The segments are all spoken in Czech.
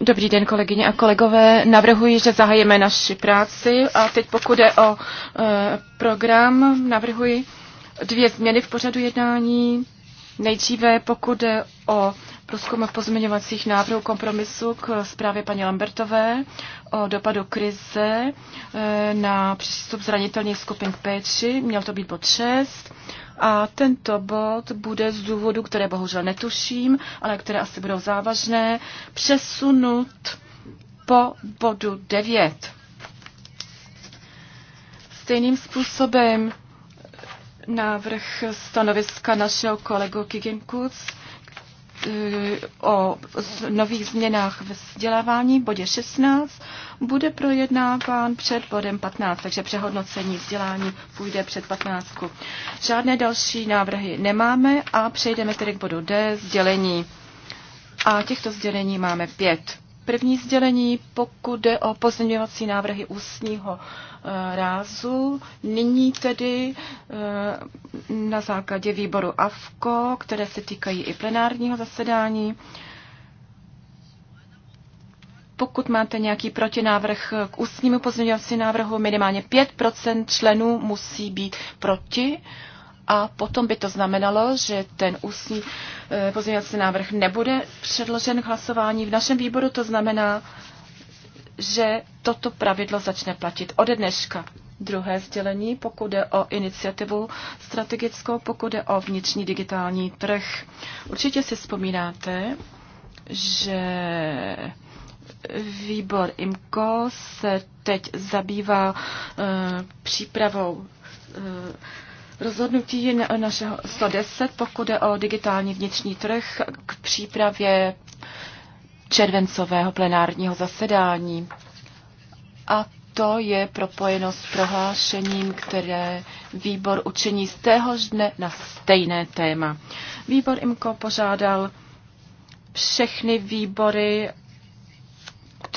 Dobrý den, kolegyně a kolegové. Navrhuji, že zahajeme naši práci a teď pokud je o e, program, navrhuji dvě změny v pořadu jednání. Nejdříve, pokud je o průzkum pozměňovacích návrhů kompromisu k zprávě paní Lambertové o dopadu krize eh, na přístup zranitelných skupin k péči. Měl to být bod 6. A tento bod bude z důvodu, které bohužel netuším, ale které asi budou závažné, přesunut po bodu 9. Stejným způsobem návrh stanoviska našeho kolegu Kigin o nových změnách ve vzdělávání v bodě 16 bude projednáván před bodem 15, takže přehodnocení vzdělání půjde před 15. Žádné další návrhy nemáme a přejdeme tedy k bodu D, sdělení. A těchto sdělení máme pět. První sdělení, pokud jde o pozměňovací návrhy ústního eh, rázu, nyní tedy eh, na základě výboru AFKO, které se týkají i plenárního zasedání. Pokud máte nějaký protinávrh k ústnímu pozměňovacímu návrhu, minimálně 5 členů musí být proti a potom by to znamenalo, že ten ústní eh, pozměňovací návrh nebude předložen k hlasování. V našem výboru to znamená, že toto pravidlo začne platit ode dneška. Druhé sdělení, pokud jde o iniciativu strategickou, pokud jde o vnitřní digitální trh. Určitě si vzpomínáte, že výbor IMCO se teď zabývá e, přípravou e, Rozhodnutí našeho 110, pokud jde o digitální vnitřní trh k přípravě červencového plenárního zasedání. A to je propojeno s prohlášením, které výbor učení z téhož dne na stejné téma. Výbor IMKO požádal všechny výbory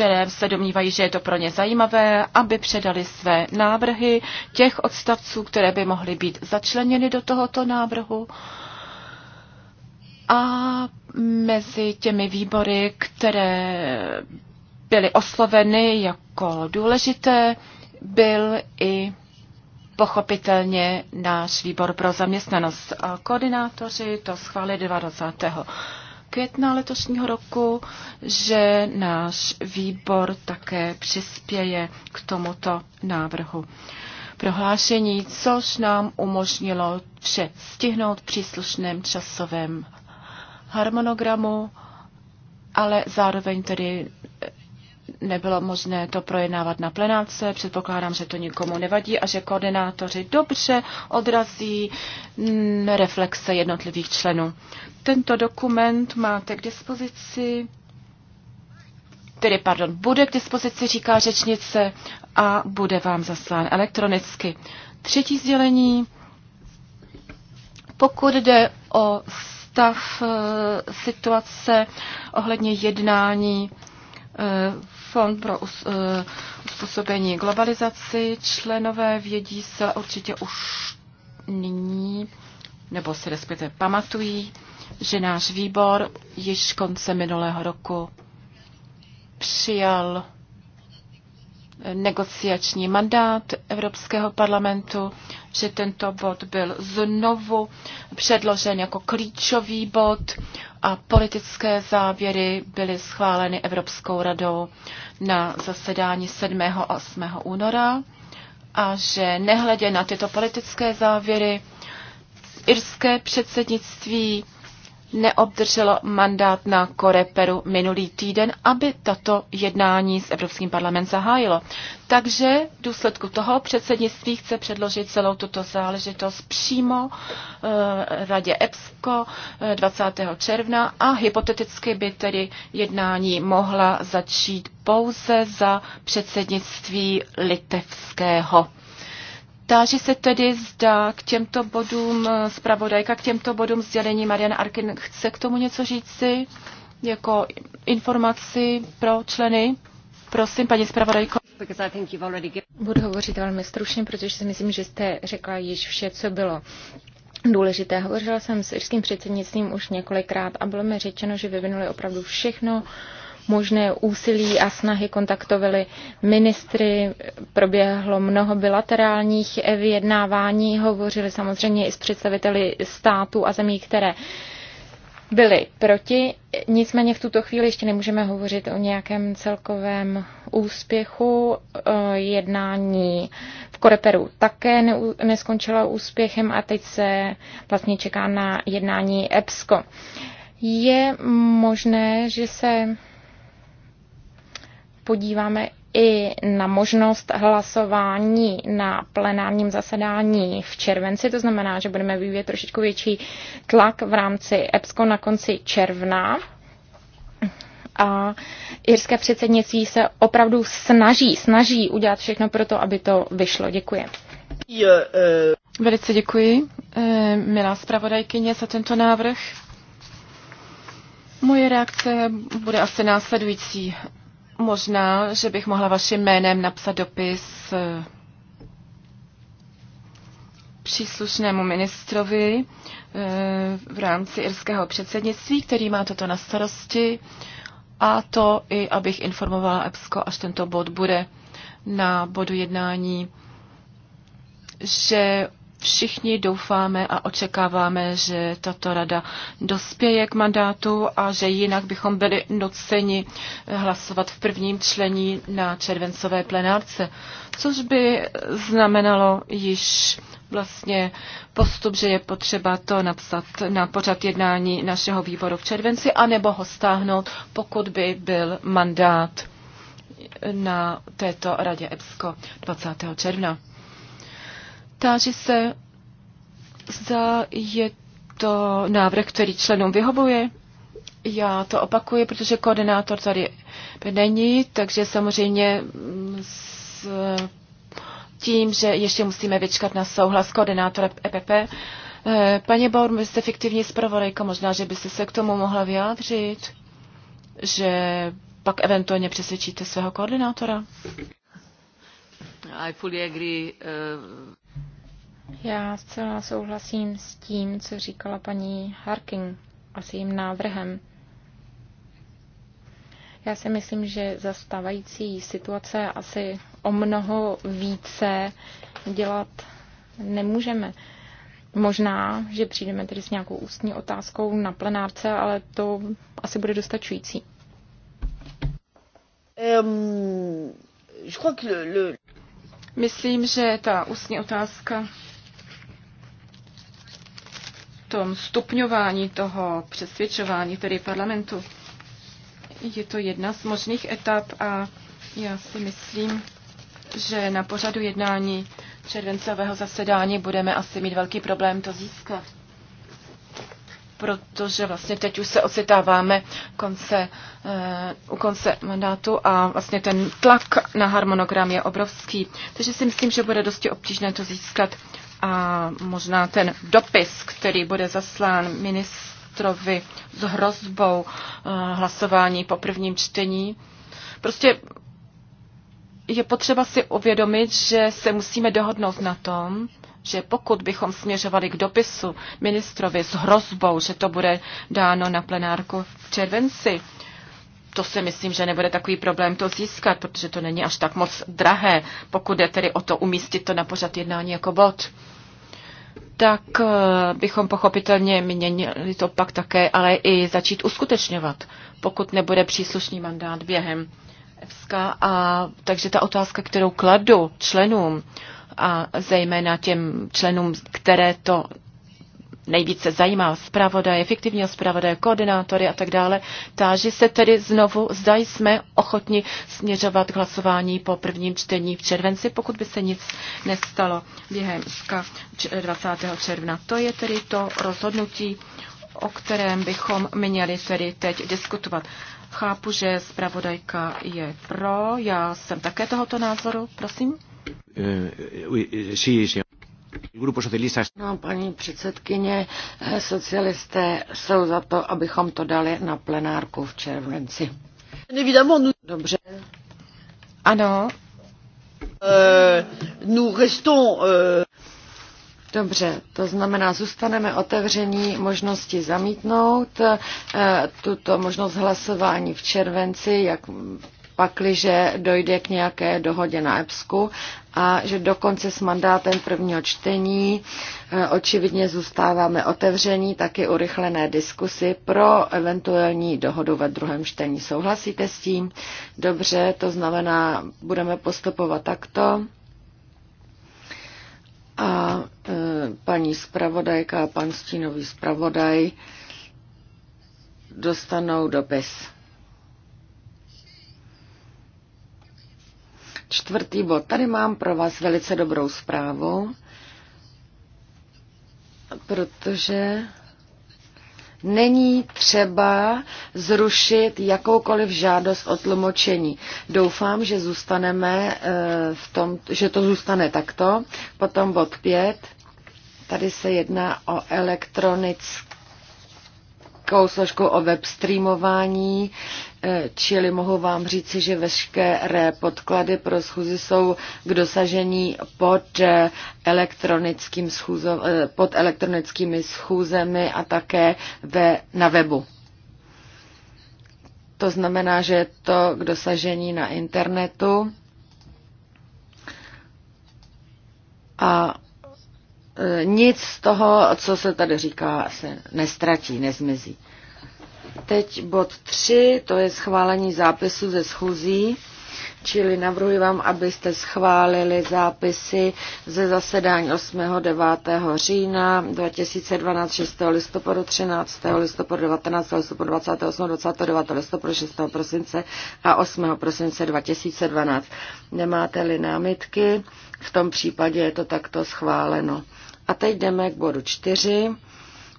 které se domnívají, že je to pro ně zajímavé, aby předali své návrhy těch odstavců, které by mohly být začleněny do tohoto návrhu a mezi těmi výbory, které byly osloveny jako důležité, byl i pochopitelně náš výbor pro zaměstnanost. Koordinátoři to schválili 20 května letosního roku, že náš výbor také přispěje k tomuto návrhu prohlášení, což nám umožnilo vše stihnout v příslušném časovém harmonogramu, ale zároveň tedy eh, nebylo možné to projednávat na plenáce. Předpokládám, že to nikomu nevadí a že koordinátoři dobře odrazí mm, reflexe jednotlivých členů. Tento dokument máte k dispozici, tedy pardon, bude k dispozici, říká řečnice, a bude vám zaslán elektronicky. Třetí sdělení, pokud jde o stav e, situace ohledně jednání e, Fond pro uspůsobení e, globalizaci, členové vědí se určitě už nyní, nebo se respektive pamatují, že náš výbor již konce minulého roku přijal negociační mandát Evropského parlamentu, že tento bod byl znovu předložen jako klíčový bod a politické závěry byly schváleny Evropskou radou na zasedání 7. a 8. února a že nehledě na tyto politické závěry irské předsednictví neobdrželo mandát na Koreperu minulý týden, aby tato jednání s Evropským parlament zahájilo. Takže v důsledku toho předsednictví chce předložit celou tuto záležitost přímo eh, Radě EPSCO 20. Eh, června a hypoteticky by tedy jednání mohla začít pouze za předsednictví litevského. Táži se tedy, zda k těmto bodům eh, zpravodajka, k těmto bodům sdělení Marian Arkin chce k tomu něco říci jako informaci pro členy. Prosím, paní zpravodajko. Budu hovořit velmi stručně, protože si myslím, že jste řekla již vše, co bylo důležité. Hovořila jsem s irským předsednictvím už několikrát a bylo mi řečeno, že vyvinuli opravdu všechno, možné úsilí a snahy, kontaktovali ministry, proběhlo mnoho bilaterálních vyjednávání, hovořili samozřejmě i s představiteli států a zemí, které byli proti. Nicméně v tuto chvíli ještě nemůžeme hovořit o nějakém celkovém úspěchu. Eh, jednání v Koreperu také neskončilo úspěchem a teď se vlastně čeká na jednání EPSCO. Je možné, že se podíváme i na možnost hlasování na plenárním zasedání v červenci, to znamená, že budeme vyvíjet trošičku větší tlak v rámci EPSCO na konci června. A jirské předsednictví se opravdu snaží, snaží udělat všechno pro to, aby to vyšlo. Děkuji. Velice děkuji, eh, milá zpravodajkyně, za tento návrh. Moje reakce bude asi následující. Možná, že bych mohla vaším jménem napsat dopis eh, příslušnému ministrovi eh, v rámci irského předsednictví, který má toto na starosti, a to i, abych informovala EPSCO, až tento bod bude na bodu jednání, že Všichni doufáme a očekáváme, že tato rada dospěje k mandátu a že jinak bychom byli nuceni hlasovat v prvním člení na červencové plenárce, což by znamenalo již vlastně postup, že je potřeba to napsat na pořad jednání našeho výboru v červenci, anebo ho stáhnout, pokud by byl mandát na této radě EBSCO 20. června. Táži se, zda je to návrh, který členům vyhovuje. Já to opakuji, protože koordinátor tady není, takže samozřejmě s tím, že ještě musíme vyčkat na souhlas koordinátora EPP. Paní Baur, vy jste fiktivní zpravodajka, možná, že byste se k tomu mohla vyjádřit, že pak eventuálně přesvědčíte svého koordinátora. I fully agree, uh... Já zcela souhlasím s tím, co říkala paní Harking a s jejím návrhem. Já si myslím, že zastávající situace asi o mnoho více dělat nemůžeme. Možná, že přijdeme tedy s nějakou ústní otázkou na plenárce, ale to asi bude dostačující. Myslím, že ta ústní otázka tom stupňování toho přesvědčování, tedy parlamentu, je to jedna z možných etap a já si myslím, že na pořadu jednání červencového zasedání budeme asi mít velký problém to získat. Protože vlastně teď už se ocitáváme konce, uh, u konce mandátu a vlastně ten tlak na harmonogram je obrovský. Takže si myslím, že bude dosti obtížné to získat a možná ten dopis, který bude zaslán ministrovi s hrozbou eh, hlasování po prvním čtení. Prostě je potřeba si uvědomit, že se musíme dohodnout na tom, že pokud bychom směřovali k dopisu ministrovi s hrozbou, že to bude dáno na plenárku v červenci, to si myslím, že nebude takový problém to získat, protože to není až tak moc drahé, pokud je tedy o to umístit to na pořad jednání jako bod tak eh, bychom pochopitelně měnili to pak také, ale i začít uskutečňovat, pokud nebude příslušný mandát během EFSKA. A, takže ta otázka, kterou kladu členům a zejména těm členům, které to nejvíce zajímá zpravodaje, fiktivního zpravodaje, koordinátory a tak dále. Táži se tedy znovu, zda jsme ochotni směřovat k hlasování po prvním čtení v červenci, pokud by se nic nestalo během 20. června. To je tedy to rozhodnutí, o kterém bychom měli tedy teď diskutovat. Chápu, že zpravodajka je pro, já jsem také tohoto názoru, prosím. Uh, oui, eh, si, si. No, paní předsedkyně, eh, socialisté jsou za to, abychom to dali na plenárku v červenci. Dobře. Ano. Euh, nous restons, euh- Dobře, to znamená, zůstaneme otevření možnosti zamítnout eh, tuto možnost hlasování v červenci, jak pakliže dojde k nějaké dohodě na EPSku a že dokonce s mandátem prvního čtení eh, očividně zůstáváme otevření taky urychlené diskusy pro eventuální dohodu ve druhém čtení. Souhlasíte s tím? Dobře, to znamená, budeme postupovat takto. A eh, paní zpravodajka a pan stínový zpravodaj dostanou dopis. Čtvrtý bod. Tady mám pro vás velice dobrou zprávu, protože není třeba zrušit jakoukoliv žádost o tlumočení. Doufám, že zůstaneme eh, v tom, že to zůstane takto. Potom bod 5. Tady se jedná o elektronické technickou složku o web streamování, eh, čili mohu vám říci, že veškeré podklady pro schůzi jsou k dosažení pod, eh, elektronickým schůzo, eh, pod elektronickými schůzemi a také ve, na webu. To znamená, že je to k dosažení na internetu. A E, nic z toho, co se tady říká, se nestratí, nezmizí. Teď bod 3, to je schválení zápisu ze schůzí, čili navrhuji vám, abyste schválili zápisy ze zasedání 8. 9. října 2012, 6. listopadu, 13. listopadu, 19. listopadu, 28. 29. listopadu, 6. prosince a 8. prosince 2012. Nemáte-li námitky, v tom případě je to takto schváleno. A teď jdeme k bodu čtyři,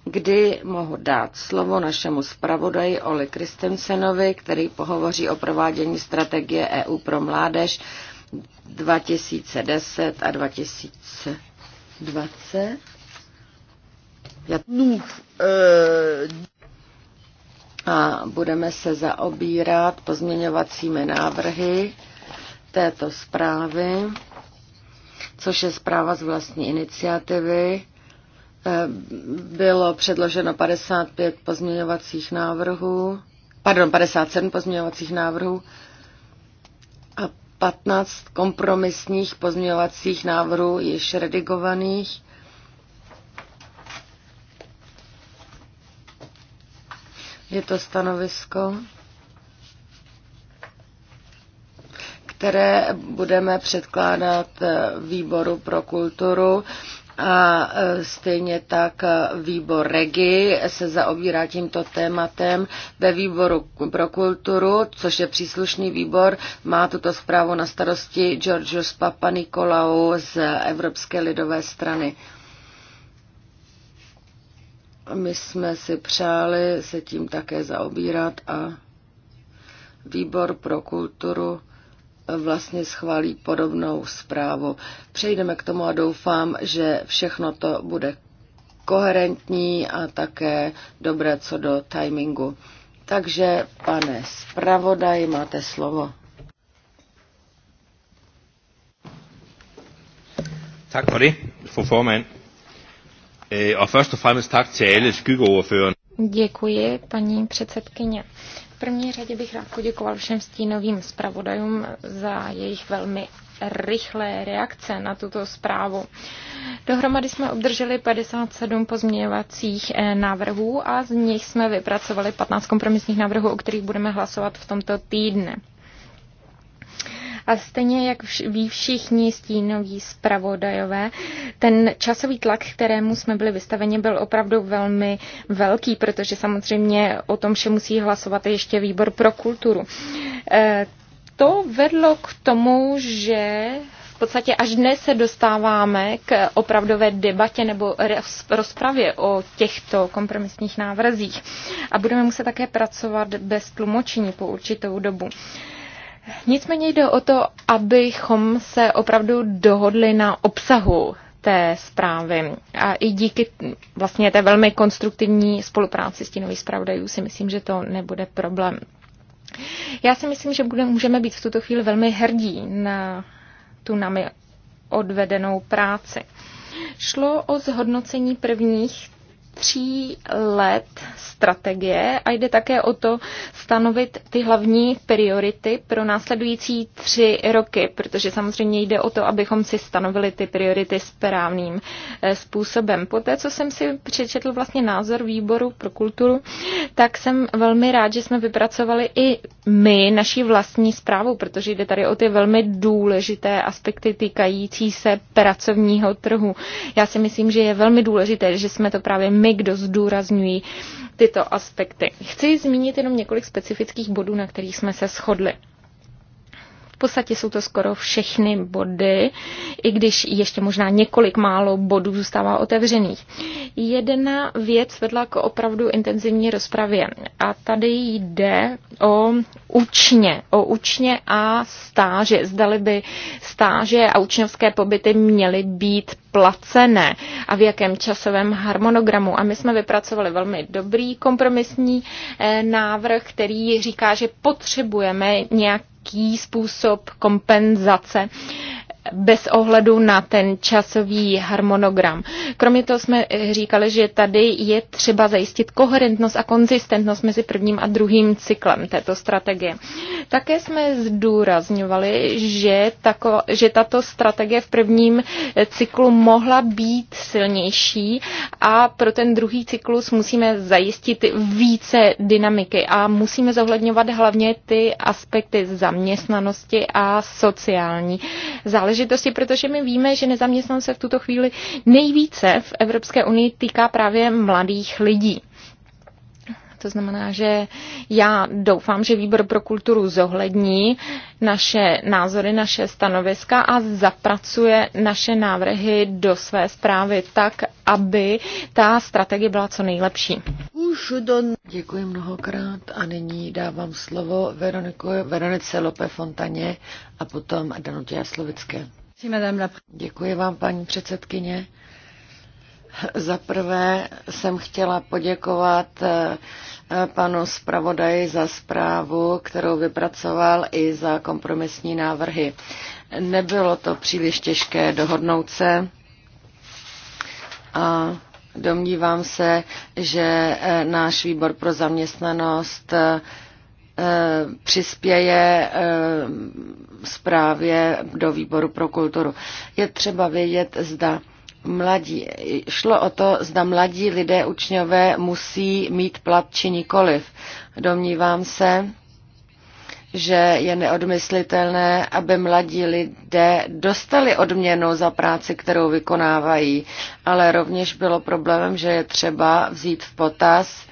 kdy mohu dát slovo našemu zpravodaji Oli Kristensenovi, který pohovoří o provádění strategie EU pro mládež 2010 a 2020. Já... Eh, a budeme se zaobírat pozměňovacími návrhy této zprávy což je zpráva z vlastní iniciativy. Eh, bylo předloženo 55 pozměňovacích návrhů, pardon, 57 pozměňovacích návrhů a 15 kompromisních pozměňovacích návrhů již redigovaných. Je to stanovisko. které budeme předkládat eh, výboru pro kulturu a eh, stejně tak eh, výbor Regi se zaobírá tímto tématem ve výboru pro kulturu, což je příslušný výbor, má tuto zprávu na starosti Georgios Papa Nikolaou z Evropské lidové strany. My jsme si přáli se tím také zaobírat a výbor pro kulturu vlastně schválí podobnou zprávu. Přejdeme k tomu a doufám, že všechno to bude koherentní a také dobré co do timingu. Takže, pane zpravodaj, máte slovo. Tak for det, fru formand. Øh, og først og fremmest tak til alle skyggeoverførende. Děkuji, paní předsedkyně první řadě bych rád poděkoval všem stínovým zpravodajům za jejich velmi rychlé reakce na tuto zprávu. Dohromady jsme obdrželi 57 pozměňovacích eh, návrhů a z nich jsme vypracovali 15 kompromisních návrhů, o kterých budeme hlasovat v tomto týdne. A stejně jak ví všichni stínoví zpravodajové, ten časový tlak, kterému jsme byli vystaveni, byl opravdu velmi velký, protože samozřejmě o tom vše musí hlasovat ještě výbor pro kulturu. E, to vedlo k tomu, že v podstatě až dnes se dostáváme k opravdové debatě nebo rozpravě o těchto kompromisních návrzích. A budeme muset také pracovat bez tlumočení po určitou dobu. Nicméně jde o to, abychom se opravdu dohodli na obsahu té zprávy. A i díky vlastně té velmi konstruktivní spolupráci s stínových zpravodajů si myslím, že to nebude problém. Já si myslím, že bude, můžeme být v tuto chvíli velmi hrdí na tu nami odvedenou práci. Šlo o zhodnocení prvních tří let strategie a jde také o to stanovit ty hlavní priority pro následující tři roky, protože samozřejmě jde o to, abychom si stanovili ty priority správným eh, způsobem. Po té, co jsem si přečetl vlastně názor výboru pro kulturu, tak jsem velmi rád, že jsme vypracovali i my naší vlastní zprávu, protože jde tady o ty velmi důležité aspekty týkající se pracovního trhu. Já si myslím, že je velmi důležité, že jsme to právě my, kdo zdůrazňují tyto aspekty. Chci zmínit jenom několik specifických bodů, na kterých jsme se shodli podstatě jsou to skoro všechny body, i když ještě možná několik málo bodů zůstává otevřených. Jedna věc vedla k opravdu intenzivní rozpravě a tady jde o učně, o učně a stáže. Zdali by stáže a učňovské pobyty měly být placené a v jakém časovém harmonogramu. A my jsme vypracovali velmi dobrý kompromisní eh, návrh, který říká, že potřebujeme nějak nějaký způsob kompenzace bez ohledu na ten časový harmonogram. Kromě toho jsme eh, říkali, že tady je třeba zajistit koherentnost a konzistentnost mezi prvním a druhým cyklem této strategie. Také jsme zdůrazňovali, že, tako, že tato strategie v prvním eh, cyklu mohla být silnější a pro ten druhý cyklus musíme zajistit více dynamiky a musíme zohledňovat hlavně ty aspekty zaměstnanosti a sociální záležitosti záležitosti, protože my víme, že nezaměstnanost se v tuto chvíli nejvíce v Evropské unii týká právě mladých lidí. To znamená, že já doufám, že výbor pro kulturu zohlední naše názory, naše stanoviska a zapracuje naše návrhy do své zprávy tak, aby ta strategie byla co nejlepší. Děkuji mnohokrát a nyní dávám slovo Veroniku, Veronice Lope Fontaně a potom Danutě Jaslovické. Děkuji vám, paní předsedkyně. Za prvé jsem chtěla poděkovat eh, panu zpravodaji za zprávu, kterou vypracoval i za kompromisní návrhy. Nebylo to příliš těžké dohodnout se a domnívám se, že eh, náš výbor pro zaměstnanost eh, přispěje eh, zprávě do výboru pro kulturu. Je třeba vědět, zda mladí. Šlo o to, zda mladí lidé učňové musí mít plat či nikoliv. Domnívám se, že je neodmyslitelné, aby mladí lidé dostali odměnu za práci, kterou vykonávají, ale rovněž bylo problémem, že je třeba vzít v potaz,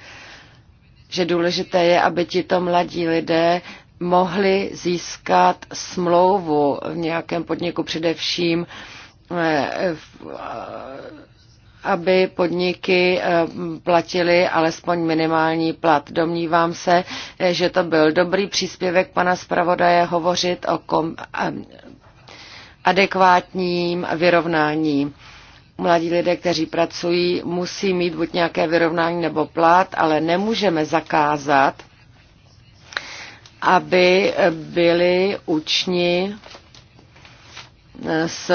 že důležité je, aby tito mladí lidé mohli získat smlouvu v nějakém podniku především, aby podniky eh, platily alespoň minimální plat. Domnívám se, eh, že to byl dobrý příspěvek pana zpravodaje hovořit o kom, eh, adekvátním vyrovnání. Mladí lidé, kteří pracují, musí mít buď nějaké vyrovnání nebo plat, ale nemůžeme zakázat, aby byli učni s,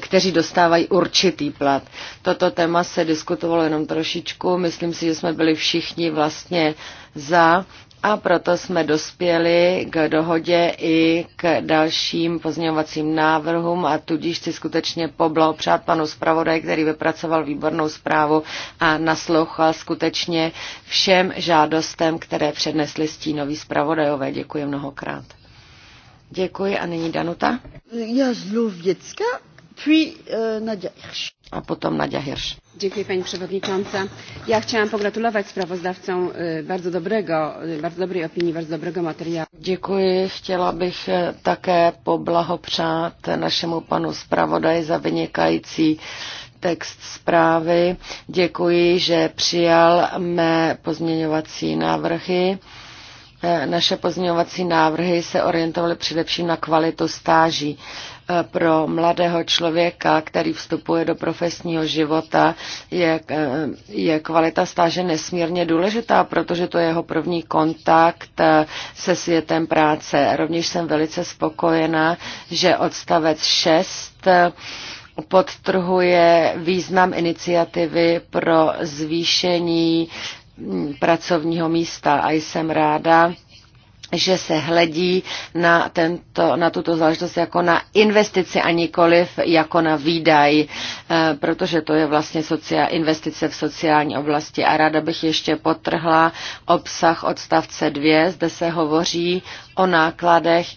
kteří dostávají určitý plat. Toto téma se diskutovalo jenom trošičku, myslím si, že jsme byli všichni vlastně za a proto jsme dospěli k dohodě i k dalším pozměňovacím návrhům a tudíž si skutečně poblahopřát panu zpravodaj, který vypracoval výbornou zprávu a naslouchal skutečně všem žádostem, které přednesli stínoví zpravodajové. Děkuji mnohokrát. Děkuji a nyní Danuta. Jazlověcka, puis uh, Nadia Hirsch. A potom Nadia Hirsch. Dziękuję Pani Przewodnicząca. Ja chciałam pogratulować sprawozdawcom eh, bardzo dobrego, eh, bardzo dobrej opinii, bardzo dobrego materiału. Děkuji. Chtěla bych také poblahopřát našemu panu zpravodaji za vynikající text zprávy. Děkuji, že přijal mé pozměňovací návrhy Eh, naše pozměňovací návrhy se orientovaly především na kvalitu stáží. Eh, pro mladého člověka, který vstupuje do profesního života, je, eh, je kvalita stáže nesmírně důležitá, protože to je jeho první kontakt se světem práce. Rovněž jsem velice spokojená, že odstavec 6 podtrhuje význam iniciativy pro zvýšení Mm, pracovního místa a jsem ráda, že se hledí na, tento, na tuto záležitost jako na investici a nikoliv jako na výdaj, eh, protože to je vlastně sociál, investice v sociální oblasti. A ráda bych ještě potrhla obsah odstavce 2, zde se hovoří o nákladech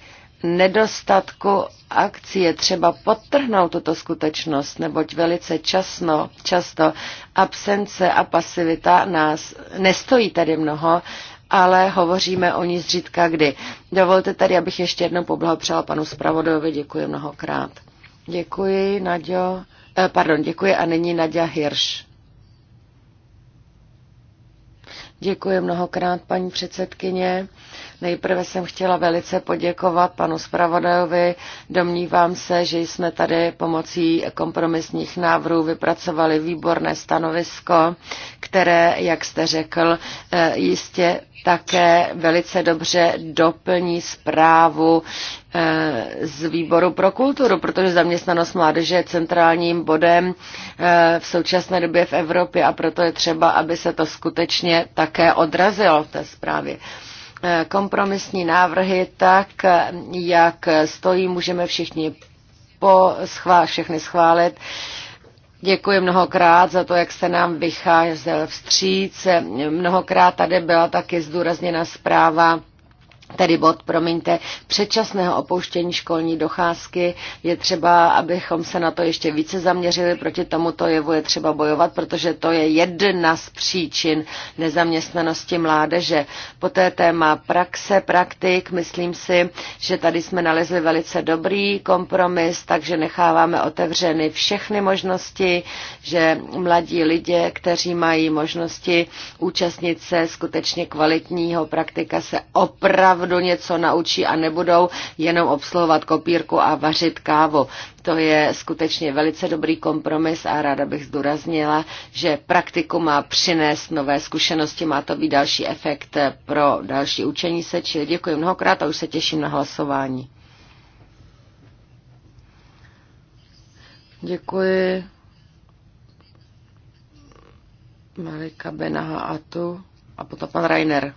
nedostatku akcí je třeba podtrhnout tuto skutečnost, neboť velice časno, často absence a pasivita nás nestojí tady mnoho, ale hovoříme o ní zřídka kdy. Dovolte tady, abych ještě jednou poblahopřála panu zpravodajovi, děkuji mnohokrát. Děkuji, Naďo. Eh, pardon, děkuji a nyní Nadia Hirsch. Děkuji mnohokrát, paní předsedkyně. Nejprve jsem chtěla velice poděkovat panu zpravodajovi. Domnívám se, že jsme tady pomocí kompromisních návrhů vypracovali výborné stanovisko, které, jak jste řekl, eh, jistě také velice dobře doplní zprávu eh, z výboru pro kulturu, protože zaměstnanost mládeže je centrálním bodem eh, v současné době v Evropě a proto je třeba, aby se to skutečně také odrazilo v té zprávě eh, kompromisní návrhy tak, jak stojí, můžeme všichni po schvál, všechny schválit. Děkuji mnohokrát za to, jak se nám vycházel vstříc. Mnohokrát tady byla taky zdůrazněna zpráva tedy bod, promiňte, předčasného opouštění školní docházky. Je třeba, abychom se na to ještě více zaměřili, proti tomuto jevu je třeba bojovat, protože to je jedna z příčin nezaměstnanosti mládeže. Poté téma praxe, praktik, myslím si, že tady jsme nalezli velice dobrý kompromis, takže necháváme otevřeny všechny možnosti, že mladí lidé, kteří mají možnosti účastnit se skutečně kvalitního praktika, se opravdu opravdu něco naučí a nebudou jenom obsluhovat kopírku a vařit kávu. To je skutečně velice dobrý kompromis a ráda bych zdůraznila, že praktiku má přinést nové zkušenosti, má to být další efekt pro další učení se, čili děkuji mnohokrát a už se těším na hlasování. Děkuji. Malika Benaha a tu a potom pan Rainer.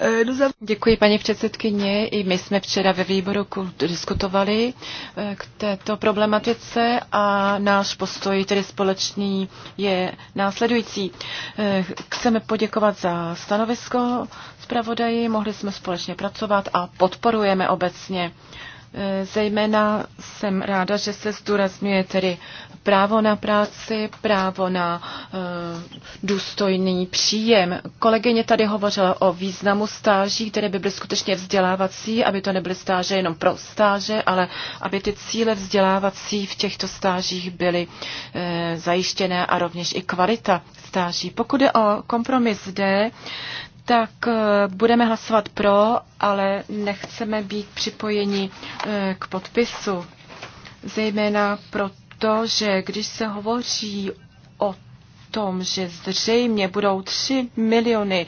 Eh, Děkuji, paní předsedkyně. I my jsme včera ve výboru diskutovali eh, k této problematice a náš postoj, tedy společný, je následující. Eh, chceme poděkovat za stanovisko zpravodaji, mohli jsme společně pracovat a podporujeme obecně Zejména jsem ráda, že se zdůrazňuje tedy právo na práci, právo na uh, důstojný příjem. Kolegyně tady hovořila o významu stáží, které by byly skutečně vzdělávací, aby to nebyly stáže jenom pro stáže, ale aby ty cíle vzdělávací v těchto stážích byly uh, zajištěné a rovněž i kvalita stáží. Pokud je o kompromis D, tak eh, budeme hlasovat pro, ale nechceme být připojeni eh, k podpisu. Zejména proto, že když se hovoří o tom, že zřejmě budou 3 miliony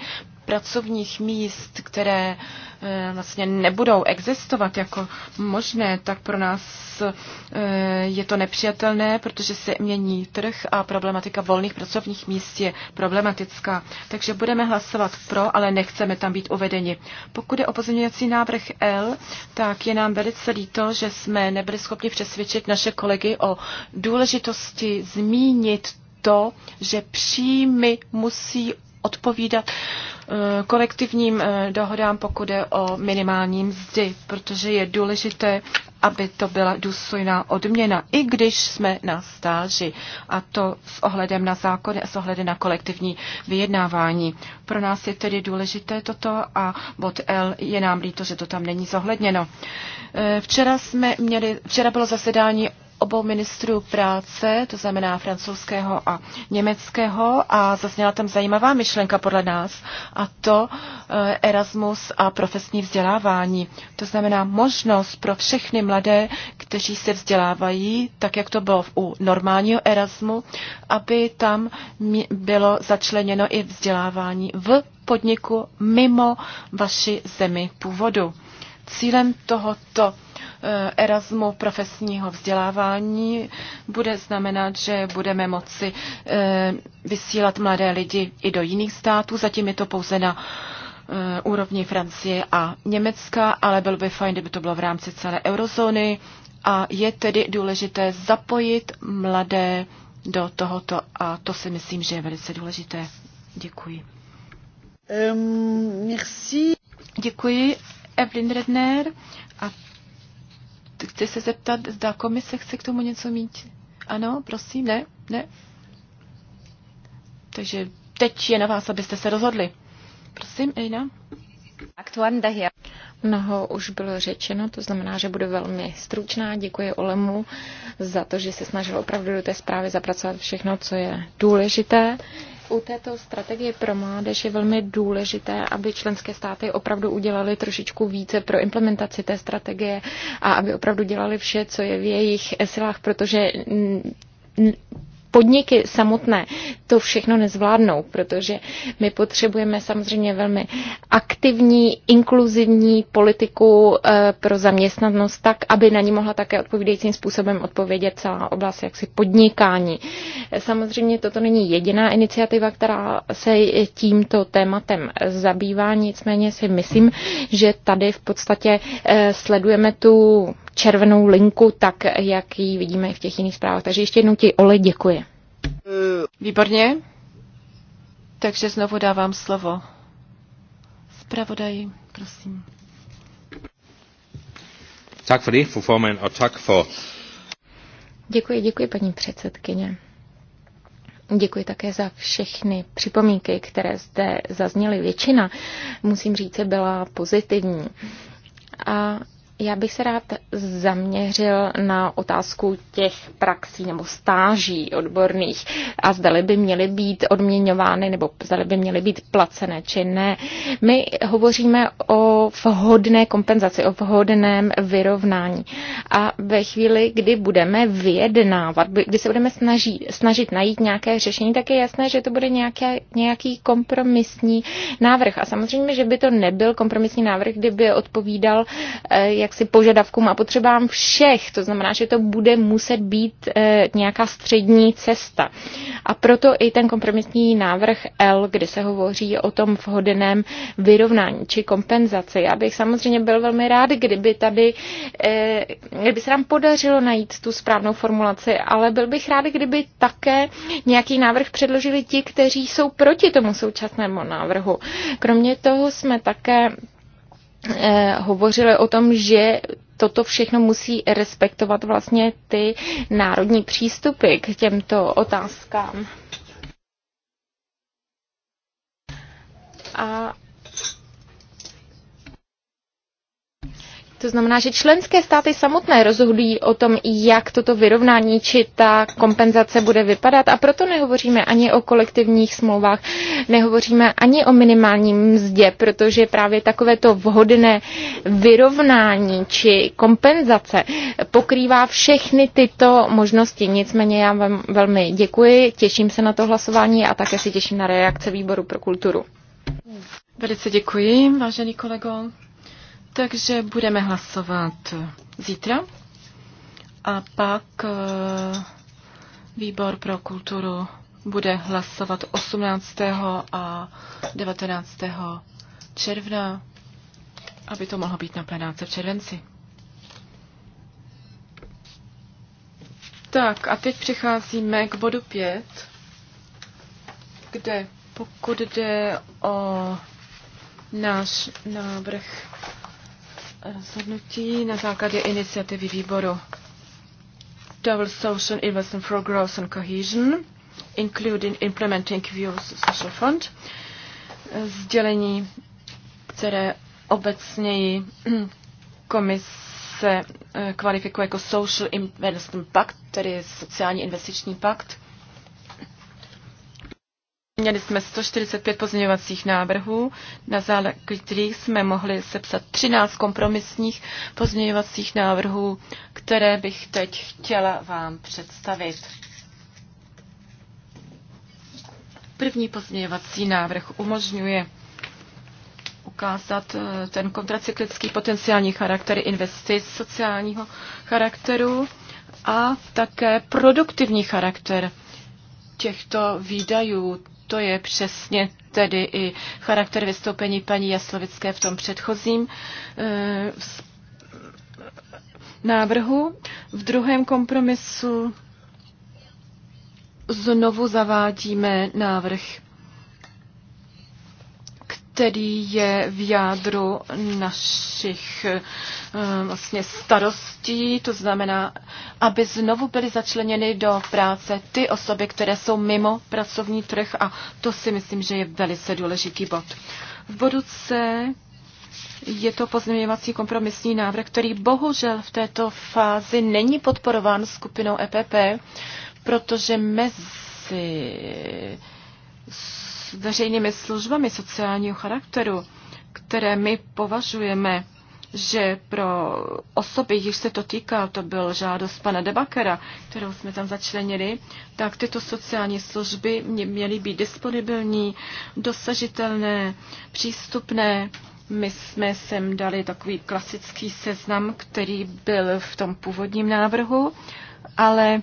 pracovních míst, které eh, vlastně nebudou existovat jako možné, tak pro nás eh, je to nepřijatelné, protože se mění trh a problematika volných pracovních míst je problematická. Takže budeme hlasovat pro, ale nechceme tam být uvedeni. Pokud je o pozměňovací návrh L, tak je nám velice líto, že jsme nebyli schopni přesvědčit naše kolegy o důležitosti zmínit to, že příjmy musí odpovídat eh, kolektivním eh, dohodám, pokud je o minimální mzdy, protože je důležité, aby to byla důstojná odměna, i když jsme na stáži. A to s ohledem na zákony a s ohledem na kolektivní vyjednávání. Pro nás je tedy důležité toto a bod L je nám líto, že to tam není zohledněno. Eh, včera, jsme měli, včera bylo zasedání obou ministrů práce, to znamená francouzského a německého, a zazněla tam zajímavá myšlenka podle nás, a to eh, Erasmus a profesní vzdělávání. To znamená možnost pro všechny mladé, kteří se vzdělávají, tak jak to bylo u normálního Erasmu, aby tam bylo začleněno i vzdělávání v podniku mimo vaši zemi původu. Cílem tohoto eh, Erasmu profesního vzdělávání bude znamenat, že budeme moci eh, vysílat mladé lidi i do jiných států. Zatím je to pouze na eh, úrovni Francie a Německa, ale bylo by fajn, kdyby to bylo v rámci celé eurozóny a je tedy důležité zapojit mladé do tohoto a to si myslím, že je velice důležité. Děkuji. Um, merci. Děkuji Evelyn Redner a chci se zeptat, zda komise chce k tomu něco mít. Ano, prosím, ne, ne. Takže teď je na vás, abyste se rozhodli. Prosím, Ejna. Mnoho už bylo řečeno, to znamená, že bude velmi stručná. Děkuji Olemu za to, že se snažil opravdu do té zprávy zapracovat všechno, co je důležité u této strategie pro mládež je velmi důležité, aby členské státy opravdu udělali trošičku více pro implementaci té strategie a aby opravdu dělali vše, co je v jejich silách, protože podniky samotné to všechno nezvládnou, protože my potřebujeme samozřejmě velmi aktivní, inkluzivní politiku eh, pro zaměstnanost tak, aby na ní mohla také odpovídajícím způsobem odpovědět celá oblast jaksi podnikání. Eh, samozřejmě toto není jediná iniciativa, která se tímto tématem zabývá, nicméně si myslím, že tady v podstatě eh, sledujeme tu červenou linku, tak jak ji vidíme v těch jiných zprávách. Takže ještě jednou ti Ole děkuji. Výborně. Takže znovu dávám slovo. Zpravodaji, prosím. Tak for the fru a tak for... Děkuji, děkuji, paní předsedkyně. Děkuji také za všechny připomínky, které zde zazněly. Většina, musím říct, byla pozitivní. A já bych se rád zaměřil na otázku těch praxí nebo stáží odborných a zdali by měly být odměňovány nebo zdali by měly být placené či ne. My hovoříme o vhodné kompenzaci, o vhodném vyrovnání. A ve chvíli, kdy budeme vyjednávat, kdy se budeme snažit, snažit najít nějaké řešení, tak je jasné, že to bude nějaké, nějaký kompromisní návrh. A samozřejmě, že by to nebyl kompromisní návrh, kdyby odpovídal jak eh, jaksi požadavkům a potřebám všech. To znamená, že to bude muset být eh, nějaká střední cesta. A proto i ten kompromisní návrh L, kdy se hovoří o tom vhodném vyrovnání či kompenzaci. Já bych samozřejmě byl velmi rád, kdyby tady, eh, kdyby se nám podařilo najít tu správnou formulaci, ale byl bych rád, kdyby také nějaký návrh předložili ti, kteří jsou proti tomu současnému návrhu. Kromě toho jsme také Eh, hovořili o tom, že toto všechno musí respektovat vlastně ty národní přístupy k těmto otázkám. A To znamená, že členské státy samotné rozhodují o tom, jak toto vyrovnání či ta kompenzace bude vypadat a proto nehovoříme ani o kolektivních smlouvách, nehovoříme ani o minimálním mzdě, protože právě takovéto vhodné vyrovnání či kompenzace pokrývá všechny tyto možnosti. Nicméně já vám velmi děkuji, těším se na to hlasování a také si těším na reakce výboru pro kulturu. Velice děkuji, vážený kolego. Takže budeme hlasovat zítra a pak eh, výbor pro kulturu bude hlasovat 18. a 19. června, aby to mohlo být na plenáce v červenci. Tak a teď přicházíme k bodu 5, kde pokud jde o náš návrh rozhodnutí na základě iniciativy výboru Double Social Investment for Growth and Cohesion, including Implementing Views Social Fund, sdělení, které obecněji komise eh, kvalifikuje jako Social Investment Pact, tedy sociální investiční pakt. Měli jsme 145 pozměňovacích návrhů, na základě kterých jsme mohli sepsat 13 kompromisních pozměňovacích návrhů, které bych teď chtěla vám představit. První pozměňovací návrh umožňuje ukázat eh, ten kontracyklický potenciální charakter investic sociálního charakteru a také produktivní charakter těchto výdajů, to je přesně tedy i charakter vystoupení paní Jaslovické v tom předchozím eh, návrhu. V druhém kompromisu znovu zavádíme návrh který je v jádru našich eh, vlastně starostí, to znamená, aby znovu byly začleněny do práce ty osoby, které jsou mimo pracovní trh a to si myslím, že je velice důležitý bod. V bodu C je to pozměňovací kompromisní návrh, který bohužel v této fázi není podporován skupinou EPP, protože mezi veřejnými službami sociálního charakteru, které my považujeme, že pro osoby, již se to týká, to byl žádost pana Debakera, kterou jsme tam začlenili, tak tyto sociální služby měly být disponibilní, dosažitelné, přístupné. My jsme sem dali takový klasický seznam, který byl v tom původním návrhu, ale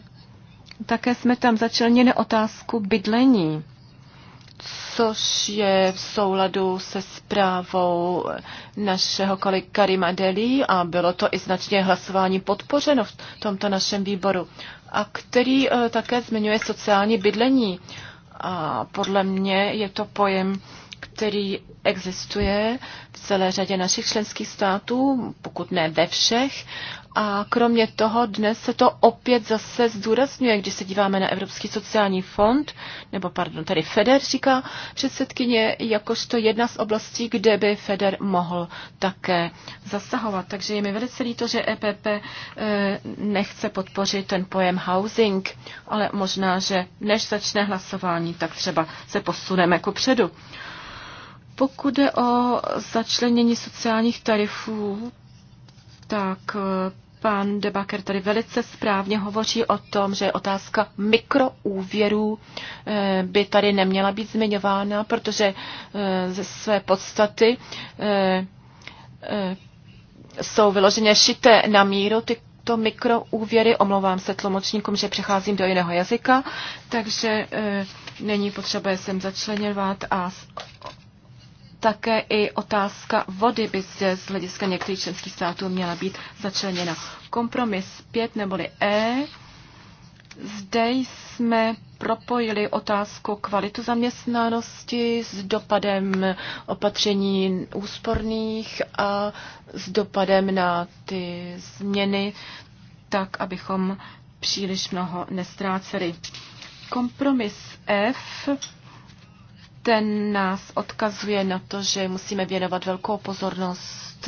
také jsme tam začlenili otázku bydlení což je v souladu se zprávou našeho kolik Karima Deli a bylo to i značně hlasování podpořeno v tomto našem výboru, a který eh, také zmiňuje sociální bydlení. A podle mě je to pojem, který existuje v celé řadě našich členských států, pokud ne ve všech, a kromě toho dnes se to opět zase zdůrazňuje, když se díváme na Evropský sociální fond, nebo pardon, tady FEDER říká předsedkyně, jakožto jedna z oblastí, kde by FEDER mohl také zasahovat. Takže je mi velice líto, že EPP e, eh, nechce podpořit ten pojem housing, ale možná, že než začne hlasování, tak třeba se posuneme ku předu. Pokud jde o začlenění sociálních tarifů, tak eh, Pan Debaker tady velice správně hovoří o tom, že otázka mikroúvěrů eh, by tady neměla být zmiňována, protože eh, ze své podstaty eh, jsou vyloženě šité na míru tyto mikroúvěry. Omlouvám se tlumočníkům, že přecházím do jiného jazyka, takže není potřeba je sem začlenovat a také i otázka vody by se z hlediska některých členských států měla být začleněna. Kompromis 5 neboli E. Zde jsme propojili otázku kvalitu zaměstnanosti s dopadem opatření úsporných a s dopadem na ty změny, tak abychom příliš mnoho nestráceli. Kompromis F ten nás odkazuje na to, že musíme věnovat velkou pozornost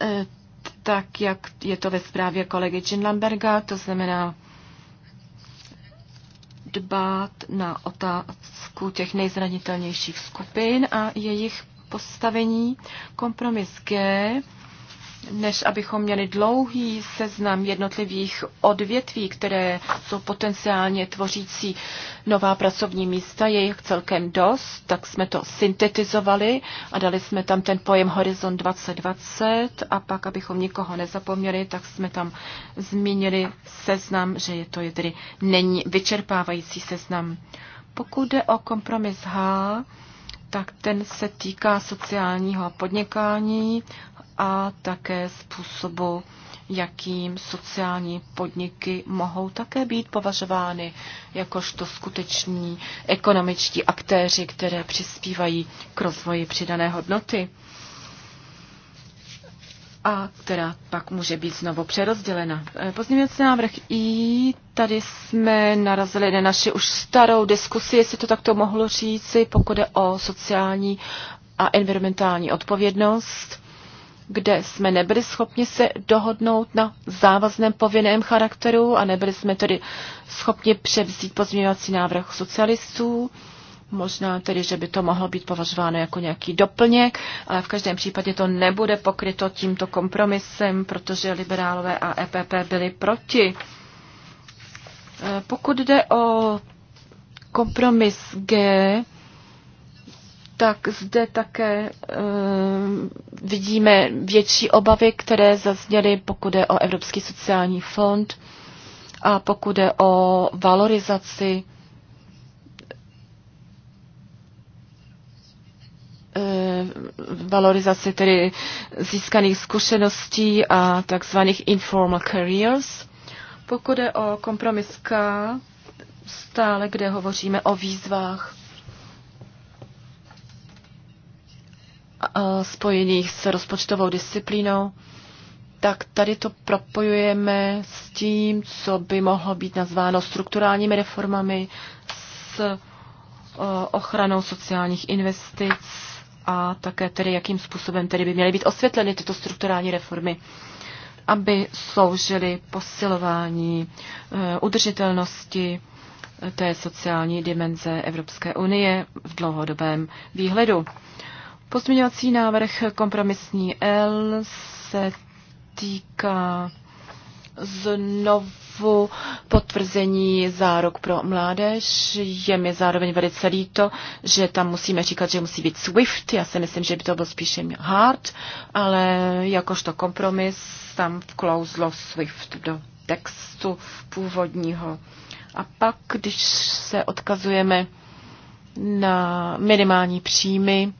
eh, tak, jak je to ve zprávě kolegy Ginlamberga, to znamená dbát na otázku těch nejzranitelnějších skupin a jejich postavení. Kompromis G než abychom měli dlouhý seznam jednotlivých odvětví, které jsou potenciálně tvořící nová pracovní místa, je jich celkem dost, tak jsme to syntetizovali a dali jsme tam ten pojem Horizon 2020 a pak, abychom nikoho nezapomněli, tak jsme tam zmínili seznam, že je to je tedy není vyčerpávající seznam. Pokud jde o kompromis H, tak ten se týká sociálního podnikání a také způsobu, jakým sociální podniky mohou také být považovány jakožto skuteční ekonomičtí aktéři, které přispívají k rozvoji přidané hodnoty a která pak může být znovu přerozdělena. Eh, pozměňovací návrh I, tady jsme narazili na naši už starou diskusi, jestli to takto mohlo říci, pokud je o sociální a environmentální odpovědnost, kde jsme nebyli schopni se dohodnout na závazném povinném charakteru a nebyli jsme tedy schopni převzít pozměňovací návrh socialistů. Možná tedy, že by to mohlo být považováno jako nějaký doplněk, ale v každém případě to nebude pokryto tímto kompromisem, protože liberálové a EPP byli proti. Eh, pokud jde o kompromis G, tak zde také e, vidíme větší obavy, které zazněly, pokud je o Evropský sociální fond a pokud je o valorizaci Eh, valorizaci tedy získaných zkušeností a takzvaných informal careers. Pokud je o kompromis K, stále kde hovoříme o výzvách spojených s rozpočtovou disciplínou, tak tady to propojujeme s tím, co by mohlo být nazváno strukturálními reformami, s ochranou sociálních investic, a také tedy, jakým způsobem tedy by měly být osvětleny tyto strukturální reformy, aby sloužily posilování eh, udržitelnosti eh, té sociální dimenze Evropské unie v dlouhodobém výhledu. Pozměňovací návrh kompromisní L se týká znovu zprávu potvrzení zárok pro mládež. Je mi zároveň velice líto, že tam musíme říkat, že musí být SWIFT. Já si myslím, že by to byl spíše hard, ale jakožto kompromis tam vklouzlo SWIFT do textu původního. A pak, když se odkazujeme na minimální příjmy,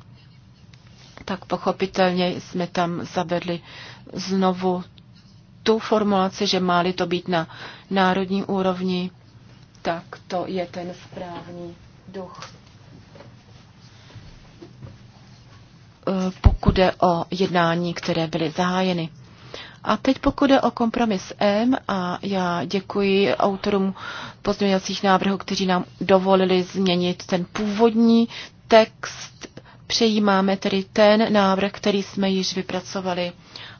tak pochopitelně jsme tam zavedli znovu tu formulaci, že má-li to být na národní úrovni, tak to je ten správný duch. E, pokud jde o jednání, které byly zahájeny. A teď pokud jde o kompromis M, a já děkuji autorům pozměňovacích návrhů, kteří nám dovolili změnit ten původní text. Přejímáme tedy ten návrh, který jsme již vypracovali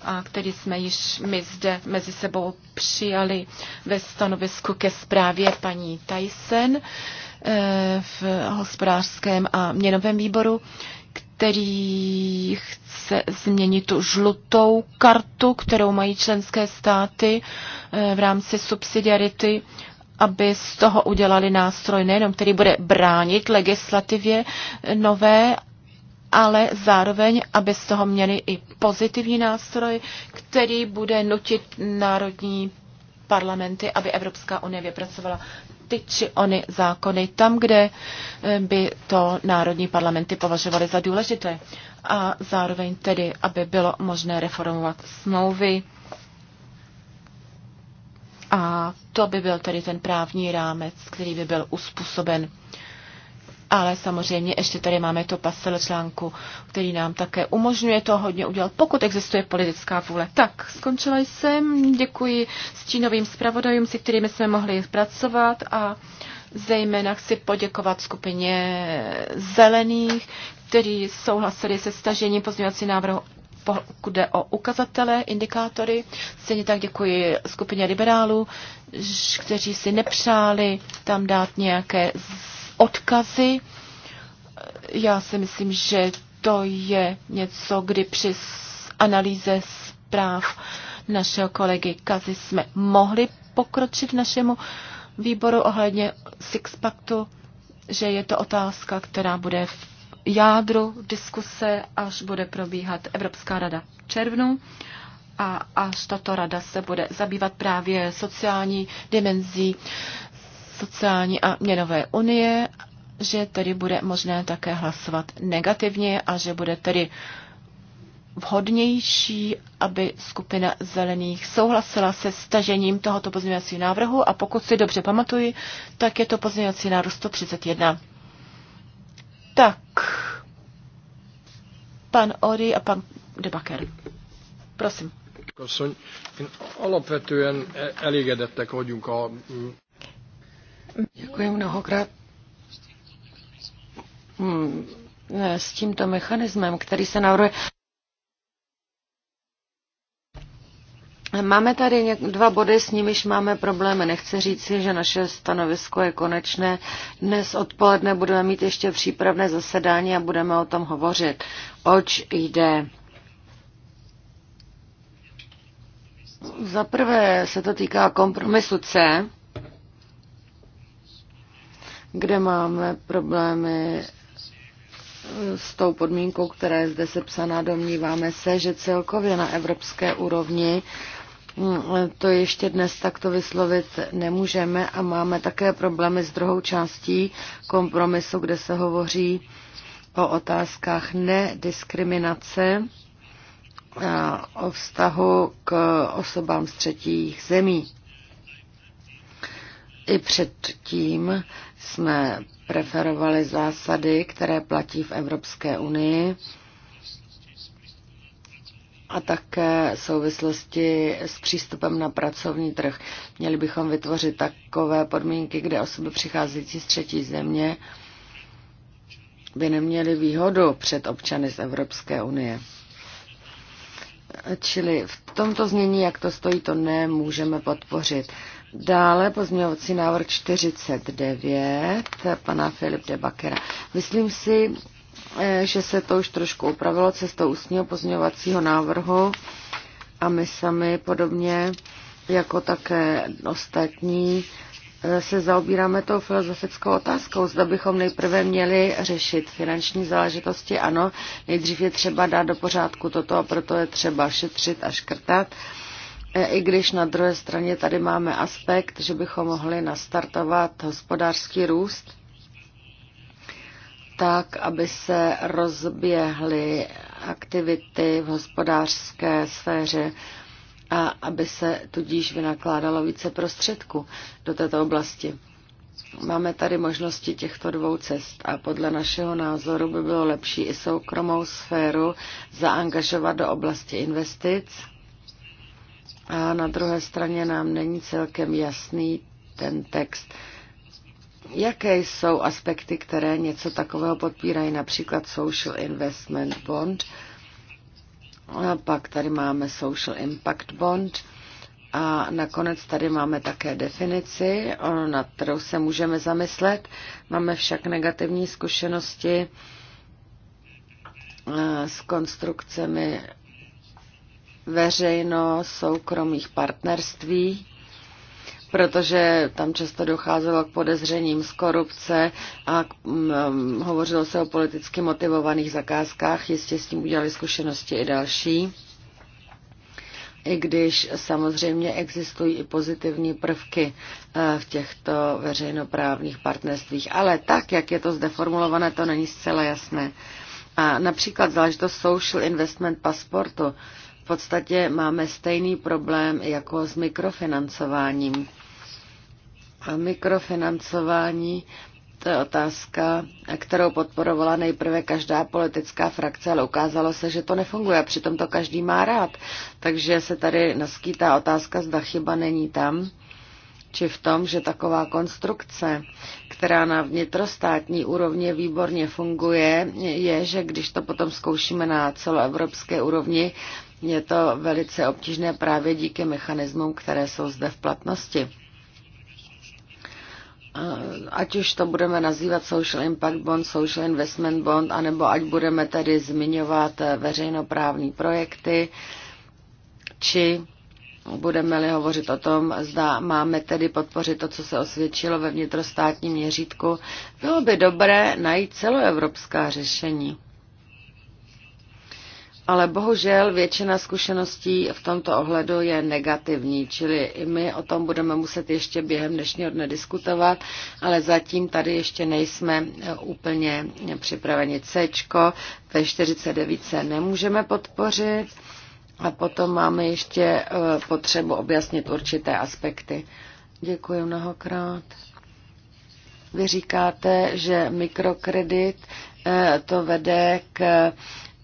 a který jsme již my zde mezi sebou přijali ve stanovisku ke zprávě paní Tyson eh, v hospodářském a měnovém výboru, který chce změnit tu žlutou kartu, kterou mají členské státy eh, v rámci subsidiarity, aby z toho udělali nástroj nejenom, který bude bránit legislativě nové, ale zároveň, aby z toho měli i pozitivní nástroj, který bude nutit národní parlamenty, aby Evropská unie vypracovala ty či ony zákony tam, kde eh, by to národní parlamenty považovaly za důležité. A zároveň tedy, aby bylo možné reformovat smlouvy. A to by byl tedy ten právní rámec, který by byl uspůsoben ale samozřejmě ještě tady máme to pasel článku, který nám také umožňuje to hodně udělat, pokud existuje politická vůle. Tak, skončila jsem, děkuji stínovým zpravodajům, se kterými jsme mohli pracovat a zejména chci poděkovat skupině zelených, kteří souhlasili se stažením pozměňovací návrhu pokud jde o ukazatele, indikátory. Stejně tak děkuji skupině liberálů, kteří si nepřáli tam dát nějaké odkazy. Já si myslím, že to je něco, kdy při analýze zpráv našeho kolegy Kazy jsme mohli pokročit našemu výboru ohledně Sixpactu, že je to otázka, která bude v jádru diskuse, až bude probíhat Evropská rada v červnu a až tato rada se bude zabývat právě sociální dimenzí sociální a měnové unie, že tedy bude možné také hlasovat negativně a že bude tedy vhodnější, aby skupina zelených souhlasila se stažením tohoto pozměňovacího návrhu a pokud si dobře pamatuji, tak je to pozměňovací návrh 131. Tak, pan Ori a pan Debaker. Prosím. Köszönj. Én alapvetően e- elégedettek vagyunk a Děkuji mnohokrát. Hmm, s tímto mechanismem, který se navrhuje. Máme tady dva body, s nimiž máme problémy. Nechci říci, že naše stanovisko je konečné. Dnes odpoledne budeme mít ještě přípravné zasedání a budeme o tom hovořit. Oč jde? Za prvé se to týká kompromisu C, kde máme problémy s tou podmínkou, která je zde sepsaná, domníváme se, že celkově na evropské úrovni mm, to ještě dnes takto vyslovit nemůžeme a máme také problémy s druhou částí kompromisu, kde se hovoří o otázkách nediskriminace a o vztahu k osobám z třetích zemí. I předtím jsme preferovali zásady, které platí v Evropské unii a také souvislosti s přístupem na pracovní trh. Měli bychom vytvořit takové podmínky, kde osoby přicházející z třetí země by neměly výhodu před občany z Evropské unie. Čili v tomto znění, jak to stojí, to nemůžeme podpořit. Dále pozměňovací návrh 49 pana Filip de Bakera. Myslím si, eh, že se to už trošku upravilo cestou ústního pozměňovacího návrhu a my sami podobně jako také ostatní eh, se zaobíráme tou filozofickou otázkou, zda bychom nejprve měli řešit finanční záležitosti. Ano, nejdřív je třeba dát do pořádku toto a proto je třeba šetřit a škrtat. E, I když na druhé straně tady máme aspekt, že bychom mohli nastartovat hospodářský růst, tak, aby se rozběhly aktivity v hospodářské sféře a aby se tudíž vynakládalo více prostředků do této oblasti. Máme tady možnosti těchto dvou cest a podle našeho názoru by bylo lepší i soukromou sféru zaangažovat do oblasti investic a na druhé straně nám není celkem jasný ten text. Jaké jsou aspekty, které něco takového podpírají, například Social Investment Bond, a pak tady máme Social Impact Bond, a nakonec tady máme také definici, nad kterou se můžeme zamyslet. Máme však negativní zkušenosti eh, s konstrukcemi veřejno-soukromých partnerství, protože tam často docházelo k podezřením z korupce a um, hovořilo se o politicky motivovaných zakázkách. Jistě s tím udělali zkušenosti i další. I když samozřejmě existují i pozitivní prvky eh, v těchto veřejnoprávních partnerstvích. Ale tak, jak je to zdeformulované, to není zcela jasné. A například záležitost Social Investment Passportu podstatě máme stejný problém jako s mikrofinancováním. A mikrofinancování to je otázka, kterou podporovala nejprve každá politická frakce, ale ukázalo se, že to nefunguje přitom to každý má rád. Takže se tady naskýtá otázka, zda chyba není tam, či v tom, že taková konstrukce, která na vnitrostátní úrovni výborně funguje, je, že když to potom zkoušíme na celoevropské úrovni, je to velice obtížné právě díky mechanismům, které jsou zde v platnosti. Ať už to budeme nazývat Social Impact Bond, Social Investment Bond, anebo ať budeme tedy zmiňovat eh, veřejnoprávní projekty, či budeme-li hovořit o tom, zda máme tedy podpořit to, co se osvědčilo ve vnitrostátním měřítku, bylo by dobré najít celoevropská řešení ale bohužel většina zkušeností v tomto ohledu je negativní, čili i my o tom budeme muset ještě během dnešního dne diskutovat, ale zatím tady ještě nejsme eh, úplně připraveni. C ve 49 se nemůžeme podpořit a potom máme ještě eh, potřebu objasnit určité aspekty. Děkuji mnohokrát. Vy říkáte, že mikrokredit eh, to vede k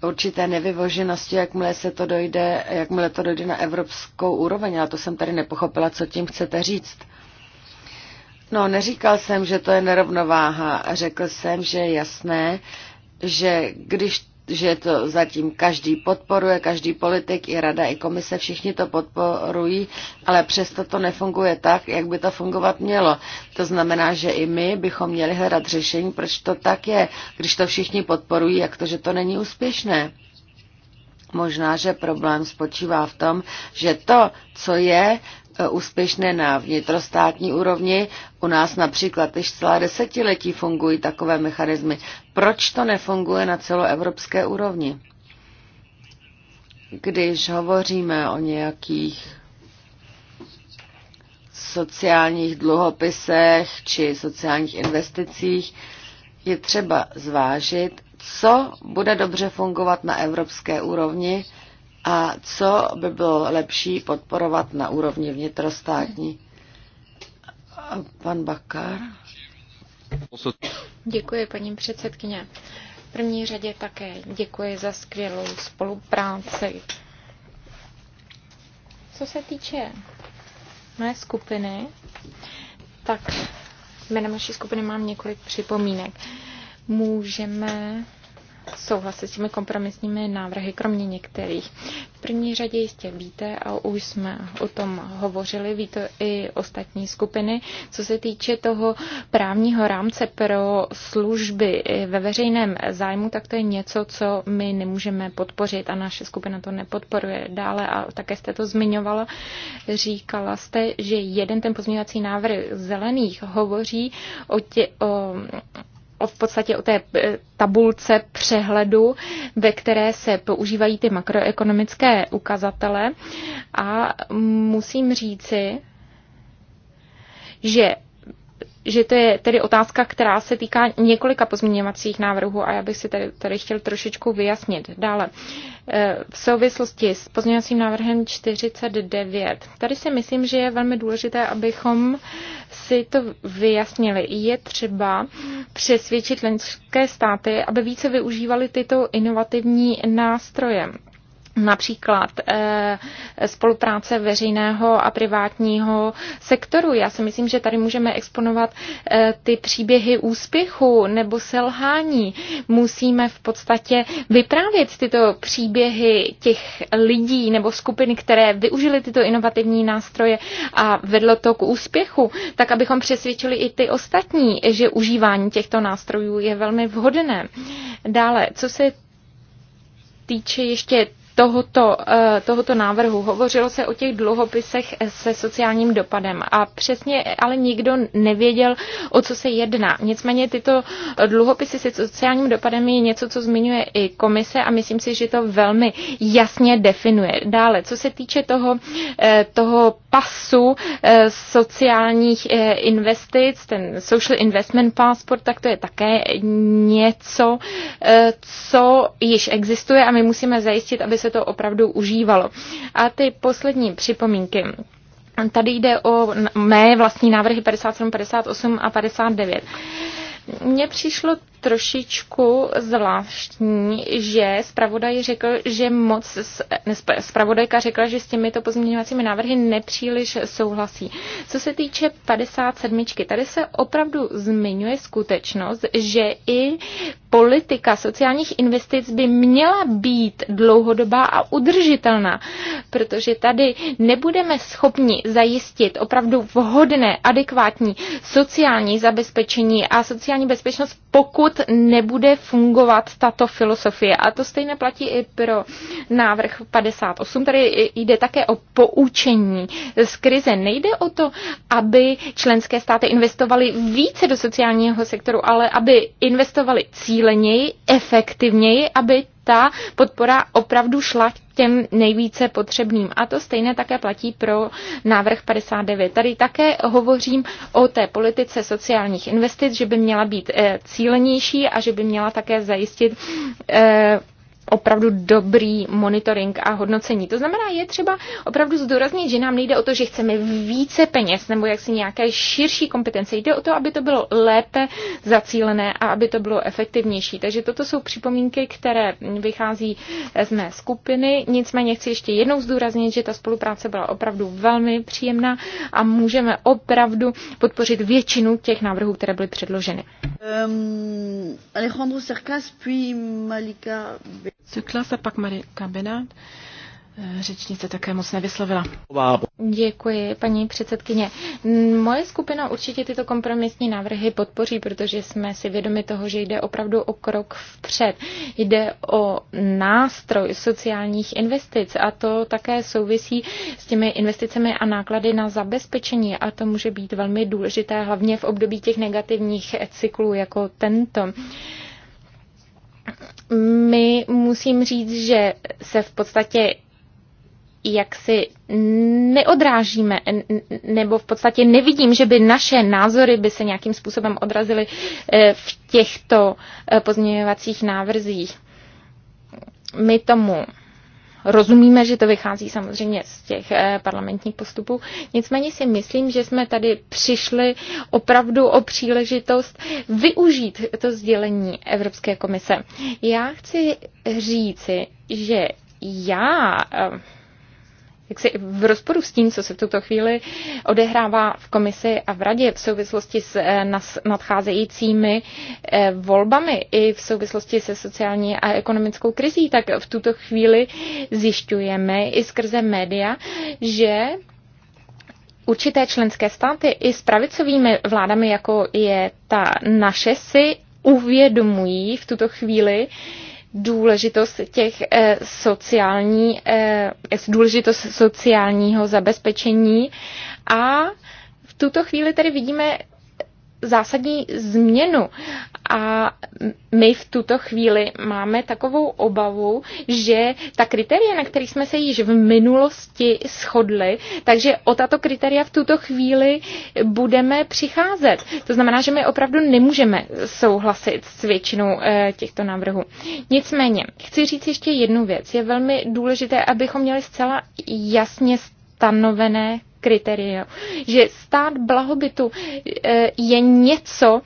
určité nevyvoženosti, jakmile, se to dojde, jakmile to dojde na evropskou úroveň, ale to jsem tady nepochopila, co tím chcete říct. No, neříkal jsem, že to je nerovnováha, řekl jsem, že je jasné, že když že to zatím každý podporuje, každý politik, i rada, i komise, všichni to podporují, ale přesto to nefunguje tak, jak by to fungovat mělo. To znamená, že i my bychom měli hledat řešení, proč to tak je, když to všichni podporují, jak to, že to není úspěšné. Možná, že problém spočívá v tom, že to, co je, úspěšné na vnitrostátní úrovni. U nás například již celá desetiletí fungují takové mechanismy. Proč to nefunguje na celoevropské úrovni? Když hovoříme o nějakých sociálních dluhopisech či sociálních investicích, je třeba zvážit, co bude dobře fungovat na evropské úrovni a co by bylo lepší podporovat na úrovni vnitrostátní. Pan Bakar. Děkuji, paní předsedkyně. V první řadě také děkuji za skvělou spolupráci. Co se týče mé skupiny, tak jménem naší skupiny mám několik připomínek. Můžeme souhlasit s těmi kompromisními návrhy, kromě některých. V první řadě jistě víte, a už jsme o tom hovořili, ví to i ostatní skupiny, co se týče toho právního rámce pro služby ve veřejném zájmu, tak to je něco, co my nemůžeme podpořit a naše skupina to nepodporuje dále. A také jste to zmiňovala, říkala jste, že jeden ten pozměňovací návrh zelených hovoří o, tě, o v podstatě o té e, tabulce přehledu, ve které se používají ty makroekonomické ukazatele. A musím říci, že že to je tedy otázka, která se týká několika pozměňovacích návrhů a já bych si tady, tady chtěl trošičku vyjasnit. Dále, eh, v souvislosti s pozměňovacím návrhem 49, tady si myslím, že je velmi důležité, abychom si to vyjasnili. Je třeba přesvědčit členské státy, aby více využívali tyto inovativní nástroje například eh, spolupráce veřejného a privátního sektoru. Já si myslím, že tady můžeme exponovat eh, ty příběhy úspěchu nebo selhání. Musíme v podstatě vyprávět tyto příběhy těch lidí nebo skupin, které využili tyto inovativní nástroje a vedlo to k úspěchu, tak abychom přesvědčili i ty ostatní, že užívání těchto nástrojů je velmi vhodné. Dále, co se týče ještě tohoto, eh, tohoto návrhu. Hovořilo se o těch dluhopisech se sociálním dopadem a přesně ale nikdo nevěděl, o co se jedná. Nicméně tyto dluhopisy se sociálním dopadem je něco, co zmiňuje i komise a myslím si, že to velmi jasně definuje. Dále, co se týče toho, eh, toho pasu eh, sociálních investic, ten Social Investment Passport, tak to je také něco, co již existuje a my musíme zajistit, aby se se to opravdu užívalo. A ty poslední připomínky. Tady jde o mé vlastní návrhy 57, 58 a 59 mně přišlo trošičku zvláštní, že zpravodaj řekl, že moc, zpravodajka řekla, že s těmito pozměňovacími návrhy nepříliš souhlasí. Co se týče 57. Tady se opravdu zmiňuje skutečnost, že i politika sociálních investic by měla být dlouhodobá a udržitelná, protože tady nebudeme schopni zajistit opravdu vhodné, adekvátní sociální zabezpečení a sociální bezpečnost, pokud pokud nebude fungovat tato filosofie. A to stejně platí i pro návrh 58. Tady jde také o poučení z krize. Nejde o to, aby členské státy investovaly více do sociálního sektoru, ale aby investovaly cíleněji, efektivněji, aby ta podpora opravdu šla těm nejvíce potřebným. A to stejné také platí pro návrh 59. Tady také hovořím o té politice sociálních investic, že by měla být eh, cílenější a že by měla také zajistit eh, opravdu dobrý monitoring a hodnocení. To znamená, je třeba opravdu zdůraznit, že nám nejde o to, že chceme více peněz nebo jaksi nějaké širší kompetence. Jde o to, aby to bylo lépe zacílené a aby to bylo efektivnější. Takže toto jsou připomínky, které vychází z mé skupiny. Nicméně chci ještě jednou zdůraznit, že ta spolupráce byla opravdu velmi příjemná a můžeme opravdu podpořit většinu těch návrhů, které byly předloženy. Um, Alejandro Serkas, puis Malika Be Cykla se pak Marie Kabina. Eh, řečnice také moc nevyslovila. Děkuji, paní předsedkyně. Moje skupina určitě tyto kompromisní návrhy podpoří, protože jsme si vědomi toho, že jde opravdu o krok vpřed. Jde o nástroj sociálních investic a to také souvisí s těmi investicemi a náklady na zabezpečení a to může být velmi důležité, hlavně v období těch negativních cyklů jako tento my musím říct, že se v podstatě jak si neodrážíme, nebo v podstatě nevidím, že by naše názory by se nějakým způsobem odrazily eh, v těchto eh, pozměňovacích návrzích. My tomu rozumíme, že to vychází samozřejmě z těch eh, parlamentních postupů. Nicméně si myslím, že jsme tady přišli opravdu o příležitost využít to sdělení Evropské komise. Já chci říci, že já eh, jaksi v rozporu s tím, co se v tuto chvíli odehrává v komisi a v radě v souvislosti s eh, nadcházejícími eh, volbami i v souvislosti se sociální a ekonomickou krizí, tak v tuto chvíli zjišťujeme i skrze média, že určité členské státy i s pravicovými vládami, jako je ta naše, si uvědomují v tuto chvíli, důležitost těch eh, sociální, eh, důležitost sociálního zabezpečení a v tuto chvíli tady vidíme zásadní změnu. A my v tuto chvíli máme takovou obavu, že ta kritéria, na kterých jsme se již v minulosti shodli, takže o tato kritéria v tuto chvíli budeme přicházet. To znamená, že my opravdu nemůžeme souhlasit s většinou eh, těchto návrhů. Nicméně, chci říct ještě jednu věc. Je velmi důležité, abychom měli zcela jasně stanovené kritéria, že stát blahobytu eh, je něco,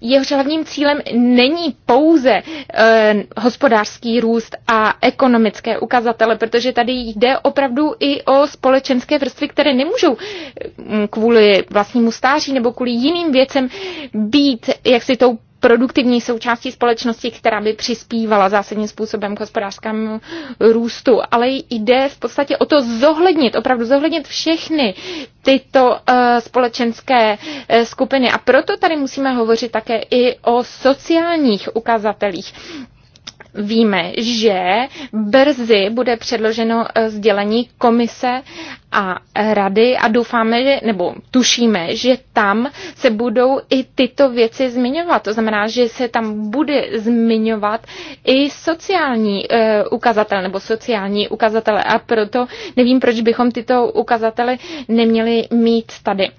jehož hlavním cílem není pouze e, hospodářský růst a ekonomické ukazatele, protože tady jde opravdu i o společenské vrstvy, které nemůžou mm, kvůli vlastnímu stáří nebo kvůli jiným věcem být jaksi tou produktivní součástí společnosti, která by přispívala zásadním způsobem k hospodářskému růstu, ale jde v podstatě o to zohlednit, opravdu zohlednit všechny tyto eh, společenské eh, skupiny. A proto tady musíme hovořit také i o sociálních ukazatelích víme, že brzy bude předloženo eh, sdělení komise a rady a doufáme, že, nebo tušíme, že tam se budou i tyto věci zmiňovat. To znamená, že se tam bude zmiňovat i sociální e, ukazatel nebo sociální ukazatele a proto nevím, proč bychom tyto ukazatele neměli mít tady.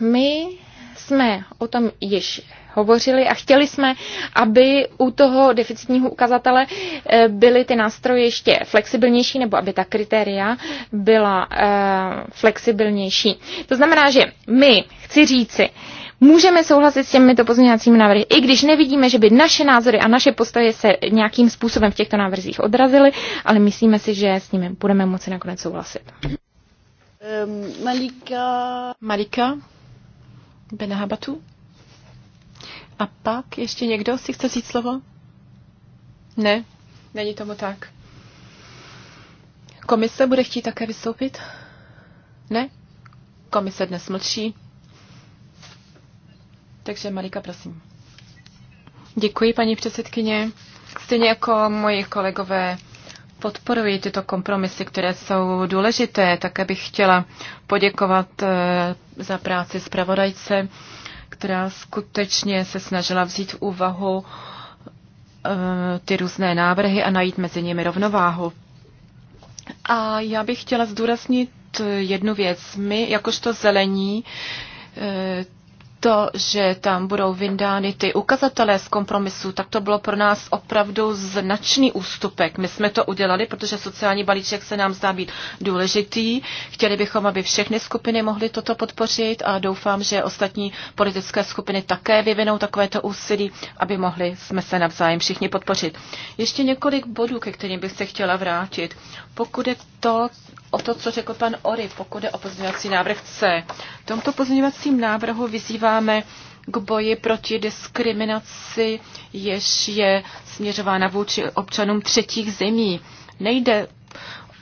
My jsme o tom již hovořili a chtěli jsme, aby u toho deficitního ukazatele eh, byly ty nástroje ještě flexibilnější nebo aby ta kritéria byla eh, flexibilnější. To znamená, že my, chci říci, můžeme souhlasit s těmito pozměňovacími návrhy, i když nevidíme, že by naše názory a naše postoje se nějakým způsobem v těchto návrzích odrazily, ale myslíme si, že s nimi budeme moci nakonec souhlasit. Ehm, Malika. Malika. Benahabatu. A pak ještě někdo si chce říct slovo? Ne, není tomu tak. Komise bude chtít také vystoupit? Ne? Komise dnes mlčí. Takže Marika, prosím. Děkuji, paní předsedkyně. Stejně jako moji kolegové podporuji tyto kompromisy, které jsou důležité. Také bych chtěla poděkovat eh, za práci zpravodajce která skutečně se snažila vzít v úvahu eh, ty různé návrhy a najít mezi nimi rovnováhu. A já bych chtěla zdůraznit eh, jednu věc. My, jakožto zelení, eh, to, že tam budou vyndány ty ukazatelé z kompromisu, tak to bylo pro nás opravdu značný ústupek. My jsme to udělali, protože sociální balíček se nám zdá být důležitý. Chtěli bychom, aby všechny skupiny mohly toto podpořit a doufám, že ostatní politické skupiny také vyvinou takovéto úsilí, aby mohli jsme se navzájem všichni podpořit. Ještě několik bodů, ke kterým bych se chtěla vrátit. Pokud je to o to, co řekl pan Ory, pokud je o pozměňovací návrh C. V tomto pozměňovacím návrhu vyzýváme k boji proti diskriminaci, jež je směřována vůči občanům třetích zemí. Nejde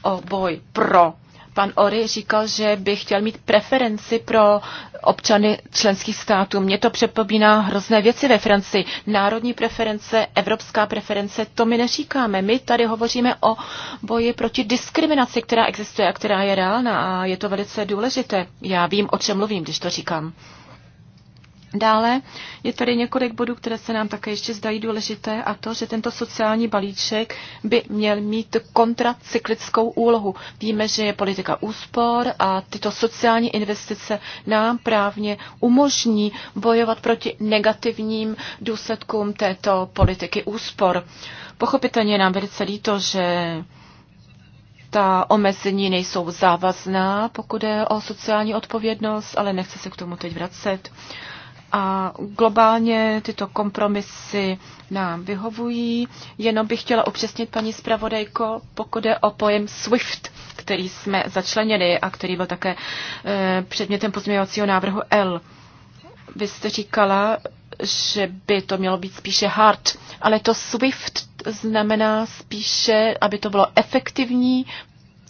o boj pro Pan Ory říkal, že by chtěl mít preferenci pro občany členských států. Mně to připomíná hrozné věci ve Francii. Národní preference, evropská preference, to my neříkáme. My tady hovoříme o boji proti diskriminaci, která existuje a která je reálná a je to velice důležité. Já vím, o čem mluvím, když to říkám. Dále je tady několik bodů, které se nám také ještě zdají důležité a to, že tento sociální balíček by měl mít kontracyklickou úlohu. Víme, že je politika úspor a tyto sociální investice nám právně umožní bojovat proti negativním důsledkům této politiky úspor. Pochopitelně je nám velice líto, že ta omezení nejsou závazná, pokud je o sociální odpovědnost, ale nechce se k tomu teď vracet. A globálně tyto kompromisy nám vyhovují. Jenom bych chtěla upřesnit, paní zpravodajko, pokud je o pojem SWIFT, který jsme začlenili a který byl také e, předmětem pozměňovacího návrhu L. Vy jste říkala, že by to mělo být spíše hard, ale to SWIFT znamená spíše, aby to bylo efektivní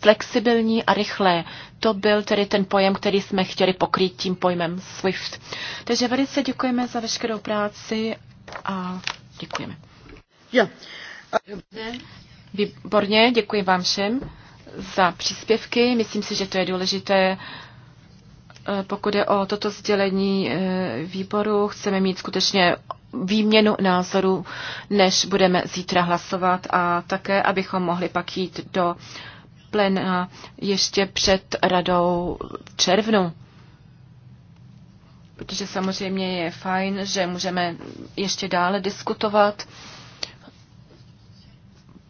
flexibilní a rychlé. To byl tedy ten pojem, který jsme chtěli pokrýt tím pojmem SWIFT. Takže velice děkujeme za veškerou práci a děkujeme. Jo. Dobře. Výborně, děkuji vám všem za příspěvky. Myslím si, že to je důležité. Eh, pokud je o toto sdělení eh, výboru, chceme mít skutečně výměnu názoru, než budeme zítra hlasovat a také, abychom mohli pak jít do plena ještě před radou v červnu. Protože samozřejmě je fajn, že můžeme ještě dále diskutovat,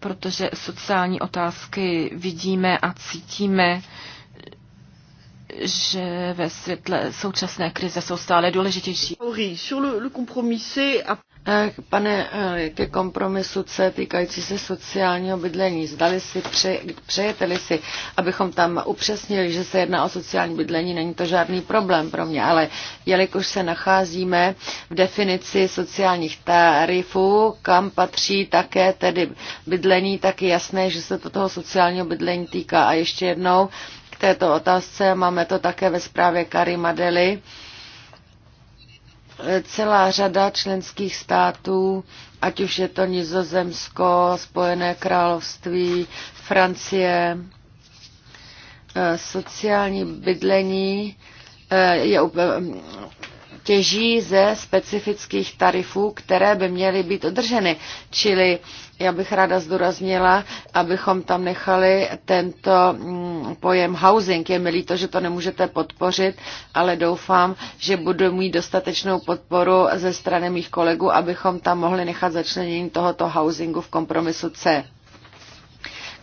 protože sociální otázky vidíme a cítíme, že ve světle současné krize jsou stále důležitější. Eh, pane, eh, ke kompromisu C týkající se sociálního bydlení, zdali si, pře, přejete-li si, abychom tam upřesnili, že se jedná o sociální bydlení, není to žádný problém pro mě, ale jelikož se nacházíme v definici sociálních tarifů, kam patří také tedy bydlení, tak je jasné, že se to toho sociálního bydlení týká. A ještě jednou k této otázce máme to také ve zprávě Kary Madely celá řada členských států, ať už je to Nizozemsko, Spojené království, Francie, eh, sociální bydlení eh, je eh, těží ze specifických tarifů, které by měly být dodrženy. Čili já bych ráda zdůraznila, abychom tam nechali tento mm, pojem housing. Je mi líto, že to nemůžete podpořit, ale doufám, že budu mít dostatečnou podporu ze strany mých kolegů, abychom tam mohli nechat začlenění tohoto housingu v kompromisu C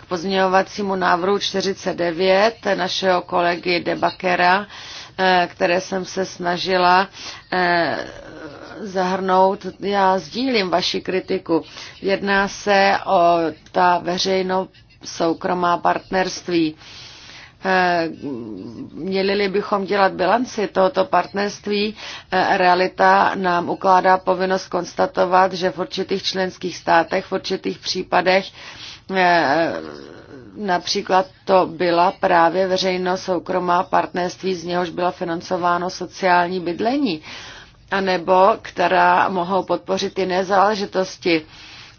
pozměňovacímu návrhu 49 našeho kolegy Debakera Eh, které jsem se snažila eh, zahrnout. Já sdílím vaši kritiku. Jedná se o ta veřejno soukromá partnerství. Eh, Měli bychom dělat bilanci tohoto partnerství. Realita nám ukládá povinnost konstatovat, že v určitých členských státech, v určitých případech Například to byla právě veřejno-soukromá partnerství, z něhož bylo financováno sociální bydlení, anebo která mohou podpořit jiné záležitosti.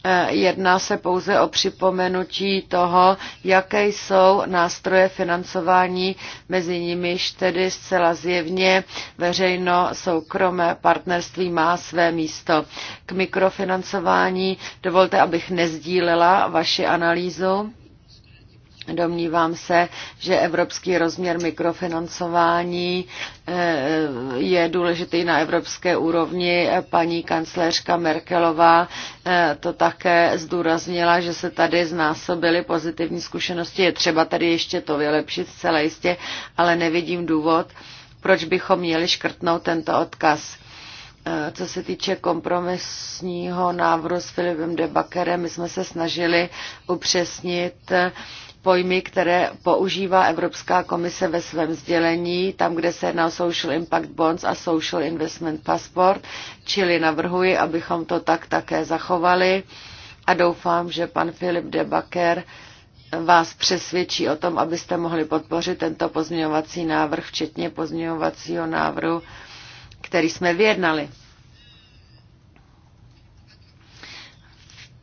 Eh, jedná se pouze o připomenutí toho, jaké jsou nástroje financování, mezi nimiž tedy zcela zjevně veřejno-soukromé partnerství má své místo. K mikrofinancování dovolte, abych nezdílela vaši analýzu Domnívám se, že evropský rozměr mikrofinancování eh, je důležitý na evropské úrovni. Paní kancléřka Merkelová eh, to také zdůraznila, že se tady znásobily pozitivní zkušenosti. Je třeba tady ještě to vylepšit zcela jistě, ale nevidím důvod, proč bychom měli škrtnout tento odkaz. Eh, co se týče kompromisního návrhu s Filipem Debakerem, my jsme se snažili upřesnit pojmy, které používá Evropská komise ve svém sdělení, tam, kde se jedná Social Impact Bonds a Social Investment Passport, čili navrhuji, abychom to tak také zachovali a doufám, že pan Filip de Bakker vás přesvědčí o tom, abyste mohli podpořit tento pozměňovací návrh, včetně pozměňovacího návrhu, který jsme vyjednali.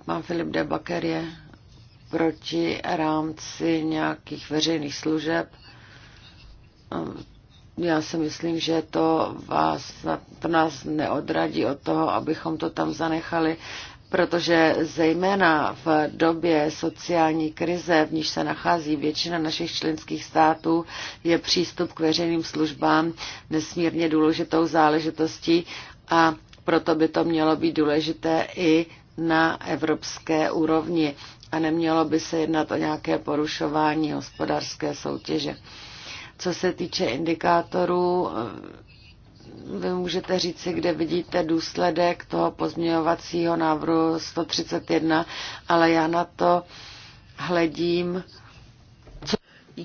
Pan Filip de Bakker, je proti rámci nějakých veřejných služeb. Já si myslím, že to, vás, to nás neodradí od toho, abychom to tam zanechali, protože zejména v době sociální krize, v níž se nachází většina našich členských států, je přístup k veřejným službám nesmírně důležitou záležitostí a proto by to mělo být důležité i na evropské úrovni a nemělo by se jednat o nějaké porušování hospodářské soutěže. Co se týče indikátorů, vy můžete říci, kde vidíte důsledek toho pozměňovacího návrhu 131, ale já na to hledím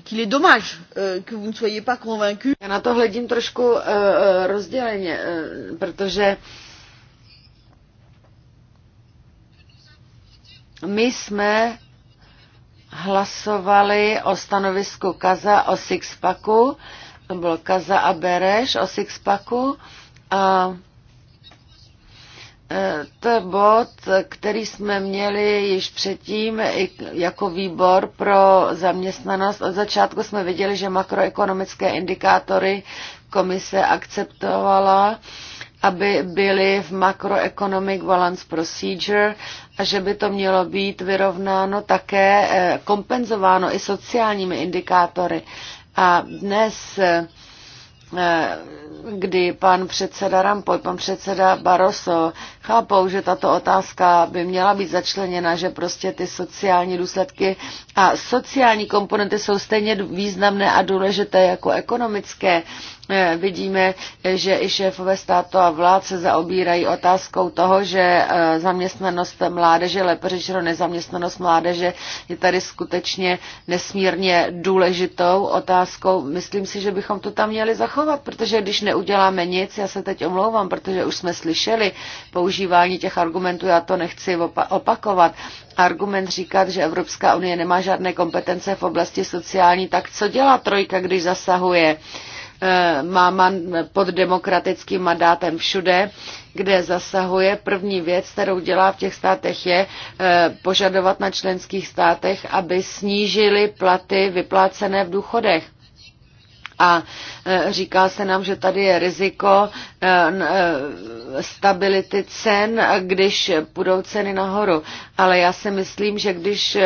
qu'il est dommage euh, que vous ne soyez pas convaincu. Já na to hledím trošku eh, eh, rozděleně, eh, protože My jsme hlasovali o stanovisku Kaza o Sixpacku, to bylo Kaza a Bereš o Sixpacku a e, to je bod, který jsme měli již předtím jako výbor pro zaměstnanost. Od začátku jsme viděli, že makroekonomické indikátory komise akceptovala aby byly v Macroeconomic Balance Procedure a že by to mělo být vyrovnáno také, eh, kompenzováno i sociálními indikátory. A dnes eh, kdy pan předseda Rampoj, pan předseda Barroso chápou, že tato otázka by měla být začleněna, že prostě ty sociální důsledky a sociální komponenty jsou stejně významné a důležité jako ekonomické Eh, vidíme, eh, že i šéfové státu a vlád se zaobírají otázkou toho, že eh, zaměstnanost mládeže, lépe řečeno nezaměstnanost mládeže, je tady skutečně nesmírně důležitou otázkou. Myslím si, že bychom to tam měli zachovat, protože když neuděláme nic, já se teď omlouvám, protože už jsme slyšeli používání těch argumentů, já to nechci opakovat, argument říkat, že Evropská unie nemá žádné kompetence v oblasti sociální, tak co dělá trojka, když zasahuje? Eh, má man, pod demokratickým mandátem všude, kde zasahuje. První věc, kterou dělá v těch státech, je eh, požadovat na členských státech, aby snížili platy vyplácené v důchodech a e, říká se nám, že tady je riziko e, e, stability cen, když půjdou ceny nahoru. Ale já si myslím, že když,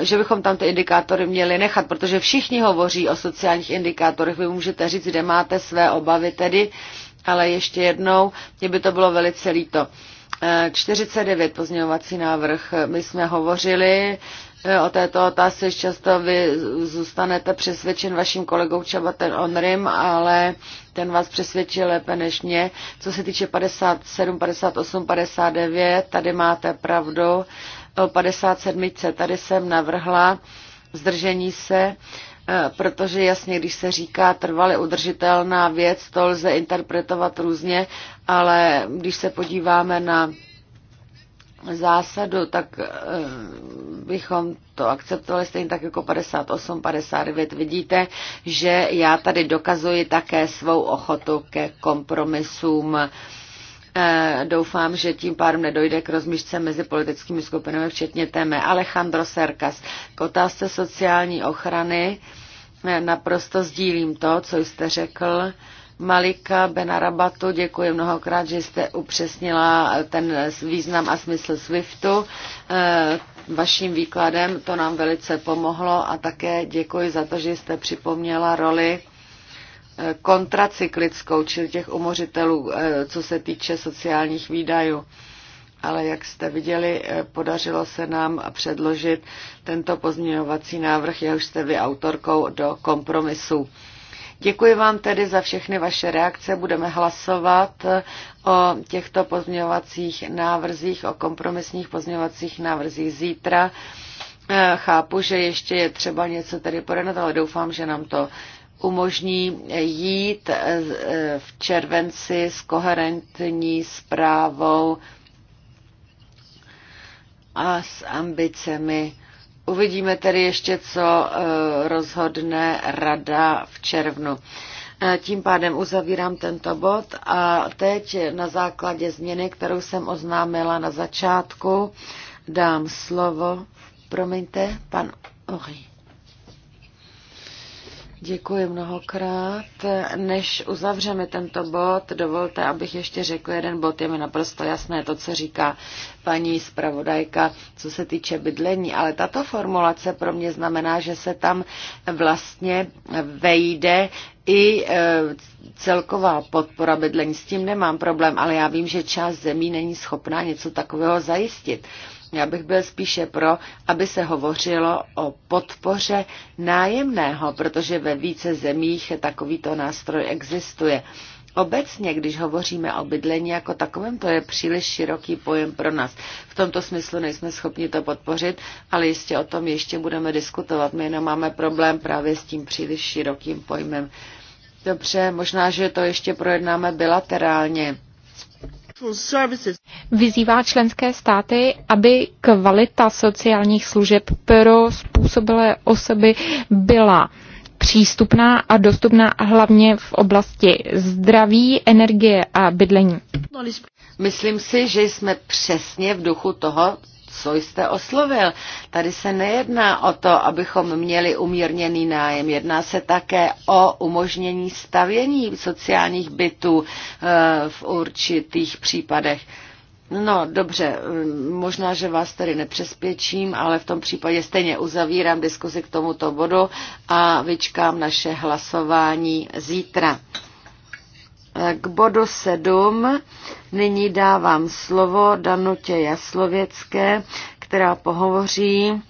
že bychom tam ty indikátory měli nechat, protože všichni hovoří o sociálních indikátorech. Vy můžete říct, kde máte své obavy tedy, ale ještě jednou, mě by to bylo velice líto. 49 pozměňovací návrh. My jsme hovořili Eh, o této otázce často vy zůstanete přesvědčen vaším kolegou ten Onrim, ale ten vás přesvědčil lépe než mě. Co se týče 57, 58, 59, tady máte pravdu. O 57. tady jsem navrhla zdržení se, eh, protože jasně, když se říká trvale udržitelná věc, to lze interpretovat různě, ale když se podíváme na zásadu, tak eh, bychom to akceptovali stejně tak jako 58, 59. Vidíte, že já tady dokazuji také svou ochotu ke kompromisům. Eh, doufám, že tím pádem nedojde k rozmišce mezi politickými skupinami, včetně téme Alejandro Serkas. K otázce sociální ochrany eh, naprosto sdílím to, co jste řekl Malika Benarabatu, děkuji mnohokrát, že jste upřesnila ten význam a smysl SWIFTu. Eh, vaším výkladem to nám velice pomohlo a také děkuji za to, že jste připomněla roli eh, kontracyklickou, čili těch umořitelů, eh, co se týče sociálních výdajů. Ale jak jste viděli, podařilo se nám předložit tento pozměňovací návrh, jehož jste vy autorkou, do kompromisu. Děkuji vám tedy za všechny vaše reakce. Budeme hlasovat o těchto pozměňovacích návrzích, o kompromisních pozměňovacích návrzích zítra. Eh, chápu, že ještě je třeba něco tedy poradit, ale doufám, že nám to umožní jít eh, eh, v červenci s koherentní zprávou a s ambicemi Uvidíme tedy ještě, co eh, rozhodne rada v červnu. Eh, tím pádem uzavírám tento bod a teď na základě změny, kterou jsem oznámila na začátku, dám slovo, promiňte, pan Ori. Děkuji mnohokrát. Než uzavřeme tento bod, dovolte, abych ještě řekl jeden bod. Je mi naprosto jasné to, co říká paní zpravodajka, co se týče bydlení, ale tato formulace pro mě znamená, že se tam vlastně vejde i e, celková podpora bydlení. S tím nemám problém, ale já vím, že část zemí není schopná něco takového zajistit. Já bych byl spíše pro, aby se hovořilo o podpoře nájemného, protože ve více zemích takovýto nástroj existuje. Obecně, když hovoříme o bydlení jako takovém, to je příliš široký pojem pro nás. V tomto smyslu nejsme schopni to podpořit, ale jistě o tom ještě budeme diskutovat. My jenom máme problém právě s tím příliš širokým pojmem. Dobře, možná, že to ještě projednáme bilaterálně Vyzývá členské státy, aby kvalita sociálních služeb pro způsobilé osoby byla přístupná a dostupná hlavně v oblasti zdraví, energie a bydlení. Myslím si, že jsme přesně v duchu toho, co jste oslovil. Tady se nejedná o to, abychom měli umírněný nájem. Jedná se také o umožnění stavění sociálních bytů eh, v určitých případech. No dobře, mm, možná, že vás tady nepřespěčím, ale v tom případě stejně uzavírám diskuzi k tomuto bodu a vyčkám naše hlasování zítra. K bodu 7 nyní dávám slovo Danutě Jaslověcké, která pohovoří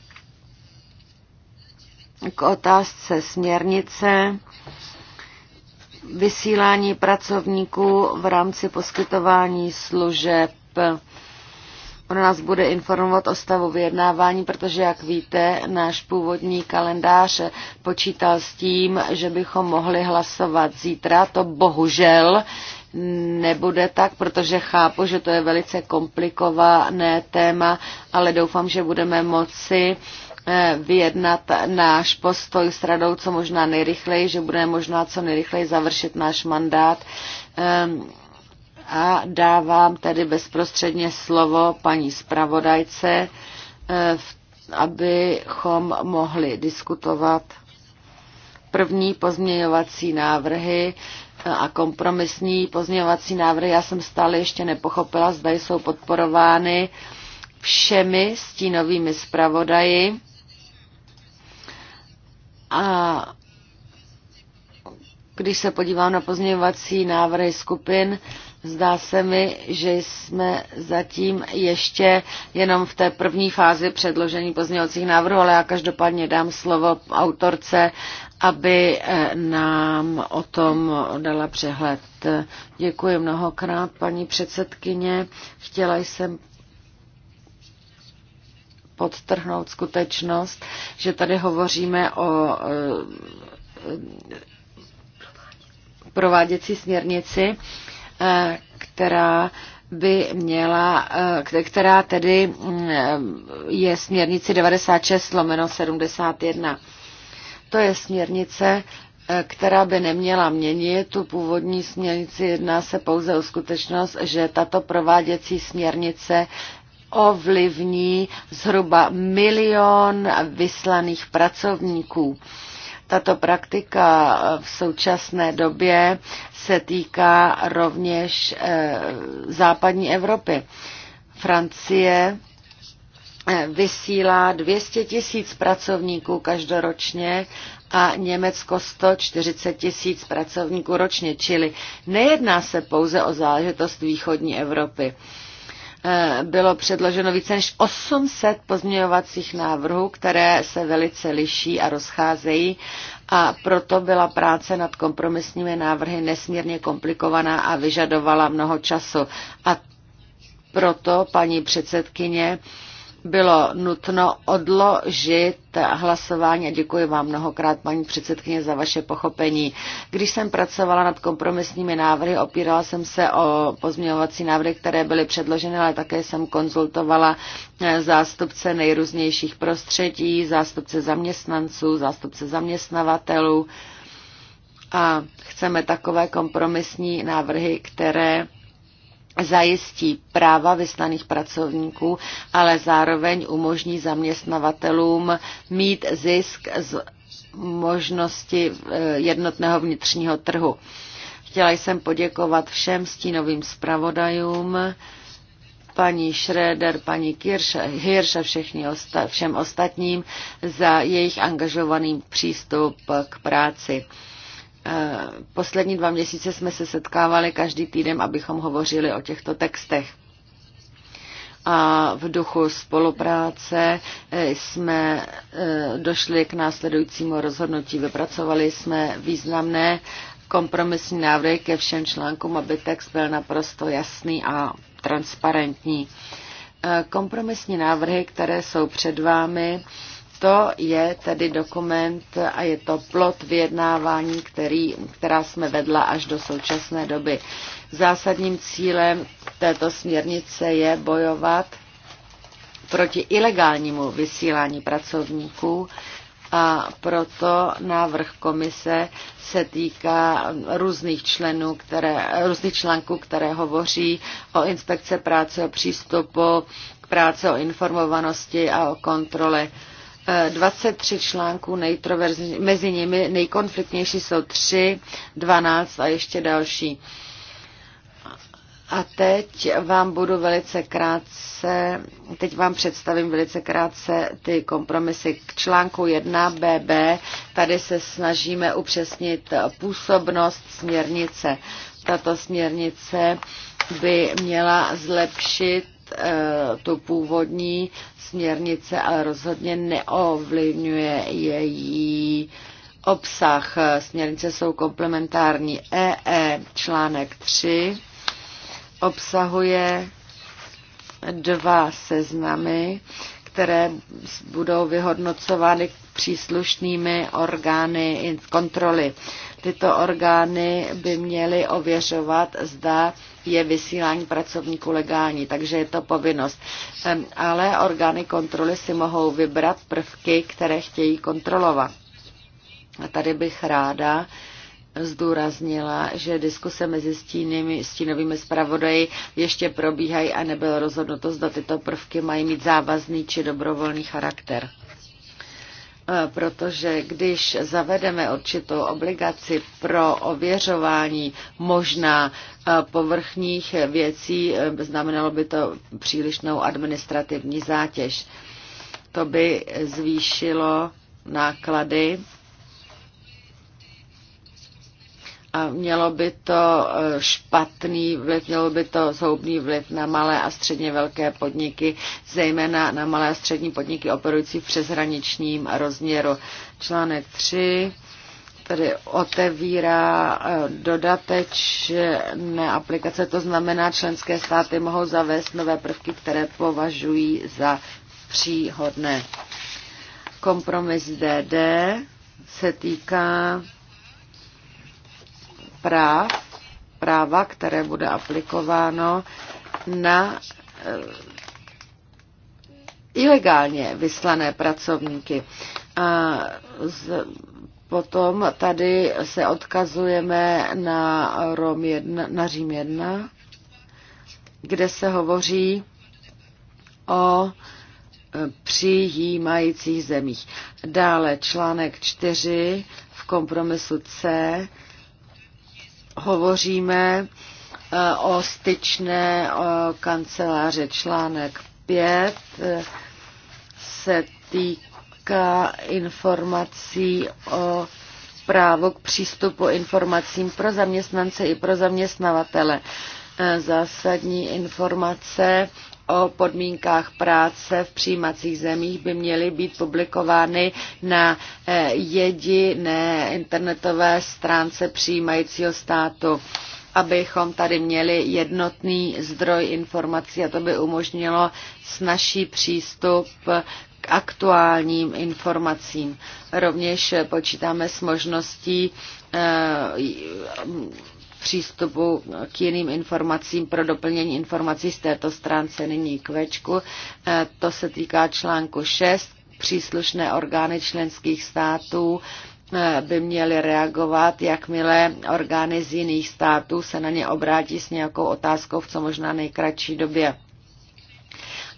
k otázce směrnice vysílání pracovníků v rámci poskytování služeb Ona nás bude informovat o stavu vyjednávání, protože, jak víte, náš původní kalendář počítal s tím, že bychom mohli hlasovat zítra. To bohužel nebude tak, protože chápu, že to je velice komplikované téma, ale doufám, že budeme moci eh, vyjednat náš postoj s radou co možná nejrychleji, že bude možná co nejrychleji završit náš mandát ehm, a dávám tedy bezprostředně slovo paní zpravodajce, eh, abychom mohli diskutovat první pozměňovací návrhy eh, a kompromisní pozměňovací návrhy. Já jsem stále ještě nepochopila, zda jsou podporovány všemi stínovými zpravodaji. A když se podívám na pozměňovací návrhy skupin, Zdá se mi, že jsme zatím ještě jenom v té první fázi předložení pozměňovacích návrhů, ale já každopádně dám slovo autorce, aby eh, nám o tom dala přehled. Děkuji mnohokrát, paní předsedkyně. Chtěla jsem podtrhnout skutečnost, že tady hovoříme o eh, prováděcí směrnici Eh, která by měla, eh, která tedy mm, je směrnici 96 lomeno 71. To je směrnice, eh, která by neměla měnit tu původní směrnici. Jedná se pouze o skutečnost, že tato prováděcí směrnice ovlivní zhruba milion vyslaných pracovníků. Tato praktika v současné době se týká rovněž eh, západní Evropy. Francie eh, vysílá 200 tisíc pracovníků každoročně a Německo 140 tisíc pracovníků ročně, čili nejedná se pouze o záležitost východní Evropy. Eh, bylo předloženo více než 800 pozměňovacích návrhů, které se velice liší a rozcházejí a proto byla práce nad kompromisními návrhy nesmírně komplikovaná a vyžadovala mnoho času. A proto, paní předsedkyně, bylo nutno odložit hlasování a děkuji vám mnohokrát, paní předsedkyně, za vaše pochopení. Když jsem pracovala nad kompromisními návrhy, opírala jsem se o pozměňovací návrhy, které byly předloženy, ale také jsem konzultovala eh, zástupce nejrůznějších prostředí, zástupce zaměstnanců, zástupce zaměstnavatelů a chceme takové kompromisní návrhy, které zajistí práva vyslaných pracovníků, ale zároveň umožní zaměstnavatelům mít zisk z možnosti e, jednotného vnitřního trhu. Chtěla jsem poděkovat všem stínovým zpravodajům, paní Schröder, paní Hirsch a všechny osta- všem ostatním za jejich angažovaný přístup k práci. Eh, poslední dva měsíce jsme se setkávali každý týden, abychom hovořili o těchto textech. A v duchu spolupráce eh, jsme eh, došli k následujícímu rozhodnutí. Vypracovali jsme významné kompromisní návrhy ke všem článkům, aby text byl naprosto jasný a transparentní. Kompromisní návrhy, které jsou před vámi, to je tedy dokument a je to plot vyjednávání, který, která jsme vedla až do současné doby. Zásadním cílem této směrnice je bojovat proti ilegálnímu vysílání pracovníků a proto návrh komise se týká různých členů, které, různých článků, které hovoří o inspekce práce, o přístupu k práce, o informovanosti a o kontrole 23 článků, mezi nimi nejkonfliktnější jsou 3, 12 a ještě další. A teď vám budu velice krátce, teď vám představím velice krátce ty kompromisy k článku 1 BB. Tady se snažíme upřesnit působnost směrnice. Tato směrnice by měla zlepšit Eh, tu původní směrnice ale rozhodně neovlivňuje její obsah. Směrnice jsou komplementární. EE e článek 3 obsahuje dva seznamy, které budou vyhodnocovány příslušnými orgány kontroly. Tyto orgány by měly ověřovat, zda je vysílání pracovníků legální, takže je to povinnost. Ale orgány kontroly si mohou vybrat prvky, které chtějí kontrolovat. A tady bych ráda zdůraznila, že diskuse mezi stínými, stínovými zpravodaji ještě probíhají a nebylo rozhodnuto, zda tyto prvky mají mít závazný či dobrovolný charakter. E, protože když zavedeme určitou obligaci pro ověřování možná e, povrchních věcí, e, znamenalo by to přílišnou administrativní zátěž. To by zvýšilo náklady a mělo by to eh, špatný vliv, mělo by to zhoubný vliv na malé a středně velké podniky, zejména na malé a střední podniky operující v přeshraničním rozměru. Článek 3 tedy otevírá eh, na aplikace, to znamená, členské státy mohou zavést nové prvky, které považují za příhodné. Kompromis DD se týká práv, práva, které bude aplikováno na eh, ilegálně vyslané pracovníky. A z, potom tady se odkazujeme na, Rom 1, na Řím 1, kde se hovoří o eh, přijímajících zemích. Dále článek 4 v kompromisu C hovoříme eh, o styčné o kanceláře článek 5 eh, se týká informací o právo k přístupu informacím pro zaměstnance i pro zaměstnavatele. Eh, zásadní informace o podmínkách práce v přijímacích zemích by měly být publikovány na eh, jediné internetové stránce přijímajícího státu abychom tady měli jednotný zdroj informací a to by umožnilo snažší přístup k aktuálním informacím. Rovněž počítáme s možností eh, přístupu k jiným informacím pro doplnění informací z této stránce nyní k večku. E, to se týká článku 6. Příslušné orgány členských států e, by měly reagovat, jakmile orgány z jiných států se na ně obrátí s nějakou otázkou v co možná nejkratší době.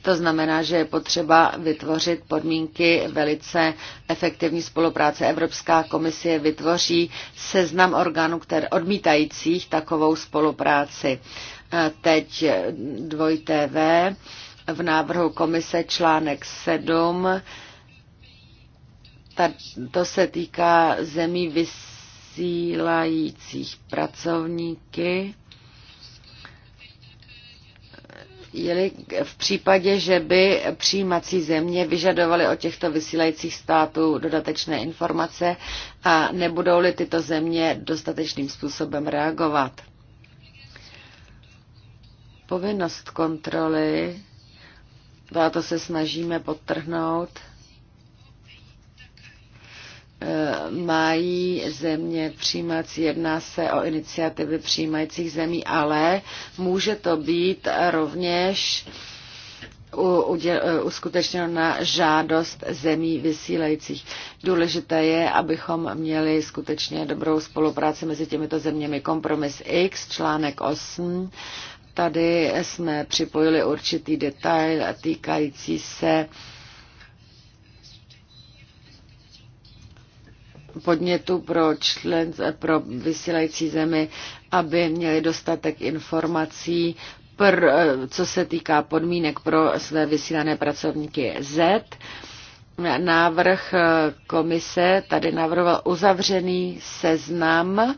To znamená, že je potřeba vytvořit podmínky velice efektivní spolupráce. Evropská komisie vytvoří seznam orgánů které odmítajících takovou spolupráci. Teď 2TV v návrhu komise článek 7. To se týká zemí vysílajících pracovníky jeli v případě, že by přijímací země vyžadovaly od těchto vysílajících států dodatečné informace a nebudou-li tyto země dostatečným způsobem reagovat. Povinnost kontroly, a to se snažíme podtrhnout, Eh, mají země přijímat, jedná se o iniciativy přijímajících zemí, ale může to být rovněž eh, uskutečněno na žádost zemí vysílajících. Důležité je, abychom měli skutečně dobrou spolupráci mezi těmito zeměmi. Kompromis X, článek 8. Tady jsme připojili určitý detail týkající se uh, podnětu pro člen, pro vysílající zemi, aby měli dostatek informací, pr, co se týká podmínek pro své vysílané pracovníky Z. Návrh komise tady navrhoval uzavřený seznam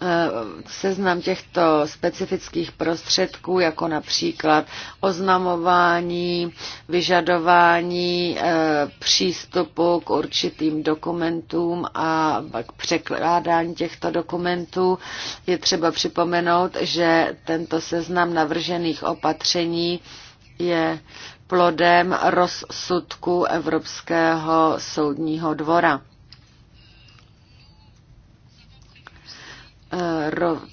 Eh, seznam těchto specifických prostředků, jako například oznamování, vyžadování eh, přístupu k určitým dokumentům a k překládání těchto dokumentů. Je třeba připomenout, že tento seznam navržených opatření je plodem rozsudku Evropského soudního dvora.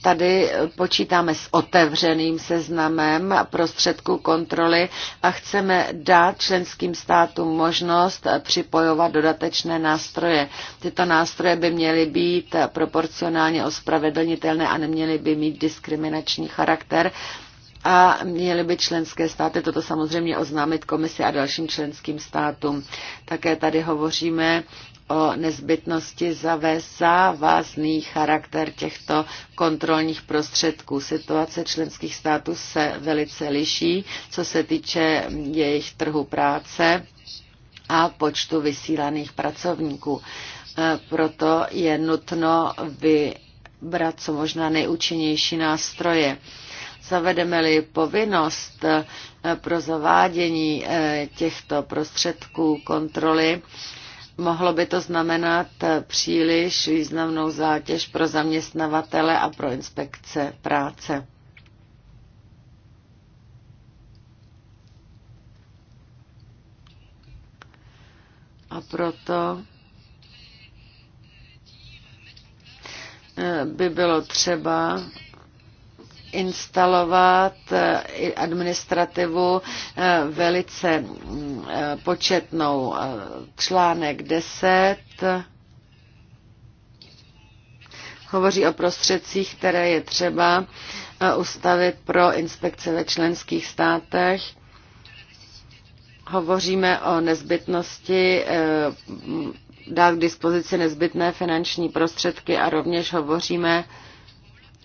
Tady počítáme s otevřeným seznamem prostředků kontroly a chceme dát členským státům možnost připojovat dodatečné nástroje. Tyto nástroje by měly být proporcionálně ospravedlnitelné a neměly by mít diskriminační charakter a měly by členské státy toto samozřejmě oznámit komisi a dalším členským státům. Také tady hovoříme o nezbytnosti zavést závazný charakter těchto kontrolních prostředků. Situace členských států se velice liší, co se týče jejich trhu práce a počtu vysílaných pracovníků. E, proto je nutno vybrat co možná nejúčinnější nástroje zavedeme-li povinnost e, pro zavádění e, těchto prostředků kontroly, Mohlo by to znamenat eh, příliš významnou zátěž pro zaměstnavatele a pro inspekce práce. A proto eh, by bylo třeba instalovat eh, administrativu eh, velice mm, eh, početnou. Článek 10 hovoří o prostředcích, které je třeba ustavit pro inspekce ve členských státech. Hovoříme o nezbytnosti dát k dispozici nezbytné finanční prostředky a rovněž hovoříme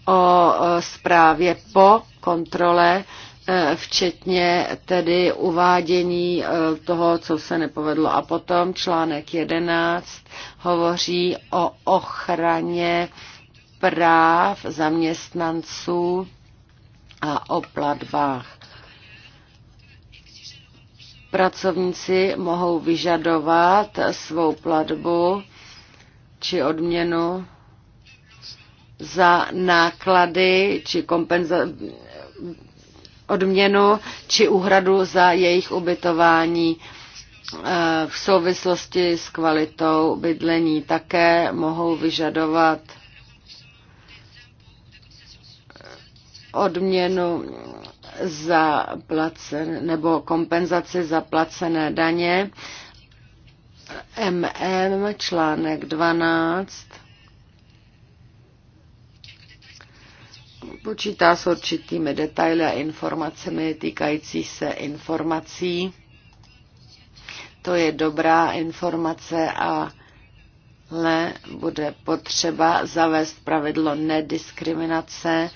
o zprávě po kontrole, e, včetně tedy uvádění e, toho, co se nepovedlo. A potom článek 11 hovoří o ochraně práv zaměstnanců a o platbách. Pracovníci mohou vyžadovat svou platbu či odměnu za náklady či kompenza- odměnu či úhradu za jejich ubytování eh, v souvislosti s kvalitou bydlení. Také mohou vyžadovat odměnu za placen, nebo kompenzaci za placené daně. MM článek 12 počítá s určitými detaily a informacemi týkající se informací. To je dobrá informace, ale bude potřeba zavést pravidlo nediskriminace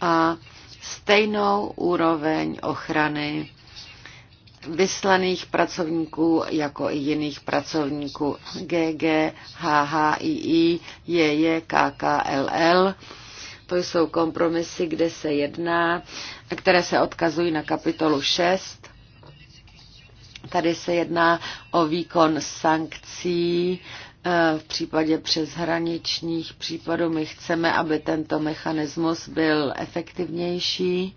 a stejnou úroveň ochrany vyslaných pracovníků jako i jiných pracovníků GG, HHII, JJ, KKLL to jsou kompromisy, kde se jedná, které se odkazují na kapitolu 6. Tady se jedná o výkon sankcí eh, v případě přeshraničních případů. My chceme, aby tento mechanismus byl efektivnější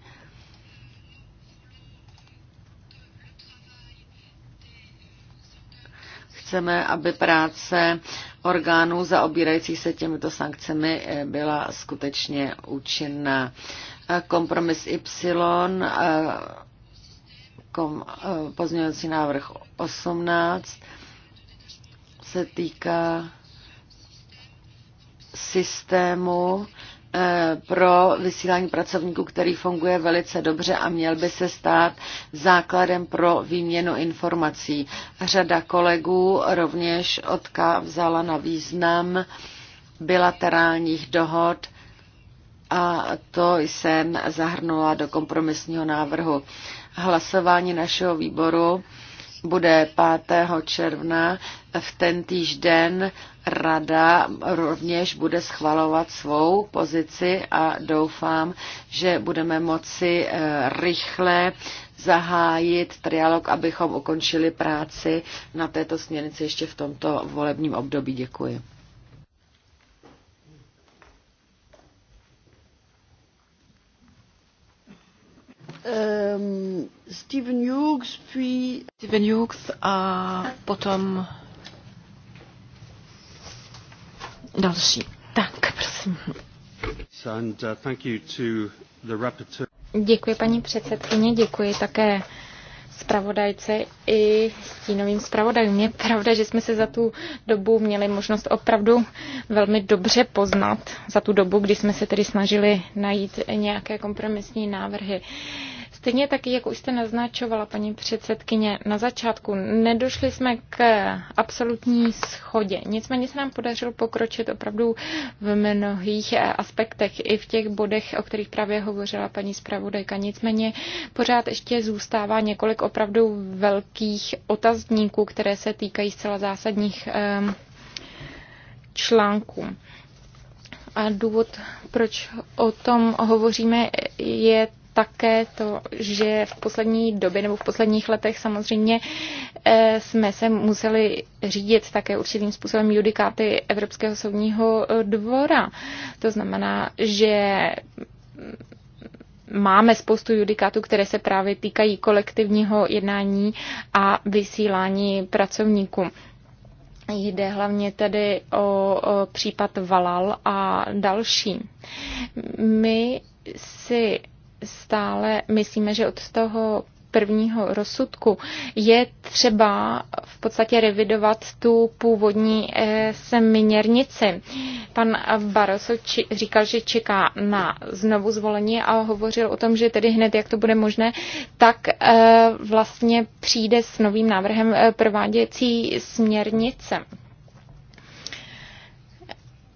Chceme, aby práce orgánů zaobírajících se těmito sankcemi eh, byla skutečně účinná. Kompromis Y, eh, kom, eh, pozměňovací návrh 18, se týká systému Eh, pro vysílání pracovníků, který funguje velice dobře a měl by se stát základem pro výměnu informací. Řada kolegů rovněž odka vzala na význam bilaterálních dohod a to jsem zahrnula do kompromisního návrhu. Hlasování našeho výboru bude 5. června v ten den rada rovněž bude schvalovat svou pozici a doufám, že budeme moci eh, rychle zahájit trialog, abychom ukončili práci na této směrnici ještě v tomto volebním období. Děkuji. Um, Steven Hughes, puis... Steven Hughes a potom další. Tak, prosím. Uh, děkuji paní předsedkyně, děkuji také zpravodajce i stínovým zpravodajům. Je pravda, že jsme se za tu dobu měli možnost opravdu velmi dobře poznat, za tu dobu, kdy jsme se tedy snažili najít nějaké kompromisní návrhy. Uh, Stejně taky, jak už jste naznačovala, paní předsedkyně, na začátku nedošli jsme k absolutní schodě. Nicméně se nám podařilo pokročit opravdu v mnohých aspektech, i v těch bodech, o kterých právě hovořila paní zpravodajka. Nicméně pořád ještě zůstává několik opravdu velkých otazníků, které se týkají zcela zásadních článků. A důvod, proč o tom hovoříme, je také to, že v poslední době nebo v posledních letech samozřejmě eh, jsme se museli řídit také určitým způsobem judikáty Evropského soudního eh, dvora. To znamená, že mm, máme spoustu judikátů, které se právě týkají kolektivního jednání a vysílání pracovníků. Jde hlavně tedy o, o případ Valal a další. My si stále myslíme, že od toho prvního rozsudku je třeba v podstatě revidovat tu původní eh, směrnici. Pan Baroso či, říkal, že čeká na znovu zvolení a hovořil o tom, že tedy hned, jak to bude možné, tak eh, vlastně přijde s novým návrhem eh, prováděcí směrnice.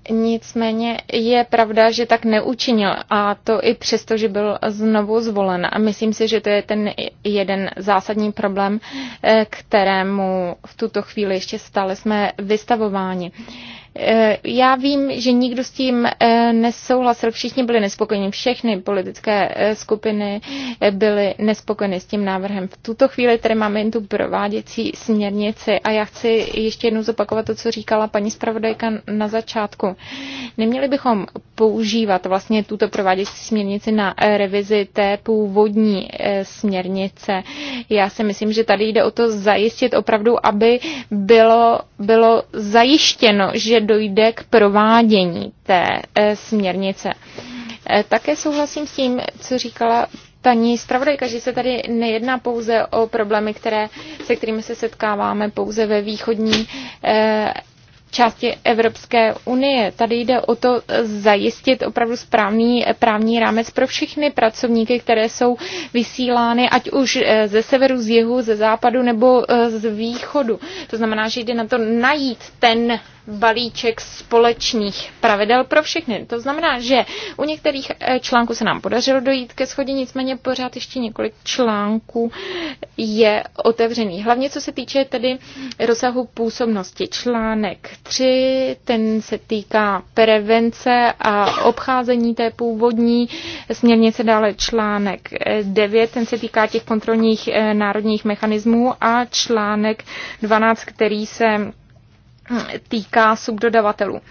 Nicméně je pravda, že tak neučinil a to i přesto, že byl znovu zvolen. A myslím si, že to je ten jeden zásadní problém, eh, kterému v tuto chvíli ještě stále jsme vystavováni. Eh, já vím, že nikdo s tím eh, nesouhlasil, všichni byli nespokojeni, všechny politické eh, skupiny byly nespokojeny s tím návrhem. V tuto chvíli tady máme jen tu prováděcí směrnici a já chci ještě jednou zopakovat to, co říkala paní zpravodajka na začátku. Neměli bychom používat vlastně tuto prováděcí směrnici na revizi té původní směrnice. Já si myslím, že tady jde o to zajistit opravdu, aby bylo, bylo zajištěno, že dojde k provádění té eh, směrnice. Eh, také souhlasím s tím, co říkala paní zpravodajka, že se tady nejedná pouze o problémy, které, se kterými se setkáváme pouze ve východní eh, části Evropské unie. Tady jde o to zajistit opravdu správný právní rámec pro všechny pracovníky, které jsou vysílány, ať už ze severu, z jihu, ze západu nebo z východu. To znamená, že jde na to najít ten balíček společných pravidel pro všechny. To znamená, že u některých eh, článků se nám podařilo dojít ke schodě, nicméně pořád ještě několik článků je otevřený. Hlavně co se týče tedy rozsahu působnosti. Článek 3, ten se týká prevence a obcházení té původní směrnice, dále článek 9, eh, ten se týká těch kontrolních eh, národních mechanismů a článek 12, který se týká subdodavatelů.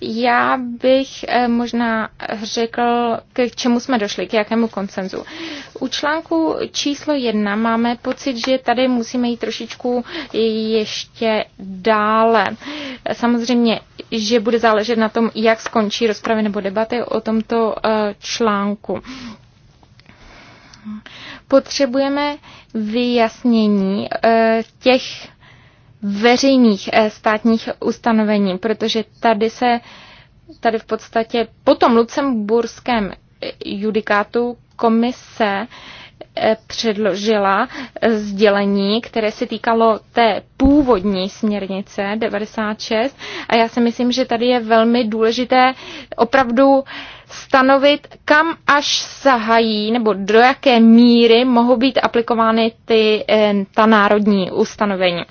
Já bych eh, možná řekl, k čemu jsme došli, k jakému koncenzu. U článku číslo jedna máme pocit, že tady musíme jít trošičku ještě dále. Samozřejmě, že bude záležet na tom, jak skončí rozpravy nebo debaty o tomto eh, článku. Potřebujeme vyjasnění eh, těch veřejných eh, státních ustanovení, protože tady se tady v podstatě po tom lucemburském judikátu komise eh, předložila eh, sdělení, které se týkalo té původní směrnice 96 a já si myslím, že tady je velmi důležité opravdu stanovit, kam až sahají nebo do jaké míry mohou být aplikovány ty, ta národní ustanovení.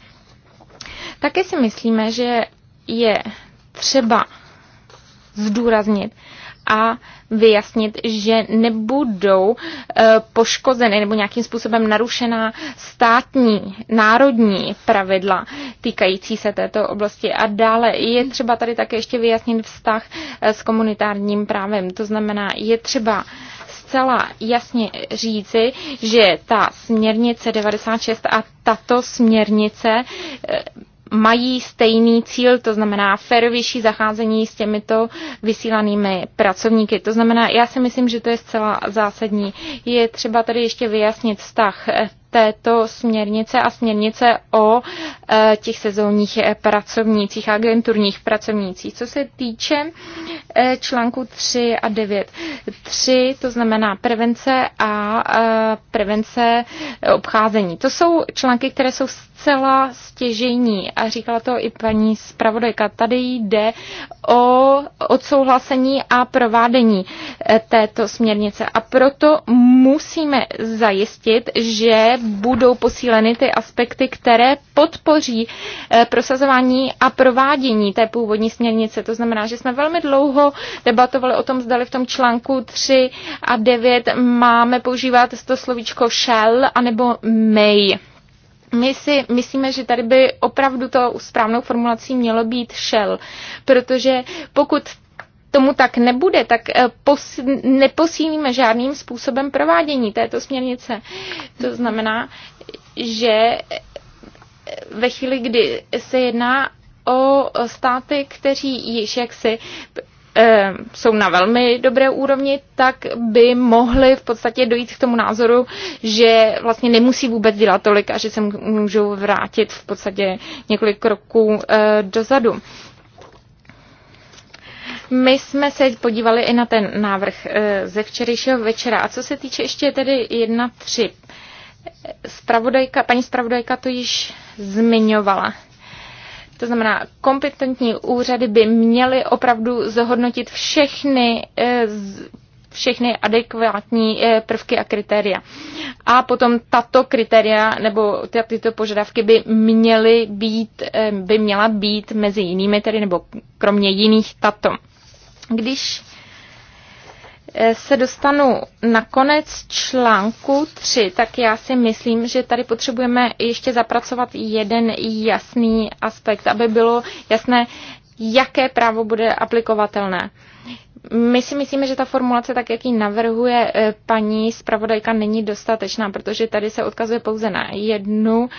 Také si myslíme, že je třeba zdůraznit a vyjasnit, že nebudou eh, poškozeny nebo nějakým způsobem narušená státní, národní pravidla týkající se této oblasti. A dále je třeba tady také ještě vyjasnit vztah eh, s komunitárním právem. To znamená, je třeba zcela jasně říci, že ta směrnice 96 a tato směrnice eh, mají stejný cíl, to znamená férovější zacházení s těmito vysílanými pracovníky. To znamená, já si myslím, že to je zcela zásadní. Je třeba tady ještě vyjasnit vztah této směrnice a směrnice o e, těch sezónních e, pracovnících, agenturních pracovnících. Co se týče e, článku 3 a 9. 3 to znamená prevence a prevence obcházení. To jsou články, které jsou zcela stěžení a říkala to i paní zpravodajka. Tady jde o odsouhlasení a provádění této směrnice a proto musíme zajistit, že budou posíleny ty aspekty, které podpoří eh, prosazování a provádění té původní směrnice. To znamená, že jsme velmi dlouho debatovali o tom, zdali v tom článku 3 a 9 máme používat to slovíčko shall anebo may. My si myslíme, že tady by opravdu to správnou formulací mělo být shell, protože pokud tomu tak nebude, tak eh, pos, neposílíme žádným způsobem provádění této směrnice. To znamená, že eh, ve chvíli, kdy se jedná o státy, kteří již jaksi eh, jsou na velmi dobré úrovni, tak by mohli v podstatě dojít k tomu názoru, že vlastně nemusí vůbec dělat tolik a že se můžou vrátit v podstatě několik kroků dozadu. My jsme se podívali i na ten návrh eh, ze včerejšího večera. A co se týče ještě tedy 1.3. Spravodajka, paní spravodajka to již zmiňovala. To znamená, kompetentní úřady by měly opravdu zhodnotit všechny eh, všechny adekvátní eh, prvky a kritéria. A potom tato kritéria nebo tyto požadavky by měly být, by měla být mezi jinými tedy, nebo kromě jiných tato. Když eh, se dostanu na konec článku 3, tak já si myslím, že tady potřebujeme ještě zapracovat jeden jasný aspekt, aby bylo jasné, jaké právo bude aplikovatelné. My si myslíme, že ta formulace, tak jak ji navrhuje eh, paní zpravodajka, není dostatečná, protože tady se odkazuje pouze na jednu,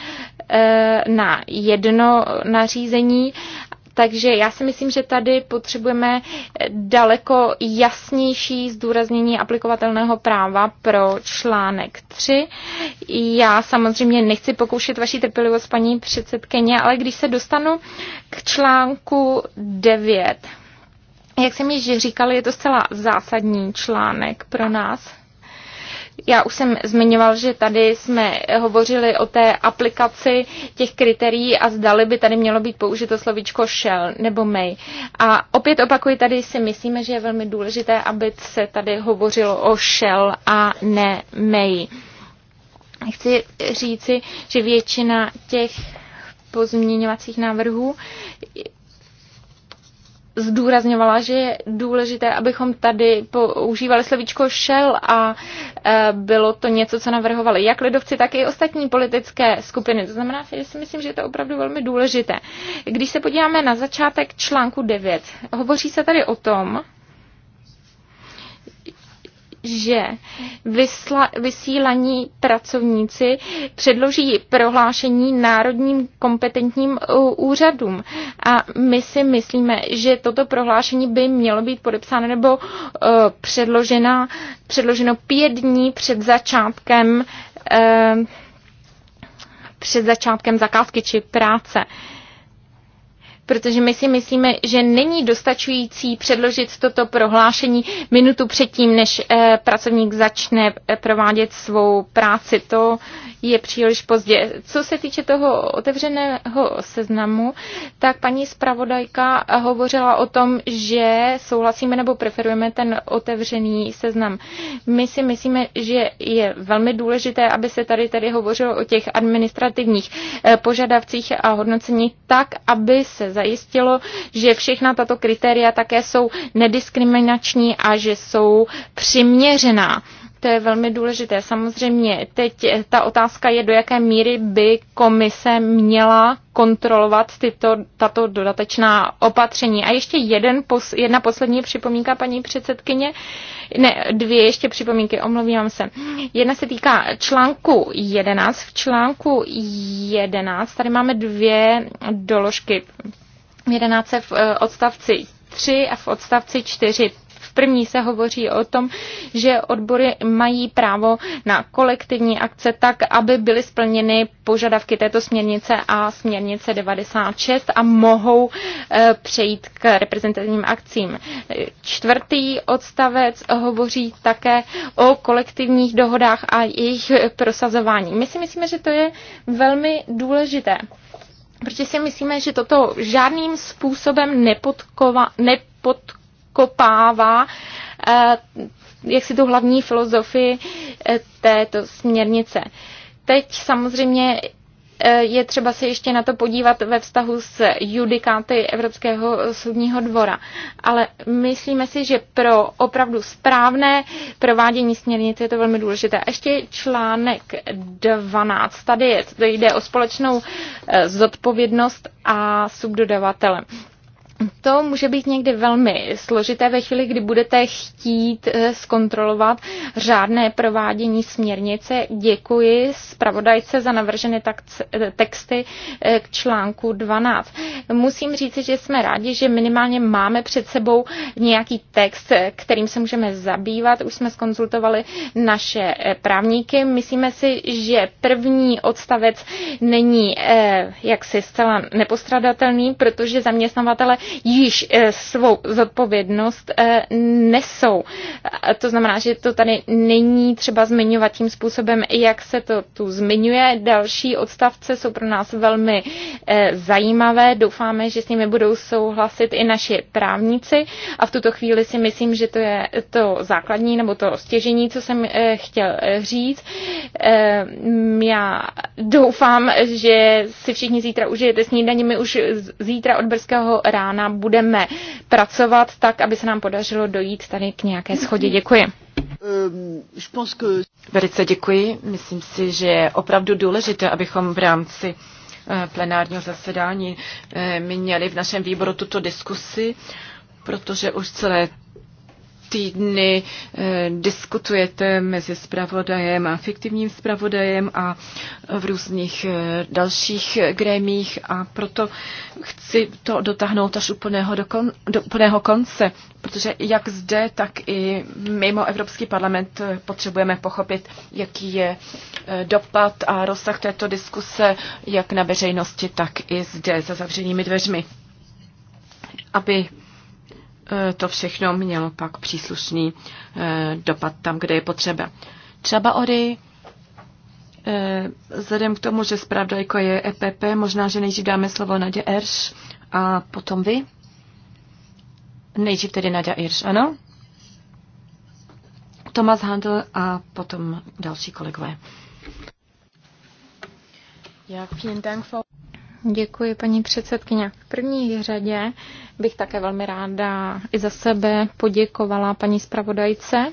eh, na jedno nařízení takže já si myslím, že tady potřebujeme daleko jasnější zdůraznění aplikovatelného práva pro článek 3. Já samozřejmě nechci pokoušet vaší trpělivost, paní předsedkyně, ale když se dostanu k článku 9, jak jsem již říkala, je to zcela zásadní článek pro nás. Já už jsem zmiňoval, že tady jsme eh, hovořili o té aplikaci těch kritérií a zdali by tady mělo být použito slovíčko shell nebo may. A opět opakuji, tady si myslíme, že je velmi důležité, aby se tady hovořilo o shell a ne may. Chci říci, že většina těch pozměňovacích návrhů zdůrazňovala, že je důležité, abychom tady používali slovíčko šel a e, bylo to něco, co navrhovali jak lidovci, tak i ostatní politické skupiny. To znamená, že si myslím, že je to opravdu velmi důležité. Když se podíváme na začátek článku 9, hovoří se tady o tom, že vysla, vysílaní pracovníci předloží prohlášení národním kompetentním úřadům. A my si myslíme, že toto prohlášení by mělo být podepsáno nebo uh, předložena, předloženo pět dní před začátkem uh, před začátkem zakázky či práce. Uh, protože my si myslíme, že není dostačující předložit toto prohlášení minutu předtím, než eh, pracovník začne eh, provádět svou práci. To je příliš pozdě. Co se týče toho otevřeného seznamu, tak paní zpravodajka hovořila o tom, že souhlasíme nebo preferujeme ten otevřený seznam. My si myslíme, že je velmi důležité, aby se tady tady hovořilo o těch administrativních eh, požadavcích a hodnocení tak, aby se zajistilo, že všechna tato kritéria také jsou nediskriminační a že jsou přiměřená. To je velmi důležité. Samozřejmě teď ta otázka je, do jaké míry by komise měla kontrolovat tyto, tato dodatečná opatření. A ještě jeden, pos, jedna poslední připomínka, paní předsedkyně. Ne, dvě ještě připomínky, omluvím se. Jedna se týká článku 11. V článku 11 tady máme dvě doložky 11. v eh, odstavci 3 a v odstavci 4 v první se hovoří o tom, že odbory mají právo na kolektivní akce tak, aby byly splněny požadavky této směrnice a směrnice 96 a mohou eh, přejít k reprezentativním akcím. Čtvrtý odstavec hovoří také o kolektivních dohodách a jejich prosazování. My si myslíme, že to je velmi důležité protože si myslíme, že toto žádným způsobem nepodkova, nepodkopává eh, jak si tu hlavní filozofii eh, této směrnice. Teď samozřejmě Eh, je třeba se ještě na to podívat ve vztahu s judikáty Evropského soudního dvora. Ale myslíme si, že pro opravdu správné provádění směrnice je to velmi důležité. A ještě článek 12. Tady je, to jde o společnou eh, zodpovědnost a subdodavatele to může být někdy velmi složité ve chvíli, kdy budete chtít eh, zkontrolovat řádné provádění směrnice. Děkuji zpravodajce za navržené eh, texty eh, k článku 12. Musím říct, že jsme rádi, že minimálně máme před sebou nějaký text, kterým se můžeme zabývat. Už jsme skonzultovali naše právníky. Myslíme si, že první odstavec není jaksi zcela nepostradatelný, protože zaměstnavatele již eh, svou zodpovědnost eh, nesou. To znamená, že to tady není třeba zmiňovat tím způsobem, jak se to tu zmiňuje. Další odstavce jsou pro nás velmi eh, zajímavé. Doufáme, že s nimi budou souhlasit i naši právníci a v tuto chvíli si myslím, že to je to základní nebo to stěžení, co jsem chtěl říct. Ehm, já doufám, že si všichni zítra užijete snídaní. My už zítra od brzkého rána rána budeme pracovat tak, aby se nám podařilo dojít tady k nějaké schodě. Děkuji. Velice děkuji. Myslím si, že je opravdu důležité, abychom v rámci eh, plenárního zasedání eh, měli v našem výboru tuto diskusi, protože už celé týdny eh, diskutujete mezi zpravodajem a fiktivním zpravodajem a v různých eh, dalších grémích a proto chci to dotáhnout až úplného do, kon, do úplného konce, protože jak zde, tak i mimo Evropský parlament eh, potřebujeme pochopit, jaký je dopad a rozsah této diskuse jak na veřejnosti, tak i zde za zavřenými dveřmi aby Eh, to všechno mělo pak příslušný eh, dopad tam, kde je potřeba. Třeba Ory, eh, vzhledem k tomu, že zpravdajko je EPP, možná, že nejdřív dáme slovo Nadě Erš a potom vy. Nejdřív tedy Nadě Erš, ano? Tomas Handel a potom další kolegové. Ja, vielen Dank, Frau Děkuji, paní předsedkyně. V první řadě bych také velmi ráda i za sebe poděkovala paní zpravodajce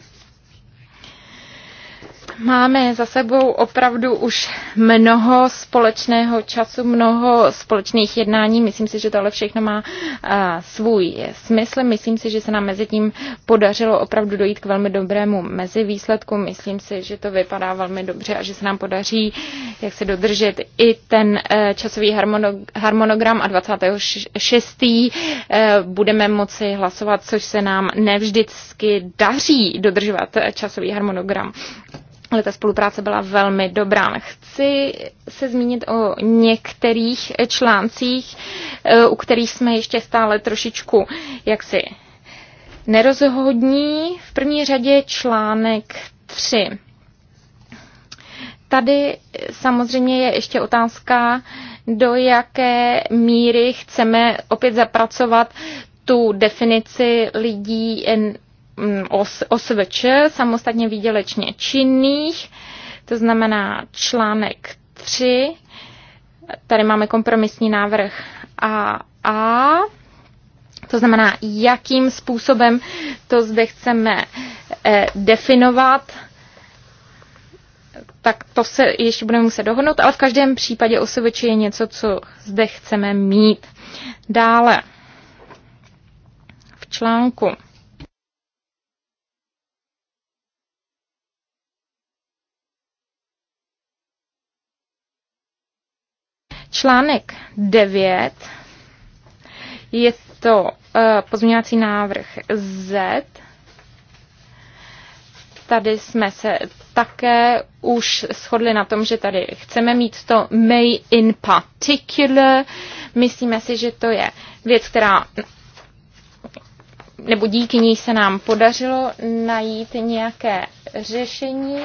máme za sebou opravdu už mnoho společného času, mnoho společných jednání. Myslím si, že tohle všechno má svůj smysl. Myslím si, že se nám mezi tím podařilo opravdu dojít k velmi dobrému mezi výsledku. Myslím si, že to vypadá velmi dobře a že se nám podaří, jak se dodržet i ten e, časový harmonogram a 26. E, budeme moci hlasovat, což se nám nevždycky daří dodržovat e, časový harmonogram ale ta spolupráce byla velmi dobrá. Chci se zmínit o některých článcích, e, u kterých jsme ještě stále trošičku jaksi nerozhodní. V první řadě článek 3. Tady samozřejmě je ještě otázka, do jaké míry chceme opět zapracovat tu definici lidí Mm, OSVČ, samostatně výdělečně činných, to znamená článek 3, tady máme kompromisní návrh A, A, to znamená, jakým způsobem to zde chceme eh, definovat, tak to se ještě budeme muset dohodnout, ale v každém případě OSVČ je něco, co zde chceme mít. Dále v článku Článek 9 je to eh, pozměňovací návrh Z. Tady jsme se také už shodli na tom, že tady chceme mít to may in particular. Myslíme si, že to je věc, která nebo díky ní se nám podařilo najít nějaké řešení.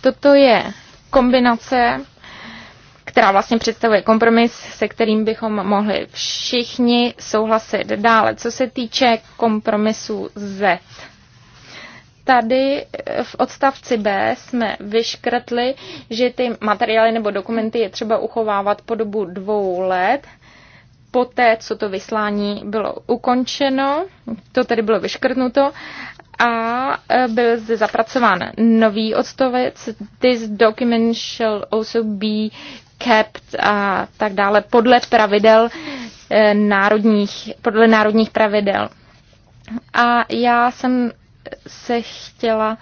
Toto je kombinace, která vlastně představuje kompromis, se kterým bychom mohli všichni souhlasit dále. Co se týče kompromisu Z, tady v odstavci B jsme vyškrtli, že ty materiály nebo dokumenty je třeba uchovávat po dobu dvou let poté, co to vyslání bylo ukončeno, to tedy bylo vyškrtnuto, a e, byl zde zapracován nový odstavec. This document shall also be kept a tak dále podle pravidel e, národních, podle národních pravidel. A já jsem se chtěla uh,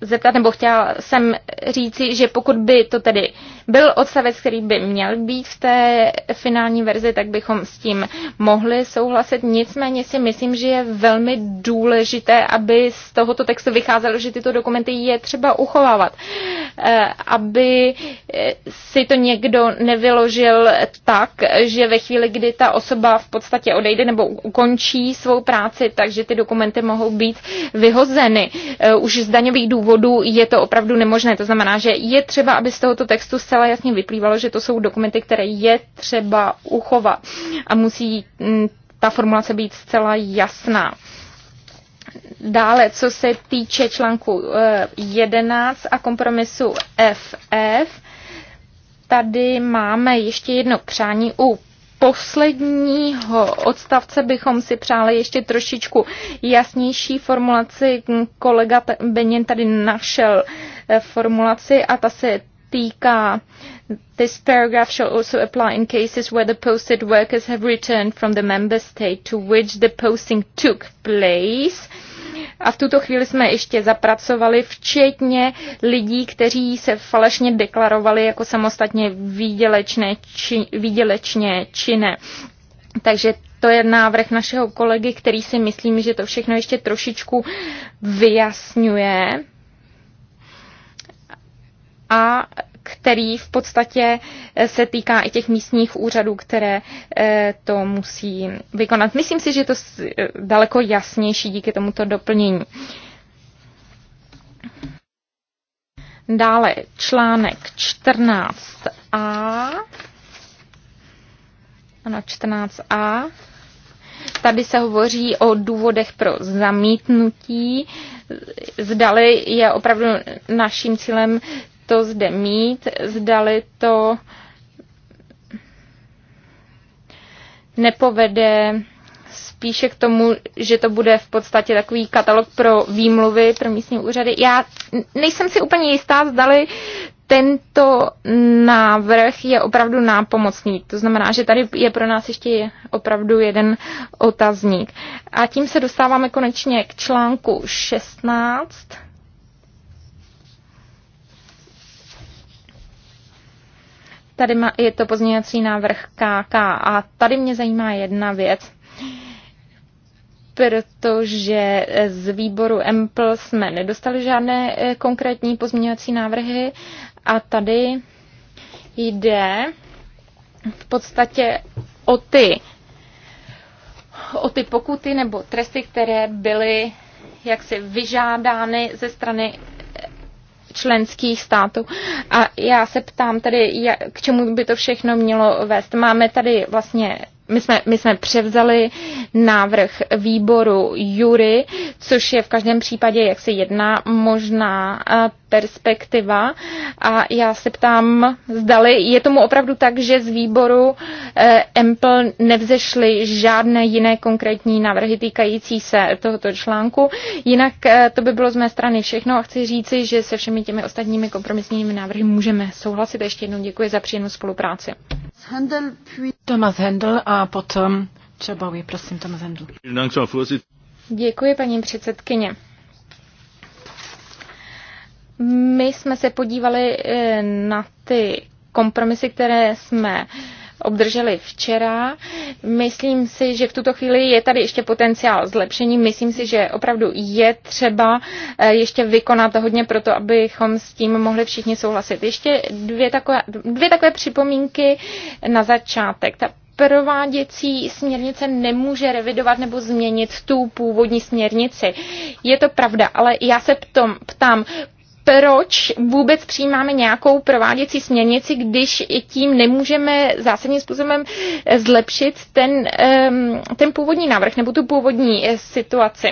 zeptat, nebo chtěla jsem říci, že pokud by to tedy byl odstavec, který by měl být v té finální verzi, tak bychom s tím mohli souhlasit. Nicméně si myslím, že je velmi důležité, aby z tohoto textu vycházelo, že tyto dokumenty je třeba uchovávat. Eh, aby eh, si to někdo nevyložil tak, že ve chvíli, kdy ta osoba v podstatě odejde nebo ukončí svou práci, takže ty dokumenty mohou být vyhozeny. Eh, už z daňových právních důvodů je to opravdu nemožné. To znamená, že je třeba, aby z tohoto textu zcela jasně vyplývalo, že to jsou dokumenty, které je třeba uchovat a musí mm, ta formulace být zcela jasná. Dále, co se týče článku 11 eh, a kompromisu FF, tady máme ještě jedno přání u posledního odstavce bychom si přáli ještě trošičku jasnější formulaci. Kolega Benin tady našel eh, formulaci a ta se týká This paragraph shall also apply in cases where the posted workers have returned from the member state to which the posting took place a v tuto chvíli jsme ještě zapracovali včetně lidí, kteří se falešně deklarovali jako samostatně výdělečné, či, výdělečně činné. Takže to je návrh našeho kolegy, který si myslím, že to všechno ještě trošičku vyjasňuje. A který v podstatě eh, se týká i těch místních úřadů, které eh, to musí vykonat. Myslím si, že je to eh, daleko jasnější díky tomuto doplnění. Dále článek 14a. Ano, 14a. Tady se hovoří o důvodech pro zamítnutí. Zdali je opravdu naším cílem to zde mít, zdali to nepovede spíše k tomu, že to bude v podstatě takový katalog pro výmluvy pro místní úřady. Já nejsem si úplně jistá, zdali tento návrh je opravdu nápomocný. To znamená, že tady je pro nás ještě opravdu jeden otazník. A tím se dostáváme konečně k článku 16 Tady má, je to pozměňovací návrh KK a tady mě zajímá jedna věc protože z výboru EMPL jsme nedostali žádné eh, konkrétní pozměňovací návrhy a tady jde v podstatě o ty, o ty pokuty nebo tresty, které byly jaksi vyžádány ze strany členských států. A já se ptám tedy, jak, k čemu by to všechno mělo vést. Máme tady vlastně my jsme, my jsme převzali návrh výboru Jury, což je v každém případě jak se jedna možná eh, perspektiva. A já se ptám, zdali je tomu opravdu tak, že z výboru EMPL eh, nevzešly žádné jiné konkrétní návrhy týkající se tohoto článku. Jinak eh, to by bylo z mé strany všechno a chci říci, že se všemi těmi ostatními kompromisními návrhy můžeme souhlasit. Ještě jednou děkuji za příjemnou spolupráci. Hendel, Thomas Hendel a potom Čebovi, prosím, Thomas Hendel. Děkuji, paní předsedkyně. My jsme se podívali eh, na ty kompromisy, které jsme uh, obdrželi včera. Myslím si, že v tuto chvíli je tady ještě potenciál zlepšení. Myslím si, že opravdu je třeba eh, ještě vykonat hodně pro to, abychom s tím mohli všichni souhlasit. Ještě dvě takové, dvě takové připomínky na začátek. Ta prováděcí směrnice nemůže revidovat nebo změnit tu původní směrnici. Je to pravda, ale já se ptom, ptám, proč vůbec přijímáme nějakou prováděcí směrnici, když tím nemůžeme zásadním způsobem zlepšit ten, ten původní návrh nebo tu původní eh, situaci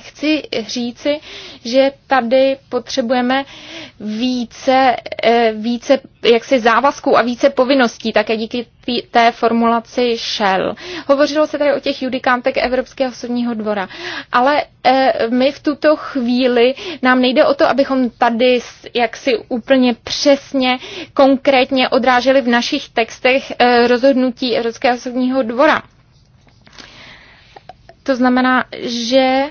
chci říci, že tady potřebujeme více, eh, více jaksi závazků a více povinností, také díky té formulaci Shell. Hovořilo se tady o těch judikantech Evropského soudního dvora, ale eh, my v tuto chvíli nám nejde o to, abychom tady jaksi úplně přesně, konkrétně odráželi v našich textech eh, rozhodnutí Evropského soudního dvora. To znamená, že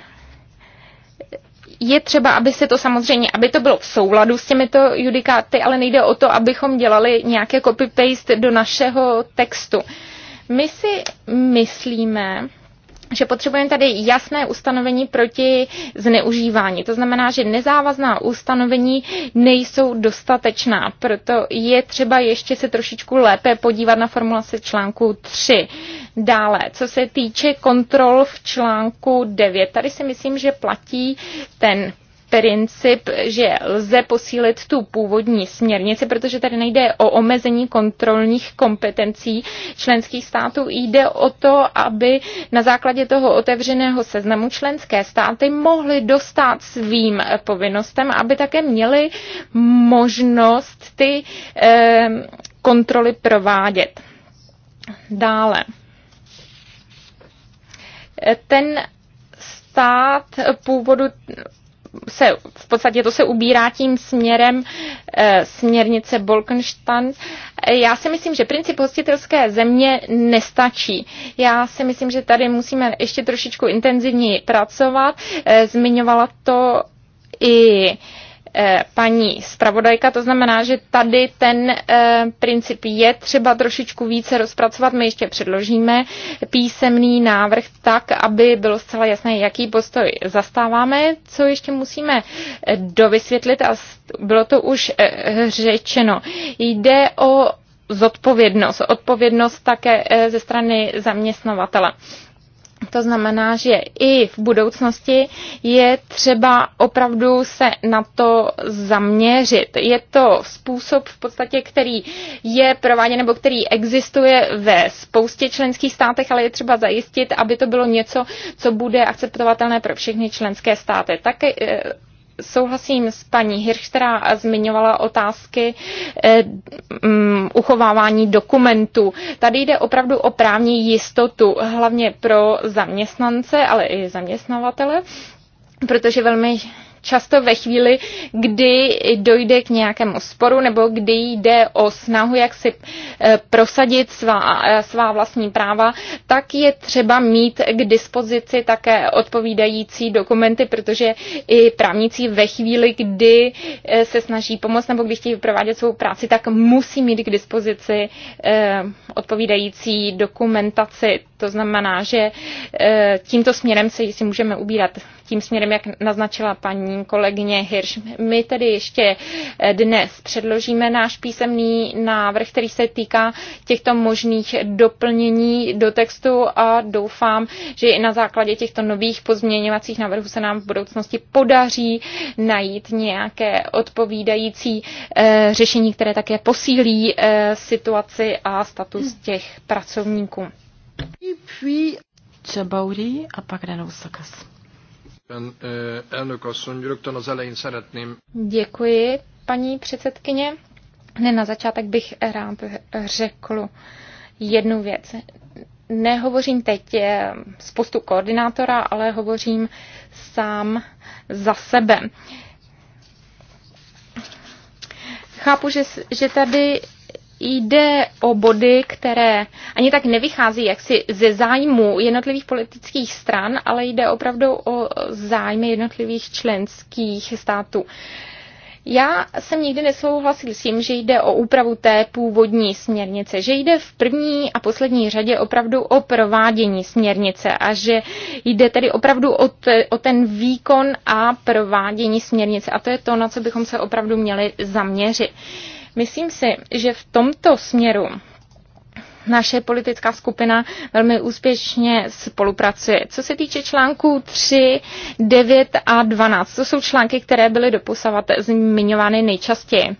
je třeba, aby se to samozřejmě, aby to bylo v souladu s těmito judikáty, ale nejde o to, abychom dělali nějaké copy-paste do našeho textu. My si myslíme, že potřebujeme tady jasné ustanovení proti zneužívání. To znamená, že nezávazná ustanovení nejsou dostatečná, proto je třeba ještě se trošičku lépe podívat na formulaci článku 3. Dále, co se týče kontrol v článku 9, tady si myslím, že platí ten princip, že lze posílit tu původní směrnici, protože tady nejde o omezení kontrolních kompetencí členských států. Jde o to, aby na základě toho otevřeného seznamu členské státy mohly dostat svým povinnostem, aby také měly možnost ty ehm, kontroly provádět. Dále. Ten stát původu se, v podstatě to se ubírá tím směrem e, směrnice Bolkenstein. Eh, já si myslím, že princip hostitelské země nestačí. Já si myslím, že tady musíme ještě trošičku intenzivněji pracovat. E, zmiňovala to i e, Eh, paní zpravodajka. To znamená, že tady ten eh, princip je třeba trošičku více rozpracovat. My ještě předložíme písemný návrh tak, aby bylo zcela jasné, jaký postoj zastáváme, co ještě musíme eh, dovysvětlit a bylo to už řečeno. Jde o zodpovědnost, odpovědnost také ze strany zaměstnavatele. To znamená, že i v budoucnosti je třeba opravdu se na to zaměřit. Je to způsob v podstatě, který je prováděn nebo který existuje ve spoustě členských státech, ale je třeba zajistit, aby to bylo něco, co bude akceptovatelné pro všechny členské státy. Také eh, souhlasím s paní Hirsch, která zmiňovala otázky eh, mm, uchovávání dokumentů. Tady jde opravdu o právní jistotu, hlavně pro zaměstnance, ale i zaměstnavatele protože velmi často ve chvíli, kdy dojde k nějakému sporu nebo kdy jde o snahu, jak si eh, prosadit svá, eh, svá vlastní práva, tak je třeba mít k dispozici také odpovídající dokumenty, protože i právníci ve chvíli, kdy eh, se snaží pomoct nebo když chtějí provádět svou práci, tak musí mít k dispozici odpovídající dokumentaci. To znamená, že tímto směrem se jistě můžeme ubírat tím směrem, jak naznačila paní kolegyně Hirsch. My tedy ještě eh, dnes předložíme náš písemný návrh, který se týká těchto možných doplnění do textu a doufám, že i na základě těchto nových pozměňovacích návrhů se nám v budoucnosti podaří najít nějaké odpovídající eh, řešení, které také posílí eh, situaci a status těch pracovníků. Čabaurý a pak Renou Sakas. Děkuji, paní předsedkyně. Hned na začátek bych rád řekl jednu věc. Nehovořím teď eh, z postu koordinátora, ale hovořím sám za sebe. Chápu, že, že tady jde o body, které ani tak nevychází jaksi ze zájmu jednotlivých politických stran, ale jde opravdu o zájmy jednotlivých členských států. Já jsem nikdy nesouhlasil s tím, že jde o úpravu té původní směrnice, že jde v první a poslední řadě opravdu o provádění směrnice a že jde tedy opravdu o, te, o ten výkon a provádění směrnice. A to je to, na co bychom se opravdu měli zaměřit. Uh, Myslím si, že v tomto směru naše politická skupina velmi úspěšně spolupracuje. Co se týče článků 3, 9 a 12, to jsou články, které byly doposavat zmiňovány nejčastěji.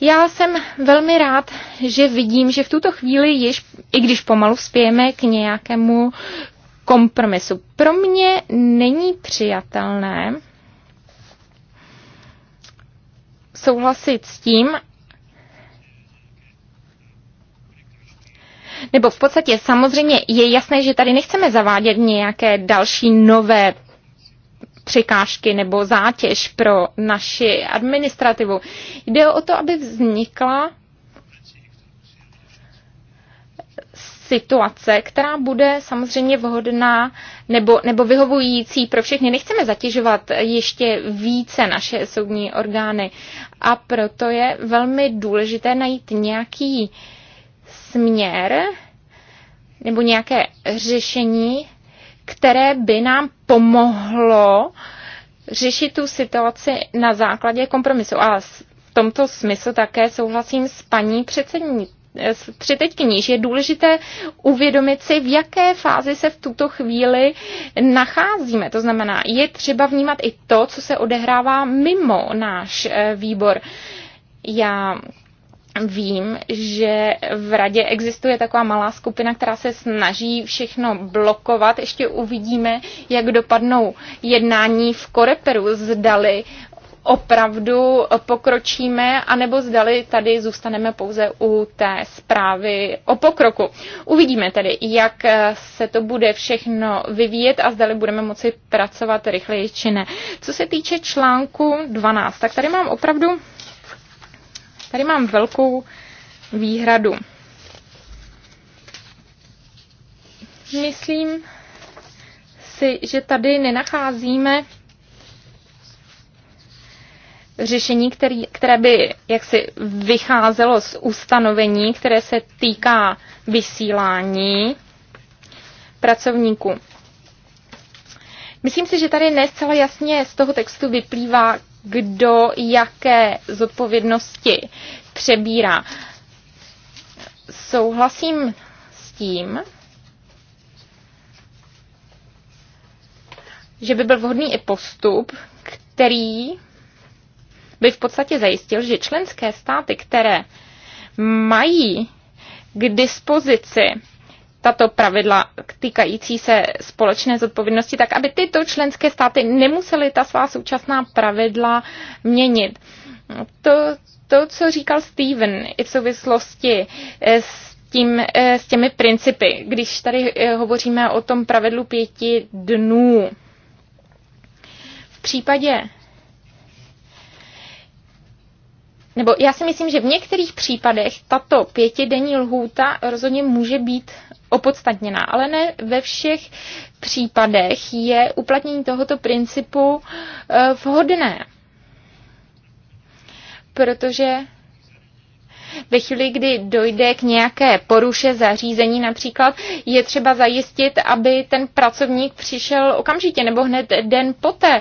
Já jsem velmi rád, že vidím, že v tuto chvíli již, i když pomalu spějeme k nějakému kompromisu. Pro mě není přijatelné, souhlasit s tím, nebo v podstatě samozřejmě je jasné, že tady nechceme zavádět nějaké další nové překážky nebo zátěž pro naši administrativu. Jde o to, aby vznikla situace, která bude samozřejmě vhodná nebo, nebo vyhovující pro všechny. Nechceme zatěžovat ještě více naše soudní orgány a proto je velmi důležité najít nějaký směr nebo nějaké řešení, které by nám pomohlo řešit tu situaci na základě kompromisu. A v tomto smyslu také souhlasím s paní předsední, tři teď kníž, je důležité uvědomit si, v jaké fázi se v tuto chvíli nacházíme. To znamená, je třeba vnímat i to, co se odehrává mimo náš eh, výbor. Já vím, že v radě existuje taková malá skupina, která se snaží všechno blokovat. Ještě uvidíme, jak dopadnou jednání v Koreperu. Zdali opravdu pokročíme, anebo zdali tady zůstaneme pouze u té zprávy o pokroku. Uvidíme tedy, jak se to bude všechno vyvíjet a zdali budeme moci pracovat rychleji či ne. Co se týče článku 12, tak tady mám opravdu tady mám velkou výhradu. Myslím si, že tady nenacházíme řešení, který, které by jaksi vycházelo z ustanovení, které se týká vysílání pracovníků. Myslím si, že tady ne jasně z toho textu vyplývá, kdo jaké zodpovědnosti přebírá. Souhlasím s tím, že by byl vhodný i postup, který by v podstatě zajistil, že členské státy, které mají k dispozici tato pravidla týkající se společné zodpovědnosti, tak aby tyto členské státy nemusely ta svá současná pravidla měnit. To, to co říkal Steven i v souvislosti eh, s tím, eh, s těmi principy, když tady eh, hovoříme o tom pravidlu pěti dnů. V případě nebo já si myslím, že v některých případech tato pětidenní lhůta rozhodně může být opodstatněná, ale ne ve všech případech je uplatnění tohoto principu eh, vhodné. Protože ve chvíli, kdy dojde k nějaké poruše zařízení například, je třeba zajistit, aby ten pracovník přišel okamžitě nebo hned den poté.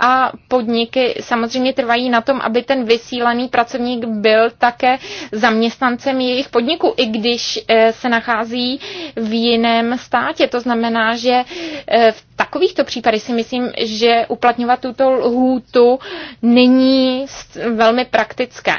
A podniky samozřejmě trvají na tom, aby ten vysílaný pracovník byl také zaměstnancem jejich podniku, i když eh, se nachází v jiném státě. To znamená, že eh, v takovýchto případech si myslím, že uplatňovat tuto lhůtu není velmi praktické.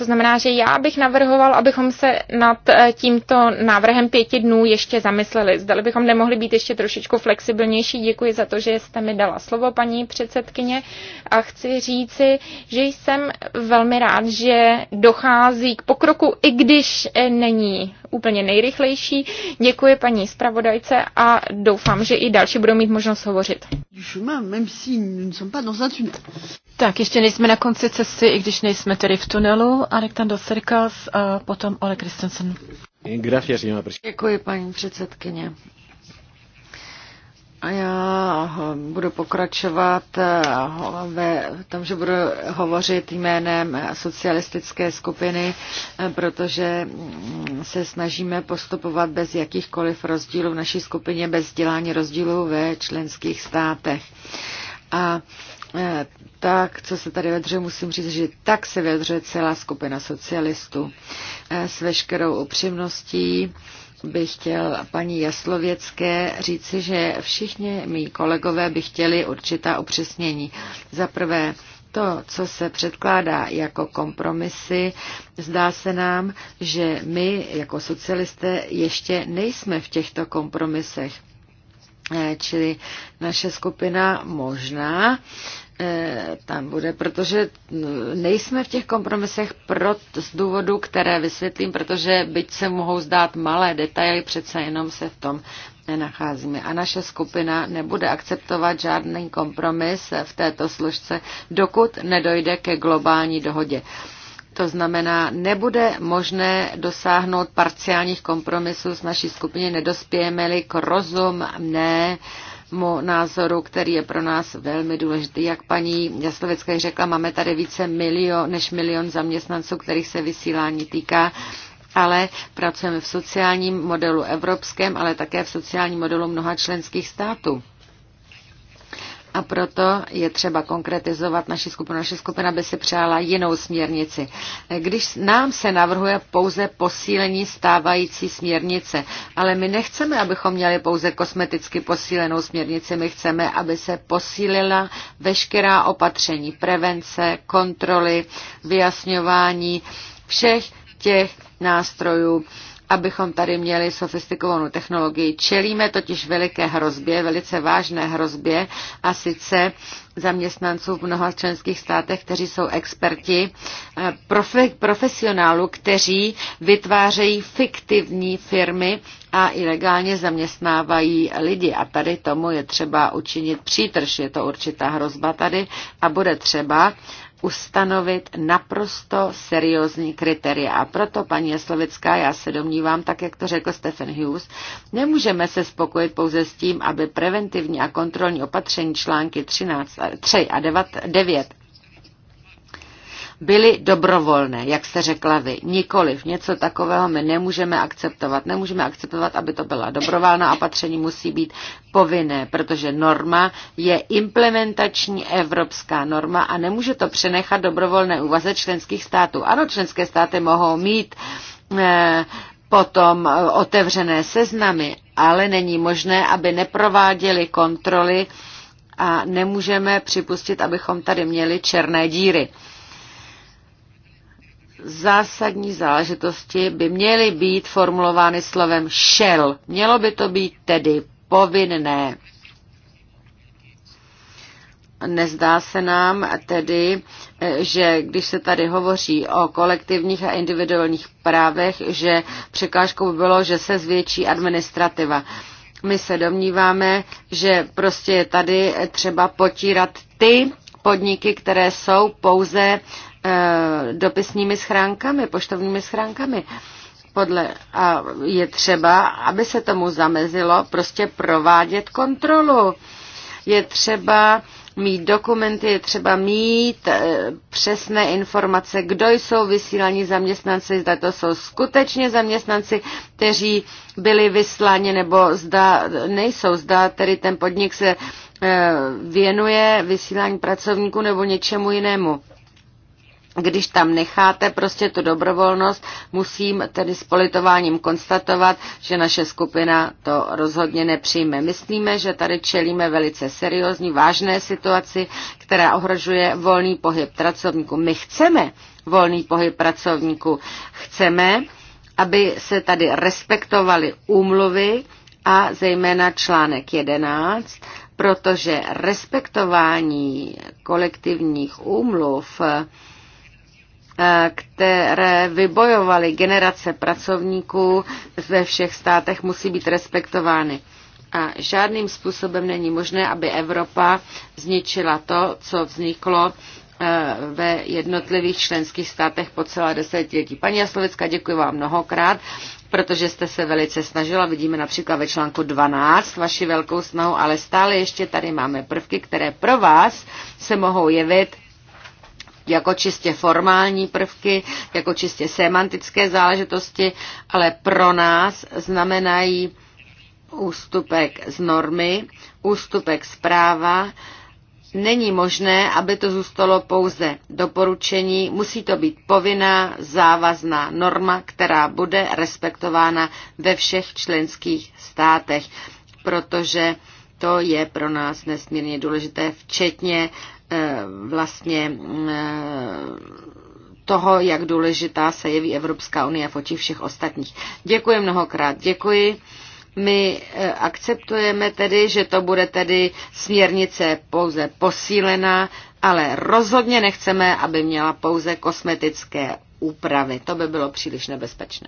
To znamená, že já bych navrhoval, abychom se nad eh, tímto návrhem pěti dnů ještě zamysleli. Zdali bychom nemohli být ještě trošičku flexibilnější. Děkuji za to, že jste mi dala slovo, paní předsedkyně. A chci říci, že jsem velmi rád, že dochází k pokroku, i když eh, není úplně nejrychlejší. Děkuji paní zpravodajce a doufám, že i další budou mít možnost hovořit. Tak, ještě nejsme na konci cesty, i když nejsme tedy v tunelu. Aleksandr Serkas a potom Ole Kristensen. Děkuji, paní předsedkyně. A Já eh, budu pokračovat eh, ve tom, že budu hovořit jménem socialistické skupiny, eh, protože mm, se snažíme postupovat bez jakýchkoliv rozdílů v naší skupině, bez dělání rozdílů ve členských státech. A tak, co se tady vedře, musím říct, že tak se vedře celá skupina socialistů s veškerou upřímností bych chtěl paní Jaslověcké říci, že všichni mý kolegové by chtěli určitá upřesnění. Za prvé, to, co se předkládá jako kompromisy, zdá se nám, že my jako socialisté ještě nejsme v těchto kompromisech. Eh, čili naše skupina možná Eh, tam bude, protože mm, nejsme v těch kompromisech pro, z důvodu, které vysvětlím, protože byť se mohou zdát malé detaily, přece jenom se v tom nenacházíme. A naše skupina nebude akceptovat žádný kompromis v této složce, dokud nedojde ke globální dohodě. To znamená, nebude možné dosáhnout parciálních kompromisů s naší skupině, nedospějeme-li k rozumné eh, mu názoru, který je pro nás velmi důležitý. Jak paní Jaslovecká řekla, máme tady více milion, než milion zaměstnanců, kterých se vysílání týká ale pracujeme v sociálním modelu evropském, ale také v sociálním modelu mnoha členských států. A proto je třeba konkretizovat naši skupinu. Naše skupina by si přála jinou směrnici. Když nám se navrhuje pouze posílení stávající směrnice, ale my nechceme, abychom měli pouze kosmeticky posílenou směrnici, my chceme, aby se posílila veškerá opatření, prevence, kontroly, vyjasňování všech těch nástrojů, abychom tady měli sofistikovanou technologii. Čelíme totiž veliké hrozbě, velice vážné hrozbě a sice zaměstnanců v mnoha členských státech, kteří jsou experti, eh, profe, profesionálů, kteří vytvářejí fiktivní firmy a ilegálně zaměstnávají lidi. A tady tomu je třeba učinit přítrž. Je to určitá hrozba tady a bude třeba, ustanovit naprosto seriózní kritéria. A proto, paní Slovická, já se domnívám, tak jak to řekl Stephen Hughes, nemůžeme se spokojit pouze s tím, aby preventivní a kontrolní opatření články 13, 3 a 9 byly dobrovolné, jak jste řekla vy. Nikoliv, něco takového my nemůžeme akceptovat. Nemůžeme akceptovat, aby to byla dobrovolná opatření, musí být povinné, protože norma je implementační evropská norma a nemůže to přenechat dobrovolné úvaze členských států. Ano, členské státy mohou mít eh, potom eh, otevřené seznamy, ale není možné, aby neprováděli kontroly a nemůžeme připustit, abychom tady měli černé díry zásadní záležitosti by měly být formulovány slovem shall. Mělo by to být tedy povinné. Nezdá se nám tedy, že když se tady hovoří o kolektivních a individuálních právech, že překážkou by bylo, že se zvětší administrativa. My se domníváme, že prostě je tady třeba potírat ty podniky, které jsou pouze Eh, dopisními schránkami, poštovními schránkami. Podle, a je třeba, aby se tomu zamezilo, prostě provádět kontrolu. Je třeba mít dokumenty, je třeba mít e, přesné informace, kdo jsou vysílaní zaměstnanci, zda to jsou skutečně zaměstnanci, kteří byli vysláni, nebo zda nejsou, zda tedy ten podnik se e, věnuje vysílání pracovníků nebo něčemu jinému když tam necháte prostě tu dobrovolnost, musím tedy s politováním konstatovat, že naše skupina to rozhodně nepřijme. Myslíme, že tady čelíme velice seriózní, vážné situaci, která ohrožuje volný pohyb pracovníků. My chceme volný pohyb pracovníků. Chceme, aby se tady respektovaly úmluvy a zejména článek 11, protože respektování kolektivních úmluv Eh, které vybojovaly generace pracovníků ve všech státech, musí být respektovány. A žádným způsobem není možné, aby Evropa zničila to, co vzniklo eh, ve jednotlivých členských státech po celé desetiletí. Paní Jaslovická, děkuji vám mnohokrát, protože jste se velice snažila. Vidíme například ve článku 12 vaši velkou snahu, ale stále ještě tady máme prvky, které pro vás se mohou jevit jako čistě formální prvky, jako čistě semantické záležitosti, ale pro nás znamenají ústupek z normy, ústupek z práva. Není možné, aby to zůstalo pouze doporučení, musí to být povinná, závazná norma, která bude respektována ve všech členských státech, protože to je pro nás nesmírně důležité, včetně Eh, vlastně eh, toho, jak důležitá se jeví Evropská unie v očích všech ostatních. Děkuji mnohokrát, děkuji. My eh, akceptujeme tedy, že to bude tedy směrnice pouze posílená, ale rozhodně nechceme, aby měla pouze kosmetické úpravy. To by bylo příliš nebezpečné.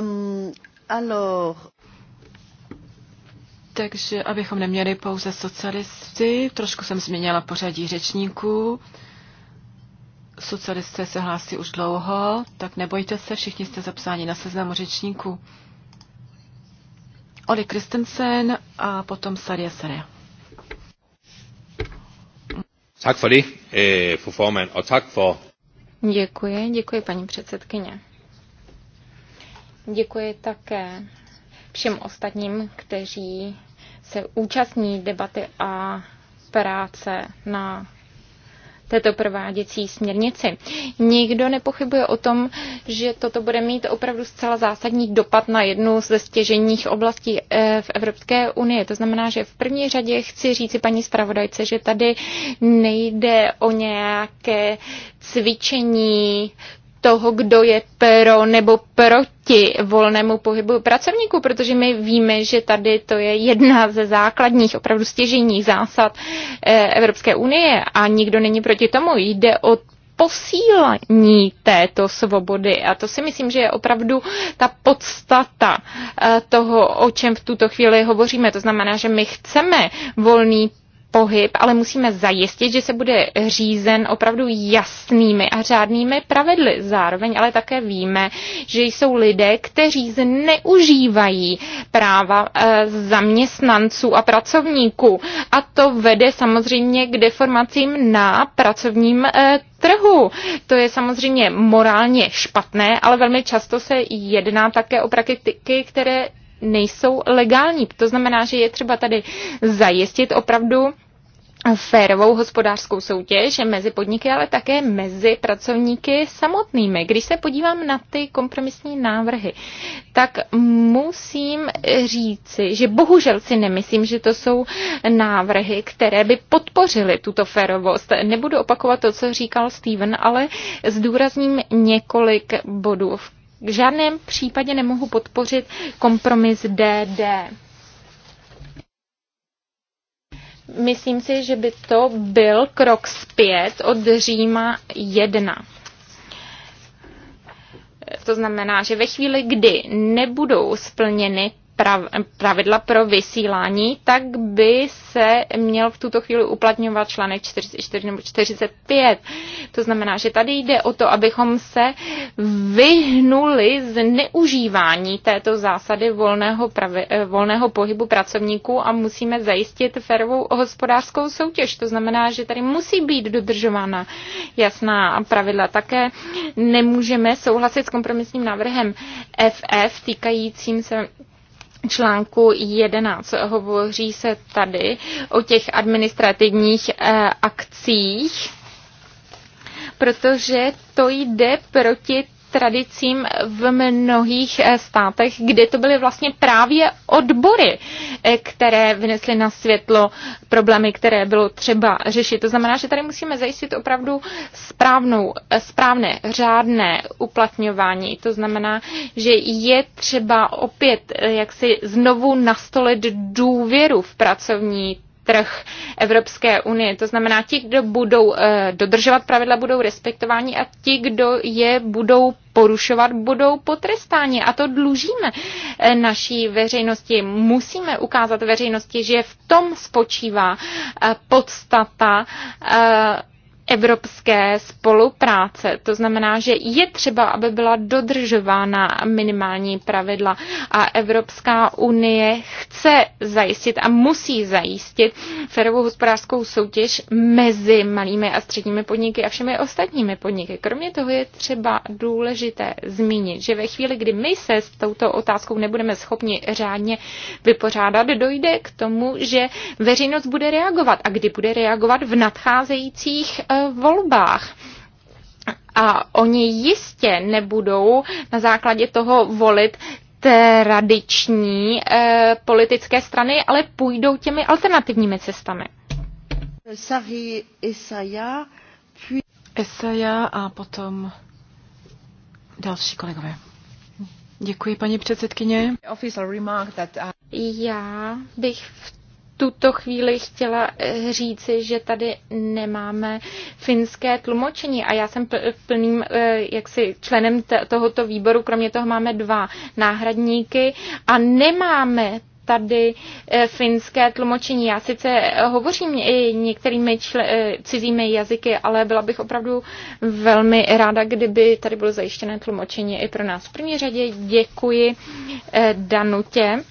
Um, alors... Takže abychom neměli pouze socialisty, trošku jsem změnila pořadí řečníků. Socialisté se hlásí už dlouho, tak nebojte se, všichni jste zapsáni na seznamu řečníků. Oli Kristensen a potom Sarja Sarja. Tak for det, øh, fru formand, og tak for... Děkuji, děkuji paní předsedkyně. Děkuji také všem ostatním, kteří se účastní debaty a práce na této prováděcí směrnici. Nikdo nepochybuje o tom, že toto bude mít opravdu zcela zásadní dopad na jednu ze stěženích oblastí eh, v Evropské unii. To znamená, že v první řadě chci říci paní zpravodajce, že tady nejde o nějaké cvičení toho, kdo je pro nebo proti volnému pohybu pracovníků, protože my víme, že tady to je jedna ze základních, opravdu stěžejních zásad eh, Evropské unie a nikdo není proti tomu. Jde o posílení této svobody. A to si myslím, že je opravdu ta podstata eh, toho, o čem v tuto chvíli hovoříme. To znamená, že my chceme volný pohyb, ale musíme zajistit, že se bude řízen opravdu jasnými a řádnými pravidly. Zároveň ale také víme, že jsou lidé, kteří zneužívají práva eh, zaměstnanců a pracovníků. A to vede samozřejmě k deformacím na pracovním eh, trhu. To je samozřejmě morálně špatné, ale velmi často se jedná také o praktiky, které nejsou legální. To znamená, že je třeba tady zajistit opravdu férovou hospodářskou soutěž mezi podniky, ale také mezi pracovníky samotnými. Když se podívám na ty kompromisní návrhy, tak musím říci, že bohužel si nemyslím, že to jsou návrhy, které by podpořily tuto férovost. Nebudu opakovat to, co říkal Steven, ale zdůrazním několik bodů. V žádném případě nemohu podpořit kompromis DD Myslím si, že by to byl krok zpět od Říma 1. To znamená, že ve chvíli, kdy nebudou splněny pravidla pro vysílání, tak by se měl v tuto chvíli uplatňovat článek 44 nebo 45. To znamená, že tady jde o to, abychom se vyhnuli z neužívání této zásady volného, pravi, eh, volného pohybu pracovníků a musíme zajistit ferovou hospodářskou soutěž. To znamená, že tady musí být dodržována jasná pravidla. Také nemůžeme souhlasit s kompromisním návrhem FF týkajícím se článku 11 hovoří se tady o těch administrativních eh, akcích, protože to jde proti tradicím v mnohých eh, státech, kde to byly vlastně právě odbory, eh, které vynesly na světlo problémy, které bylo třeba řešit. To znamená, že tady musíme zajistit opravdu správnou, eh, správné, řádné uplatňování. To znamená, že je třeba opět jaksi znovu nastolit důvěru v pracovní trh Evropské unie. To znamená, ti, kdo budou eh, dodržovat pravidla, budou respektováni a ti, kdo je budou porušovat, budou potrestáni. A to dlužíme eh, naší veřejnosti. Musíme ukázat veřejnosti, že v tom spočívá eh, podstata evropské spolupráce. To znamená, že je třeba, aby byla dodržována minimální pravidla a Evropská unie chce zajistit a musí zajistit férovou hospodářskou soutěž mezi malými a středními podniky a všemi ostatními podniky. Kromě toho je třeba důležité zmínit, že ve chvíli, kdy my se s touto otázkou nebudeme schopni řádně vypořádat, dojde k tomu, že veřejnost bude reagovat. A kdy bude reagovat v nadcházejících Eh, volbách. A oni jistě nebudou na základě toho volit tradiční e, politické strany, ale půjdou těmi alternativními cestami. Sari Esaja, puis... Esaja a potom další kolegové. Děkuji, paní předsedkyně. Uh, Já bych v tuto chvíli chtěla eh, říci, že tady nemáme finské tlumočení a já jsem plným eh, jaksi členem tohoto výboru, kromě toho máme dva náhradníky a nemáme tady eh, finské tlumočení. Já sice hovořím i některými čl. cizími jazyky, ale byla bych opravdu velmi ráda, kdyby tady bylo zajištěné tlumočení i pro nás. V první řadě děkuji Danutě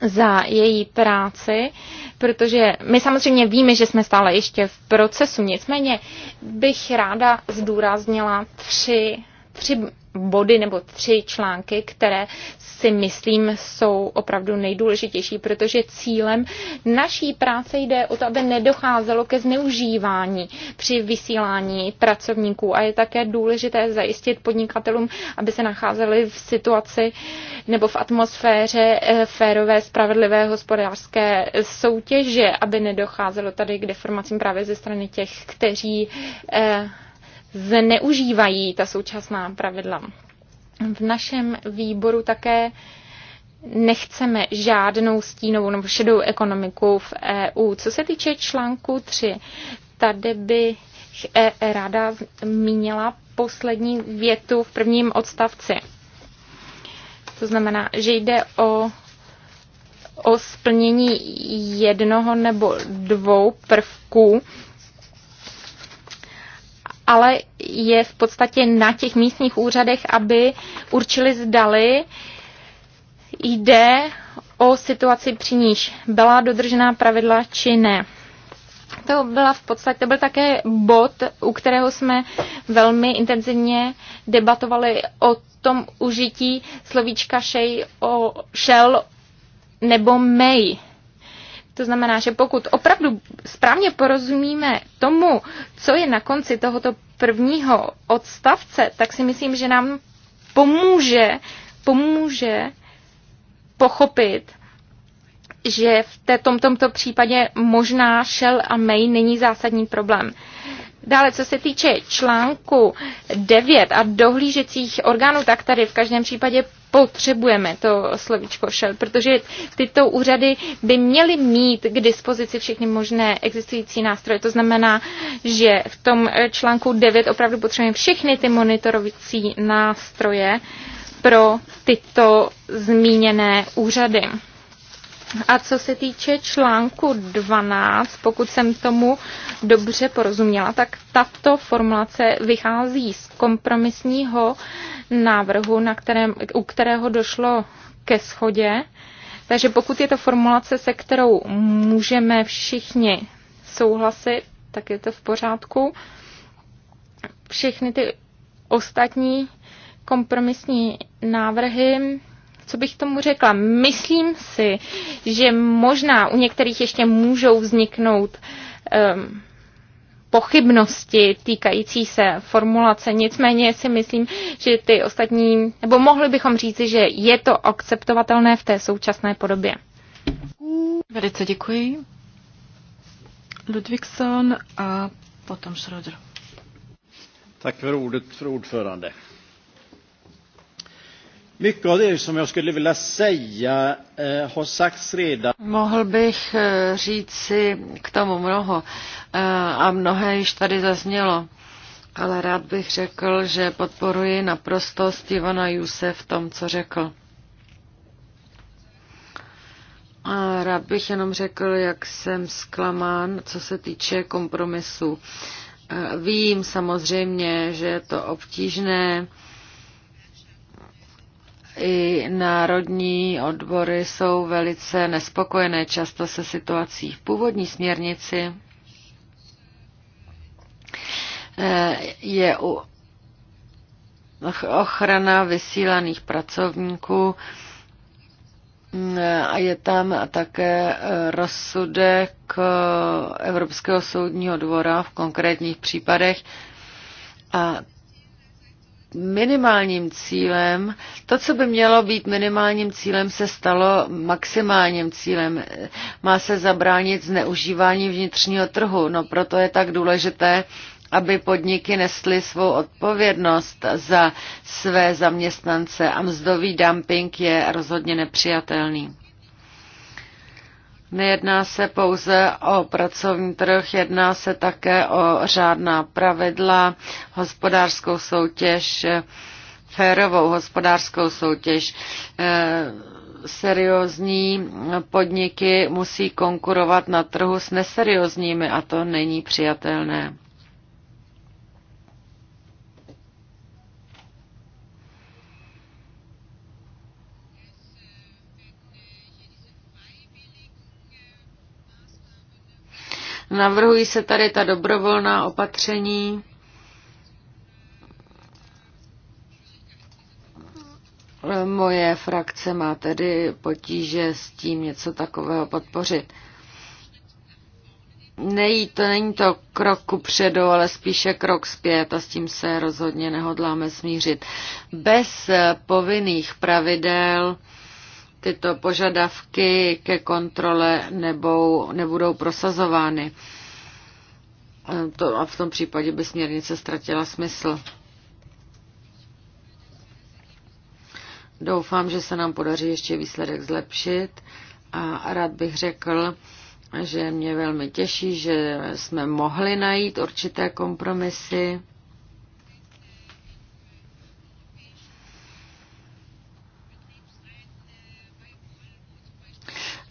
za její práci, protože my samozřejmě víme, že jsme stále ještě v procesu, nicméně bych ráda zdůraznila tři, tři body nebo tři články, které si myslím jsou opravdu nejdůležitější, protože cílem naší práce jde o to, aby nedocházelo ke zneužívání při vysílání pracovníků a je také důležité zajistit podnikatelům, aby se nacházeli v situaci nebo v atmosféře eh, férové, spravedlivé hospodářské soutěže, aby nedocházelo tady k deformacím právě ze strany těch, kteří eh, zneužívají ta současná pravidla. V našem výboru také nechceme žádnou stínovou nebo šedou ekonomiku v EU. Co se týče článku 3, tady bych e ráda zmínila poslední větu v prvním odstavci. To znamená, že jde o, o splnění jednoho nebo dvou prvků ale je v podstatě na těch místních úřadech, aby určili zdali jde o situaci při níž byla dodržená pravidla či ne. To, byla v podstatě, to byl také bod, u kterého jsme velmi intenzivně debatovali o tom užití slovíčka šel o, nebo may. To znamená, že pokud opravdu správně porozumíme tomu, co je na konci tohoto prvního odstavce, tak si myslím, že nám pomůže, pomůže pochopit, že v té, tom, tomto případě možná Shell a May není zásadní problém. Dále, co se týče článku 9 a dohlížecích orgánů, tak tady v každém případě potřebujeme to slovíčko shell, protože tyto úřady by měly mít k dispozici všechny možné existující nástroje. To znamená, že v tom článku 9 opravdu potřebujeme všechny ty monitorovací nástroje pro tyto zmíněné úřady. A co se týče článku 12, pokud jsem tomu dobře porozuměla, tak tato formulace vychází z kompromisního návrhu, na kterém, u kterého došlo ke schodě. Takže pokud je to formulace, se kterou můžeme všichni souhlasit, tak je to v pořádku. Všechny ty ostatní kompromisní návrhy co bych tomu řekla, myslím si, že možná u některých ještě můžou vzniknout um, pochybnosti týkající se formulace. Nicméně si myslím, že ty ostatní, nebo mohli bychom říci, že je to akceptovatelné v té současné podobě. Velice děkuji. Ludvíkson a potom Schroeder. Tak för ordet, för Mycket av det som jag skulle vilja säga eh, har sagts redan. Mohl bych eh, si k tomu mnoho eh, a mnohé již tady zaznělo, ale rád bych řekl, že podporuji naprosto Stevena Juse v tom, co řekl. A rád bych jenom řekl, jak jsem zklamán, co se týče kompromisu. Eh, vím samozřejmě, že je to obtížné, i národní odbory jsou velice nespokojené často se situací v původní směrnici. Eh, je u ochrana vysílaných pracovníků eh, a je tam také eh, rozsudek Evropského soudního dvora v konkrétních případech. A minimálním cílem, to, co by mělo být minimálním cílem, se stalo maximálním cílem. Má se zabránit zneužívání vnitřního trhu, no proto je tak důležité, aby podniky nesly svou odpovědnost za své zaměstnance a mzdový dumping je rozhodně nepřijatelný. Nejedná se pouze o pracovní trh, jedná se také o řádná pravidla, hospodářskou soutěž, férovou hospodářskou soutěž. Eh, seriózní podniky musí konkurovat na trhu s neseriózními a to není přijatelné. Navrhují se tady ta dobrovolná opatření. Moje frakce má tedy potíže s tím něco takového podpořit. Nejí to, není to krok ku předu, ale spíše krok zpět a s tím se rozhodně nehodláme smířit. Bez povinných pravidel tyto požadavky ke kontrole nebou, nebudou prosazovány. To, a v tom případě by směrnice ztratila smysl. Doufám, že se nám podaří ještě výsledek zlepšit a rád bych řekl, že mě velmi těší, že jsme mohli najít určité kompromisy.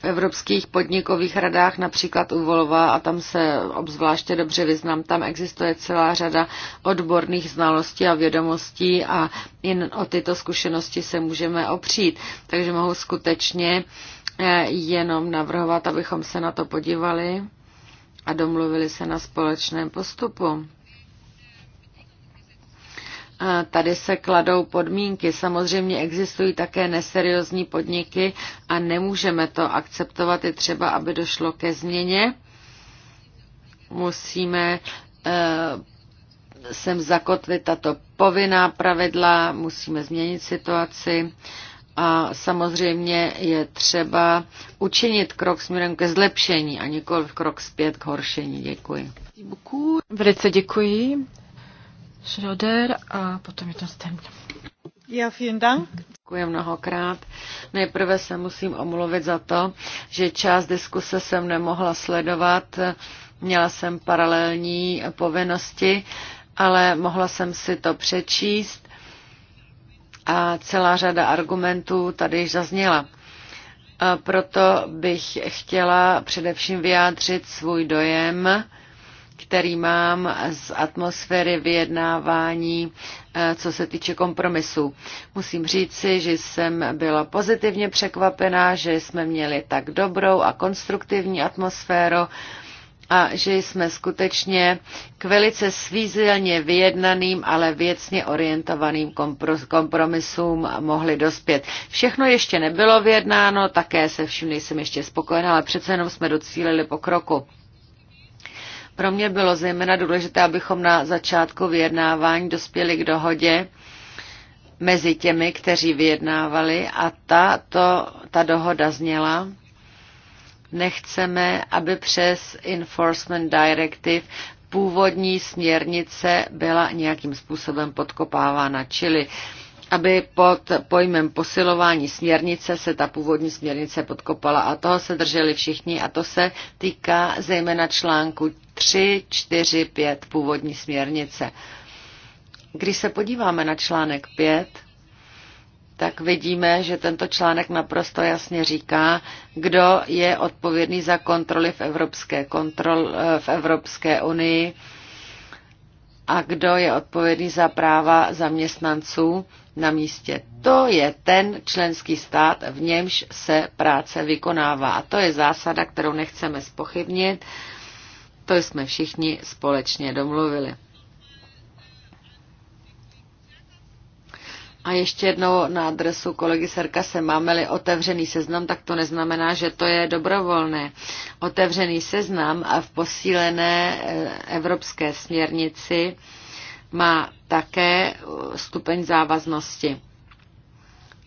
evropských podnikových radách, například u Volva, a tam se obzvláště dobře vyznám, tam existuje celá řada odborných znalostí a vědomostí a jen o tyto zkušenosti se můžeme opřít. Takže mohu skutečně eh, jenom navrhovat, abychom se na to podívali a domluvili se na společném postupu. Tady se kladou podmínky. Samozřejmě existují také neseriózní podniky a nemůžeme to akceptovat. Je třeba, aby došlo ke změně. Musíme eh, sem zakotvit tato povinná pravidla, musíme změnit situaci a samozřejmě je třeba učinit krok směrem ke zlepšení a nikoliv krok zpět k horšení. Děkuji. Velice děkuji. Schroeder a potom je to Sten. Já vielen Dank. Děkuji mnohokrát. Nejprve se musím omluvit za to, že část diskuse jsem nemohla sledovat. Měla jsem paralelní povinnosti, ale mohla jsem si to přečíst a celá řada argumentů tady již zazněla. A proto bych chtěla především vyjádřit svůj dojem, který mám z atmosféry vyjednávání, eh, co se týče kompromisu. Musím říci, že jsem byla pozitivně překvapená, že jsme měli tak dobrou a konstruktivní atmosféru a že jsme skutečně k velice svízelně vyjednaným, ale věcně orientovaným kompromisům mohli dospět. Všechno ještě nebylo vyjednáno, také se vším nejsem ještě spokojená, ale přece jenom jsme docílili pokroku. Pro mě bylo zejména důležité, abychom na začátku vyjednávání dospěli k dohodě mezi těmi, kteří vyjednávali a ta, to, ta dohoda zněla, nechceme, aby přes Enforcement Directive původní směrnice byla nějakým způsobem podkopávána, čili aby pod pojmem posilování směrnice se ta původní směrnice podkopala a toho se drželi všichni a to se týká zejména článku 3, 4, 5 původní směrnice. Když se podíváme na článek 5, tak vidíme, že tento článek naprosto jasně říká, kdo je odpovědný za kontroly v Evropské, kontrol, eh, v Evropské unii a kdo je odpovědný za práva zaměstnanců na místě. To je ten členský stát, v němž se práce vykonává. A to je zásada, kterou nechceme spochybnit to jsme všichni společně domluvili. A ještě jednou na adresu kolegy Serkase, máme-li otevřený seznam, tak to neznamená, že to je dobrovolné. Otevřený seznam a v posílené eh, evropské směrnici má také eh, stupeň závaznosti.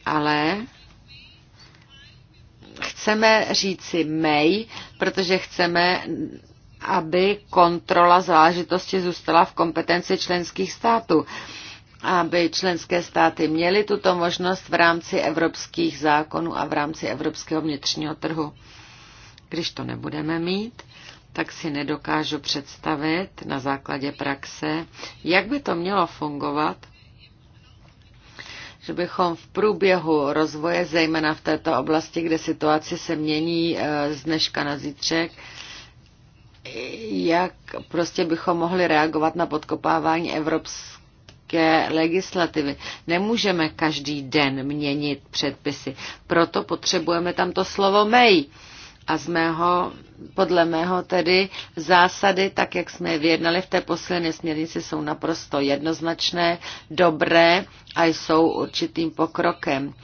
Ale chceme říci may, protože chceme aby kontrola záležitosti zůstala v kompetenci členských států aby členské státy měly tuto možnost v rámci evropských zákonů a v rámci evropského vnitřního trhu. Když to nebudeme mít, tak si nedokážu představit na základě praxe, jak by to mělo fungovat, že bychom v průběhu rozvoje, zejména v této oblasti, kde situace se mění eh, z dneška na zítřek, jak prostě bychom mohli reagovat na podkopávání evropské legislativy. Nemůžeme každý den měnit předpisy. Proto potřebujeme tam to slovo may. A z mého, podle mého tedy zásady, tak jak jsme je vyjednali v té poslední směrnici, jsou naprosto jednoznačné, dobré a jsou určitým pokrokem.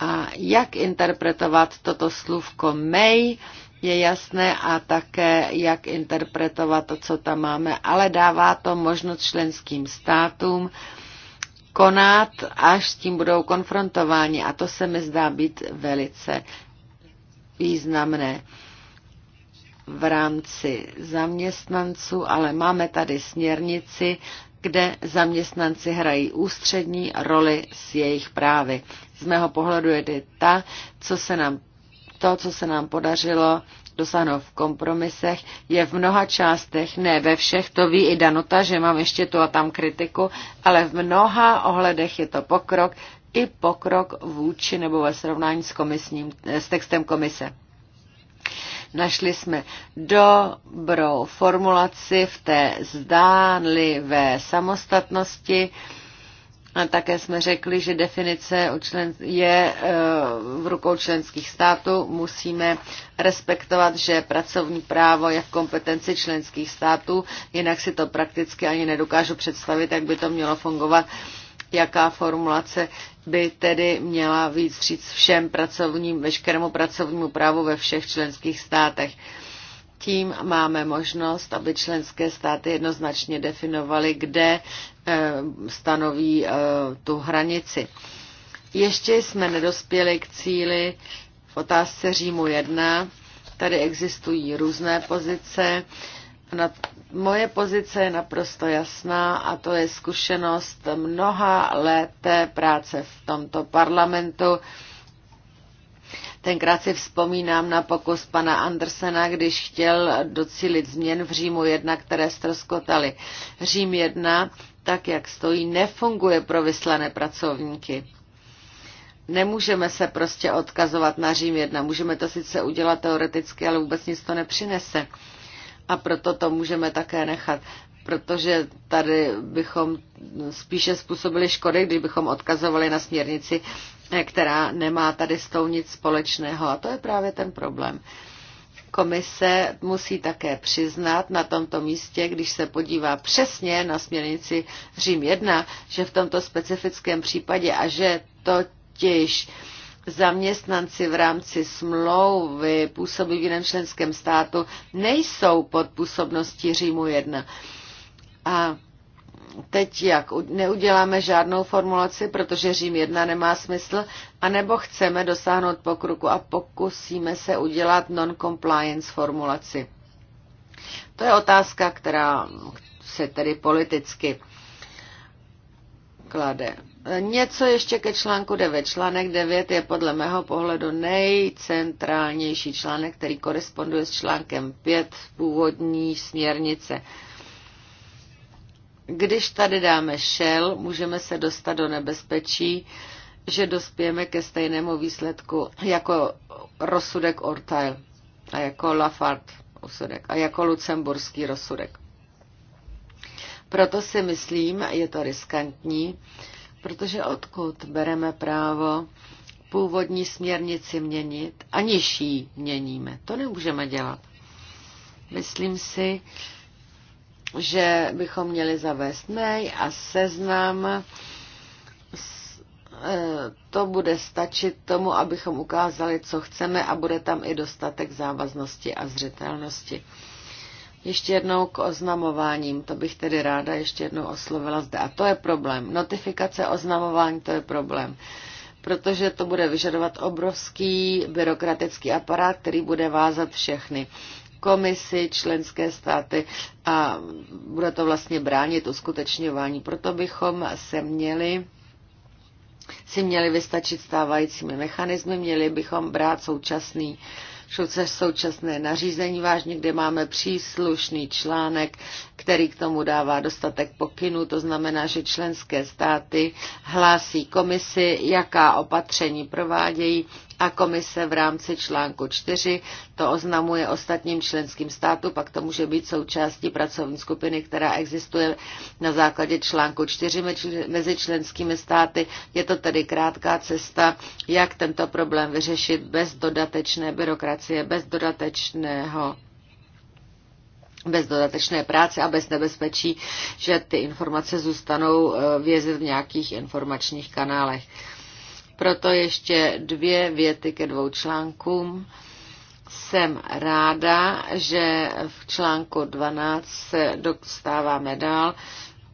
A jak interpretovat toto slůvko may? je jasné a také, jak interpretovat to, co tam máme, ale dává to možnost členským státům konat, až s tím budou konfrontováni. A to se mi zdá být velice významné v rámci zaměstnanců, ale máme tady směrnici, kde zaměstnanci hrají ústřední roli s jejich právy. Z mého pohledu je ta, co se nám to, co se nám podařilo dosáhnout v kompromisech, je v mnoha částech, ne ve všech, to ví i Danuta, že mám ještě tu a tam kritiku, ale v mnoha ohledech je to pokrok, i pokrok vůči nebo ve srovnání s, komisním, s textem komise. Našli jsme dobrou formulaci v té zdánlivé samostatnosti, a také jsme řekli, že definice je e, v rukou členských států. Musíme respektovat, že pracovní právo je v kompetenci členských států, jinak si to prakticky ani nedokážu představit, jak by to mělo fungovat jaká formulace by tedy měla víc říct všem pracovním, veškerému pracovnímu právu ve všech členských státech. Tím máme možnost, aby členské státy jednoznačně definovaly, kde eh, stanoví eh, tu hranici. Ještě jsme nedospěli k cíli v otázce Římu 1. Tady existují různé pozice. moje pozice je naprosto jasná a to je zkušenost mnoha leté práce v tomto parlamentu Tenkrát si vzpomínám na pokus pana Andersena, když chtěl docílit změn v Římu 1, které ztroskotaly. Řím 1, tak jak stojí, nefunguje pro vyslané pracovníky. Nemůžeme se prostě odkazovat na Řím 1. Můžeme to sice udělat teoreticky, ale vůbec nic to nepřinese. A proto to můžeme také nechat protože tady bychom spíše způsobili škody, kdybychom odkazovali na směrnici která nemá tady s tou nic společného. A to je právě ten problém. Komise musí také přiznat na tomto místě, když se podívá přesně na směrnici Řím 1, že v tomto specifickém případě a že totiž zaměstnanci v rámci smlouvy působí v jiném členském státu nejsou pod působností Římu 1. A teď jak neuděláme žádnou formulaci, protože Řím 1 nemá smysl, anebo chceme dosáhnout pokroku a pokusíme se udělat non-compliance formulaci. To je otázka, která se tedy politicky klade. Něco ještě ke článku 9. Článek 9 je podle mého pohledu nejcentrálnější článek, který koresponduje s článkem 5 původní směrnice. Když tady dáme šel, můžeme se dostat do nebezpečí, že dospějeme ke stejnému výsledku jako rozsudek Ortail a jako Lafart rozsudek a jako lucemburský rozsudek. Proto si myslím, je to riskantní, protože odkud bereme právo původní směrnici měnit, a nižší měníme. To nemůžeme dělat. Myslím si, že bychom měli zavést mail a seznam. E, to bude stačit tomu, abychom ukázali, co chceme a bude tam i dostatek závaznosti a zřetelnosti. Ještě jednou k oznamováním, to bych tedy ráda ještě jednou oslovila zde. A to je problém. Notifikace, oznamování, to je problém. Protože to bude vyžadovat obrovský byrokratický aparát, který bude vázat všechny komisi, členské státy a bude to vlastně bránit uskutečňování. Proto bychom se měli si měli vystačit stávajícími mechanismy, měli bychom brát současný současné nařízení vážně, kde máme příslušný článek, který k tomu dává dostatek pokynů. To znamená, že členské státy hlásí komisi, jaká opatření provádějí a komise v rámci článku 4 to oznamuje ostatním členským státu, pak to může být součástí pracovní skupiny, která existuje na základě článku 4 mezi členskými státy. Je to tedy krátká cesta, jak tento problém vyřešit bez dodatečné byrokracie, bez dodatečného bez dodatečné práce a bez nebezpečí, že ty informace zůstanou eh, vězit v nějakých informačních kanálech. Proto ještě dvě věty ke dvou článkům. Jsem ráda, že v článku 12 se dostáváme dál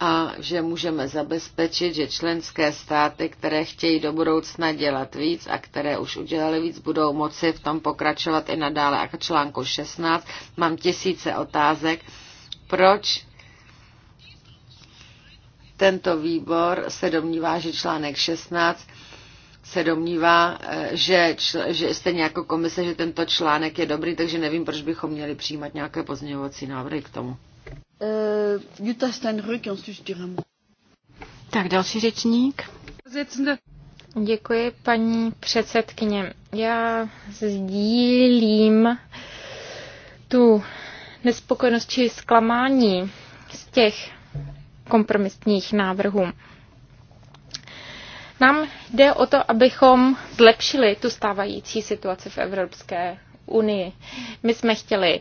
a že můžeme zabezpečit, že členské státy, které chtějí do budoucna dělat víc a které už udělali víc, budou moci v tom pokračovat i nadále. A k článku 16 mám tisíce otázek, proč tento výbor se domnívá, že článek 16 se domnívá, eh, že, čl- že stejně jako komise, že tento článek je dobrý, takže nevím, proč bychom měli přijímat nějaké pozměňovací návrhy k tomu. Uh, Jutta Steinrück, Tak další řečník. Děkuji, paní předsedkyně. Já sdílím tu nespokojenost či zklamání z těch kompromisních návrhů. Nám jde o to, abychom zlepšili tu stávající situaci v Evropské unii. My jsme chtěli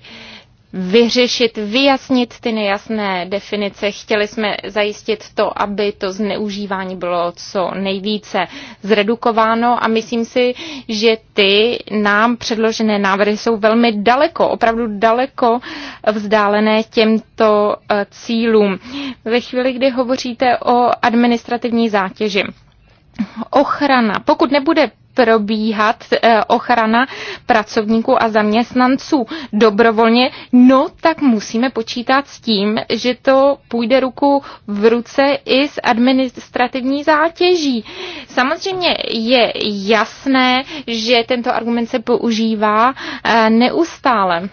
vyřešit, vyjasnit ty nejasné definice. Chtěli jsme zajistit to, aby to zneužívání bylo co nejvíce zredukováno a myslím si, že ty nám předložené návrhy jsou velmi daleko, opravdu daleko vzdálené těmto eh, cílům. Ve chvíli, kdy hovoříte o administrativní zátěži ochrana, pokud nebude probíhat eh, ochrana pracovníků a zaměstnanců dobrovolně, no tak musíme počítat s tím, že to půjde ruku v ruce i s administrativní zátěží. Samozřejmě je jasné, že tento argument se používá eh, neustále.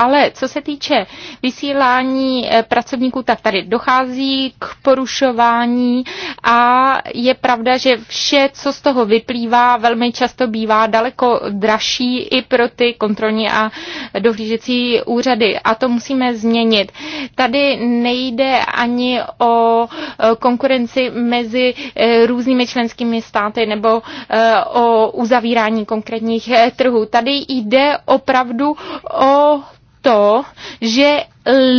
Ale co se týče vysílání eh, pracovníků, tak tady dochází k porušování a je pravda, že vše, co z toho vyplývá, velmi často bývá daleko dražší i pro ty kontrolní a dohlížecí úřady. A to musíme změnit. Tady nejde ani o eh, konkurenci mezi eh, různými členskými státy nebo o uzavírání konkrétních trhů. Tady jde opravdu o to, že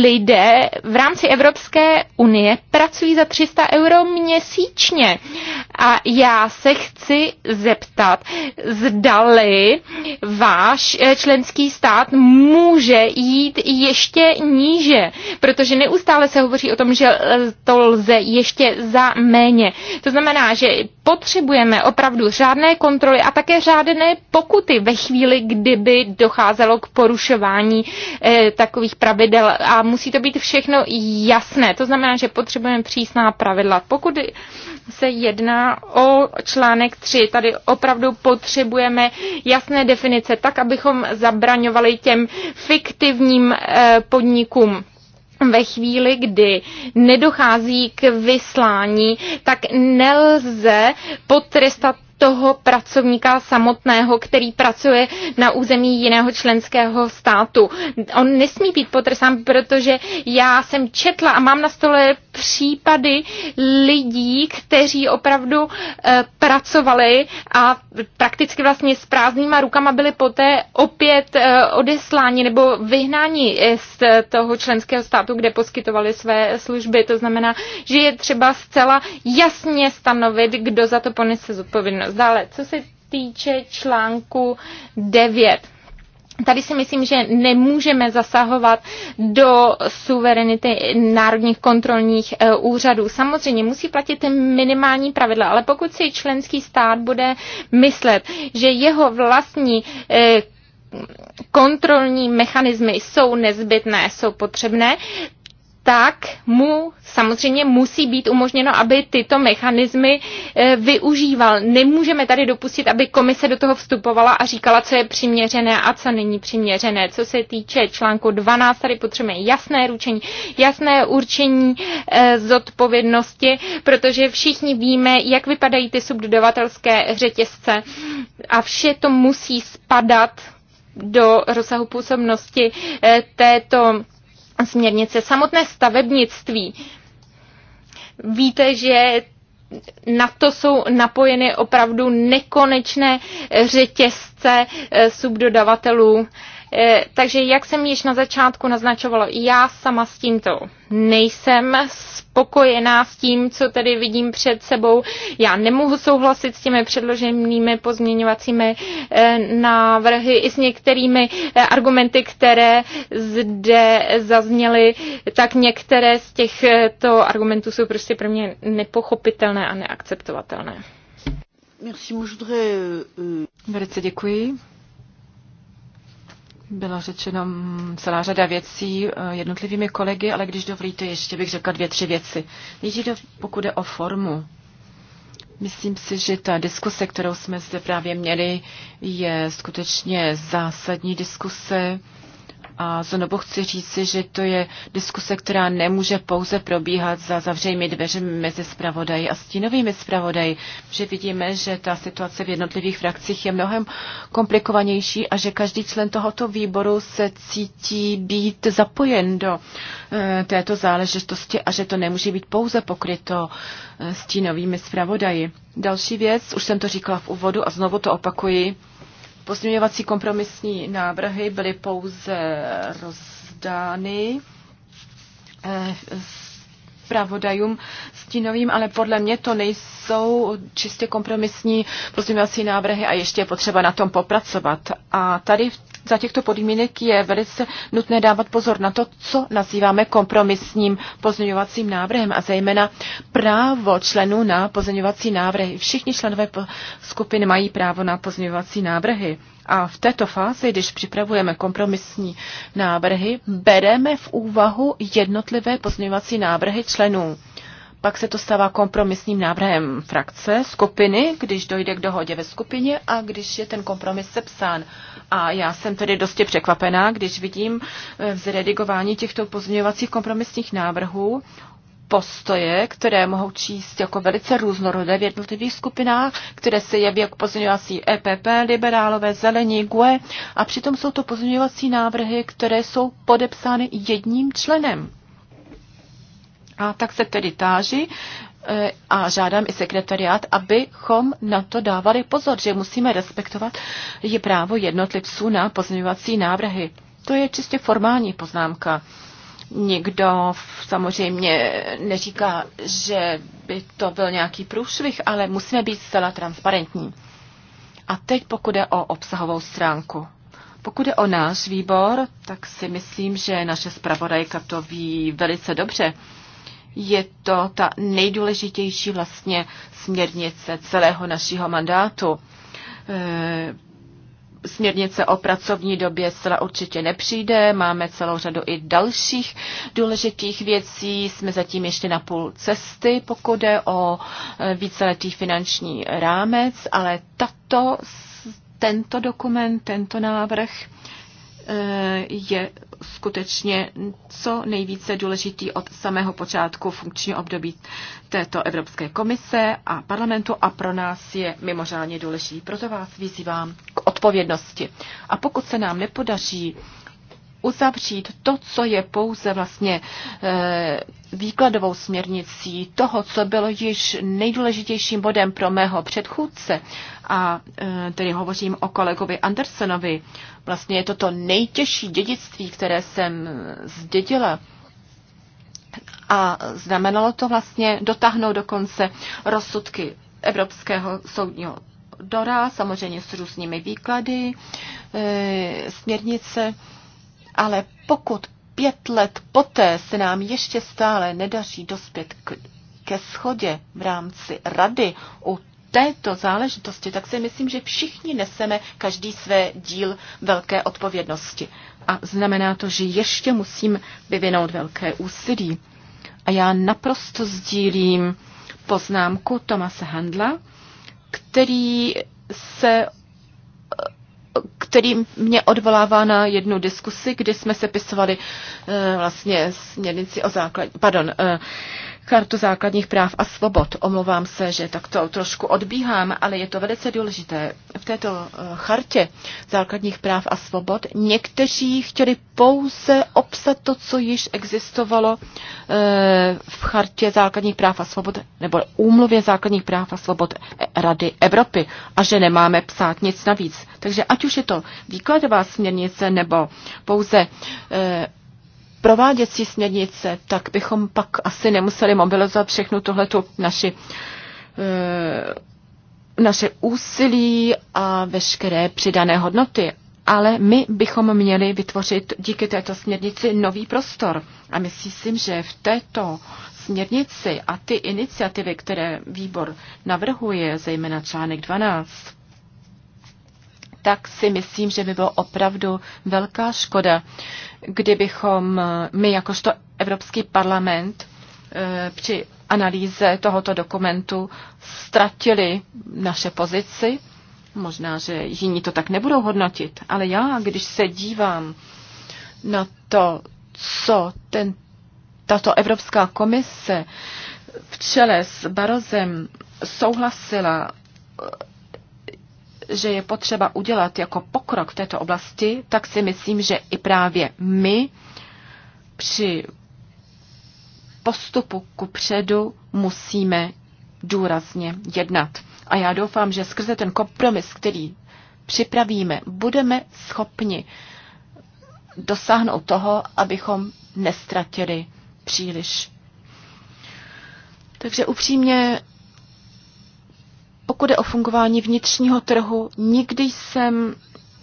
lidé v rámci Evropské unie pracují za 300 euro měsíčně. A já se chci zeptat, zdali váš eh, členský stát může jít ještě níže, protože neustále se hovoří o tom, že to lze ještě za méně. To znamená, že potřebujeme opravdu řádné kontroly a také řádné pokuty ve chvíli, kdyby docházelo k porušování eh, takových pravidel a musí to být všechno jasné. To znamená, že potřebujeme přísná pravidla. Pokud se jedná o článek 3, tady opravdu potřebujeme jasné definice, tak abychom zabraňovali těm fiktivním eh, podnikům ve chvíli, kdy nedochází k vyslání, tak nelze potrestat toho pracovníka samotného, který pracuje na území jiného členského státu. On nesmí být potrestán, protože já jsem četla a mám na stole případy lidí, kteří opravdu eh, pracovali a prakticky vlastně s prázdnýma rukama byli poté opět eh, odesláni nebo vyhnáni eh, z toho členského státu, kde poskytovali své služby. To znamená, že je třeba zcela jasně stanovit, kdo za to ponese zodpovědnost. Dále, co se týče článku 9. Tady si myslím, že nemůžeme zasahovat do suverenity národních kontrolních eh, úřadů. Samozřejmě musí platit ty minimální pravidla, ale pokud si členský stát bude myslet, že jeho vlastní eh, kontrolní mechanismy jsou nezbytné, jsou potřebné, tak mu samozřejmě musí být umožněno, aby tyto mechanismy e, využíval. Nemůžeme tady dopustit, aby komise do toho vstupovala a říkala, co je přiměřené a co není přiměřené. Co se týče článku 12, tady potřebujeme jasné ručení, jasné určení e, zodpovědnosti, protože všichni víme, jak vypadají ty subdodavatelské řetězce a vše to musí spadat do rozsahu působnosti e, této směrnice. Samotné stavebnictví. Víte, že na to jsou napojeny opravdu nekonečné řetězce eh, subdodavatelů Eh, takže jak jsem již na začátku naznačovala, já sama s tímto nejsem spokojená s tím, co tady vidím před sebou. Já nemohu souhlasit s těmi předloženými pozměňovacími eh, návrhy i s některými eh, argumenty, které zde zazněly, tak některé z těchto argumentů jsou prostě pro mě nepochopitelné a neakceptovatelné. Merci, euh, Velice děkuji. Byla řečena mm, celá řada věcí eh, jednotlivými kolegy, ale když dovolíte, ještě bych řekla dvě, tři věci. Jde pokud jde o formu. Myslím si, že ta diskuse, kterou jsme zde právě měli, je skutečně zásadní diskuse. A znovu chci říci, že to je diskuse, která nemůže pouze probíhat za zavřejmi dveřmi mezi zpravodají a stínovými zpravodají, že vidíme, že ta situace v jednotlivých frakcích je mnohem komplikovanější a že každý člen tohoto výboru se cítí být zapojen do eh, této záležitosti a že to nemůže být pouze pokryto eh, stínovými zpravodaji. Další věc, už jsem to říkala v úvodu a znovu to opakuji, Pozměňovací kompromisní návrhy byly pouze rozdány eh, pravodajům stínovým, ale podle mě to nejsou čistě kompromisní pozměňovací návrhy a ještě je potřeba na tom popracovat. A tady v za těchto podmínek je velice nutné dávat pozor na to, co nazýváme kompromisním pozměňovacím návrhem a zejména právo členů na pozměňovací návrhy. Všichni členové skupiny mají právo na pozměňovací návrhy. A v této fázi, když připravujeme kompromisní návrhy, bereme v úvahu jednotlivé pozměňovací návrhy členů pak se to stává kompromisním návrhem frakce, skupiny, když dojde k dohodě ve skupině a když je ten kompromis sepsán. A já jsem tedy dosti překvapená, když vidím v eh, zredigování těchto pozměňovacích kompromisních návrhů postoje, které mohou číst jako velice různorodé v jednotlivých skupinách, které se jeví jako pozměňovací EPP, liberálové, zelení, GUE a přitom jsou to pozměňovací návrhy, které jsou podepsány jedním členem. A tak se tedy táži eh, a žádám i sekretariát, abychom na to dávali pozor, že musíme respektovat je právo jednotlivců na pozměňovací návrhy. To je čistě formální poznámka. Nikdo samozřejmě neříká, že by to byl nějaký průšvih, ale musíme být zcela transparentní. A teď pokud je o obsahovou stránku. Pokud je o náš výbor, tak si myslím, že naše zpravodajka to ví velice dobře je to ta nejdůležitější vlastně směrnice celého našeho mandátu. E, směrnice o pracovní době zcela určitě nepřijde, máme celou řadu i dalších důležitých věcí, jsme zatím ještě na půl cesty, pokud jde o e, víceletý finanční rámec, ale tato, tento dokument, tento návrh Eh, je skutečně co nejvíce důležitý od samého počátku funkčního období této Evropské komise a parlamentu a pro nás je mimořádně důležitý. Proto vás vyzývám k odpovědnosti. A pokud se nám nepodaří uzavřít to, co je pouze vlastně eh, výkladovou směrnicí toho, co bylo již nejdůležitějším bodem pro mého předchůdce, a eh, tedy hovořím o kolegovi Andersonovi, vlastně je to to nejtěžší dědictví, které jsem eh, zdědila. A znamenalo to vlastně dotáhnout do konce rozsudky Evropského soudního Dora, samozřejmě s různými výklady, e, směrnice ale pokud pět let poté se nám ještě stále nedaří dospět k, ke schodě v rámci rady u této záležitosti, tak si myslím, že všichni neseme každý své díl velké odpovědnosti. A znamená to, že ještě musím vyvinout velké úsilí. A já naprosto sdílím poznámku Tomase Handla, který se který mě odvolává na jednu diskusi, kdy jsme sepisovali eh, vlastně směrnici o základní, pardon, eh, Kartu základních práv a svobod. Omlouvám se, že takto trošku odbíhám, ale je to velice důležité. V této eh, chartě základních práv a svobod někteří chtěli pouze obsat to, co již existovalo eh, v chartě základních práv a svobod nebo úmluvě základních práv a svobod Rady Evropy a že nemáme psát nic navíc. Takže ať už je to výkladová směrnice nebo pouze eh, prováděcí směrnice, tak bychom pak asi nemuseli mobilizovat všechnu tuhletu naši eh, naše úsilí a veškeré přidané hodnoty, ale my bychom měli vytvořit díky této směrnici nový prostor. A myslím, že v této směrnici a ty iniciativy, které výbor navrhuje, zejména článek 12, tak si myslím, že by bylo opravdu velká škoda, kdybychom eh, my jakožto Evropský parlament eh, při analýze tohoto dokumentu ztratili naše pozici. Možná, že jiní to tak nebudou hodnotit, ale já, když se dívám na to, co ten, tato Evropská komise v čele s Barozem souhlasila že je potřeba udělat jako pokrok v této oblasti, tak si myslím, že i právě my při postupu ku předu musíme důrazně jednat. A já doufám, že skrze ten kompromis, který připravíme, budeme schopni dosáhnout toho, abychom nestratili příliš. Takže upřímně pokud je o fungování vnitřního trhu, nikdy jsem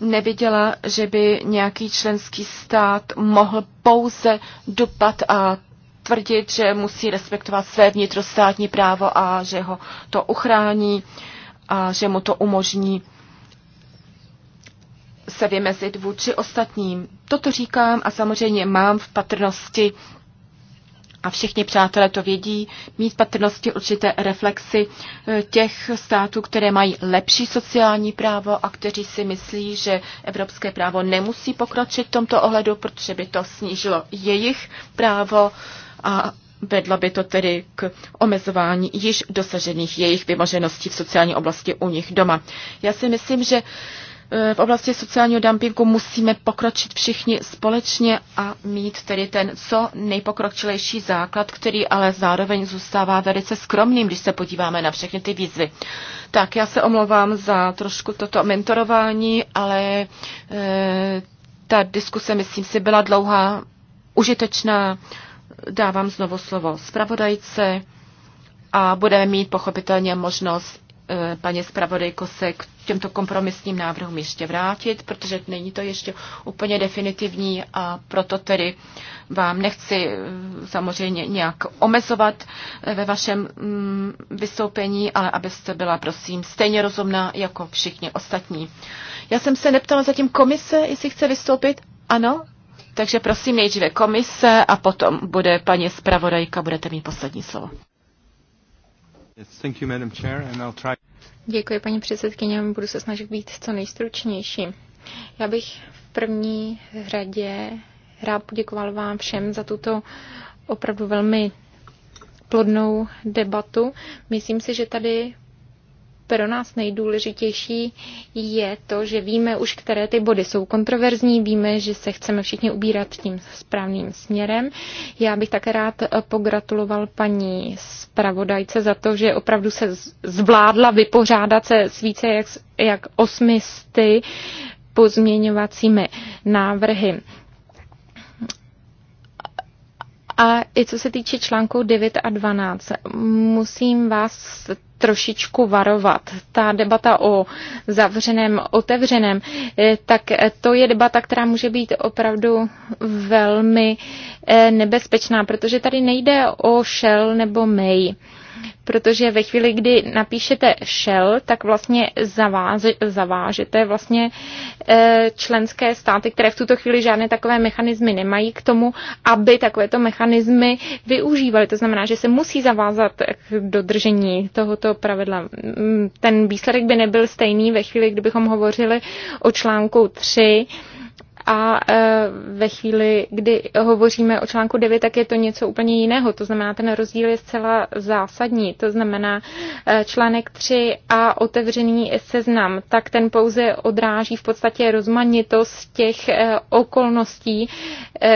neviděla, že by nějaký členský stát mohl pouze dupat a tvrdit, že musí respektovat své vnitrostátní právo a že ho to uchrání a že mu to umožní se vymezit vůči ostatním. Toto říkám a samozřejmě mám v patrnosti a všichni přátelé to vědí, mít patrnosti určité reflexy eh, těch států, které mají lepší sociální právo a kteří si myslí, že evropské právo nemusí pokročit v tomto ohledu, protože by to snížilo jejich právo a vedlo by to tedy k omezování již dosažených jejich vymožeností v sociální oblasti u nich doma. Já si myslím, že Eh, v oblasti sociálního dumpingu musíme pokročit všichni společně a mít tedy ten co nejpokročilejší základ, který ale zároveň zůstává velice skromným, když se podíváme na všechny ty výzvy. Tak já se omlouvám za trošku toto mentorování, ale e, ta diskuse, myslím si, byla dlouhá, užitečná. Dávám znovu slovo zpravodajce a budeme mít pochopitelně možnost E, paní zpravodajko se k těmto kompromisním návrhům ještě vrátit, protože není to ještě úplně definitivní a proto tedy vám nechci e, samozřejmě nějak omezovat e, ve vašem mm, vystoupení, ale abyste byla, prosím, stejně rozumná jako všichni ostatní. Já jsem se neptala zatím komise, jestli chce vystoupit. Ano? Takže prosím nejdříve komise a potom bude paní zpravodajka, budete mít poslední slovo. Děkuji, paní předsedkyně, budu se snažit být co nejstručnější. Já bych v první řadě rád poděkoval vám všem za tuto opravdu velmi plodnou debatu. Myslím si, že tady pro nás nejdůležitější je to, že víme už, které ty body jsou kontroverzní, víme, že se chceme všichni ubírat tím správným směrem. Já bych také rád pogratuloval paní zpravodajce za to, že opravdu se zvládla vypořádat se s více jak, jak osmisty pozměňovacími návrhy. A i co se týče článku 9 a 12, musím vás trošičku varovat. Ta debata o zavřeném, otevřeném, eh, tak eh, to je debata, která může být opravdu velmi eh, nebezpečná, protože tady nejde o Shell nebo May protože ve chvíli, kdy napíšete shell, tak vlastně zaváže, zavážete vlastně eh, členské státy, které v tuto chvíli žádné takové mechanismy nemají k tomu, aby takovéto mechanismy využívaly. To znamená, že se musí zavázat k dodržení tohoto pravidla. Mm, ten výsledek by nebyl stejný ve chvíli, kdybychom hovořili o článku 3 a e, ve chvíli, kdy hovoříme o článku 9, tak je to něco úplně jiného. To znamená, ten rozdíl je zcela zásadní. To znamená e, článek 3 a otevřený seznam, tak ten pouze odráží v podstatě rozmanitost těch e, okolností,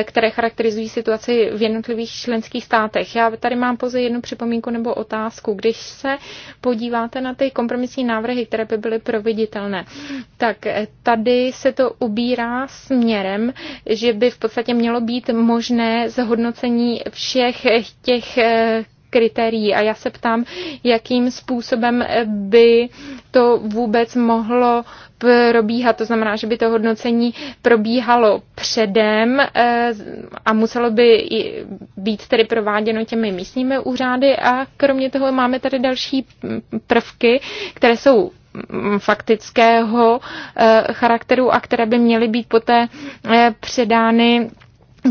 které charakterizují situaci v jednotlivých členských státech. Já tady mám pouze jednu připomínku nebo otázku. Když se podíváte na ty kompromisní návrhy, které by byly proveditelné, tak tady se to ubírá směrem směrem, že by v podstatě mělo být možné zhodnocení všech těch eh, kritérií. A já se ptám, jakým způsobem by to vůbec mohlo probíhat. To znamená, že by to hodnocení probíhalo předem eh, a muselo by být tedy prováděno těmi místními úřady. A kromě toho máme tady další prvky, které jsou Mm, faktického eh, charakteru a které by měly být poté eh, předány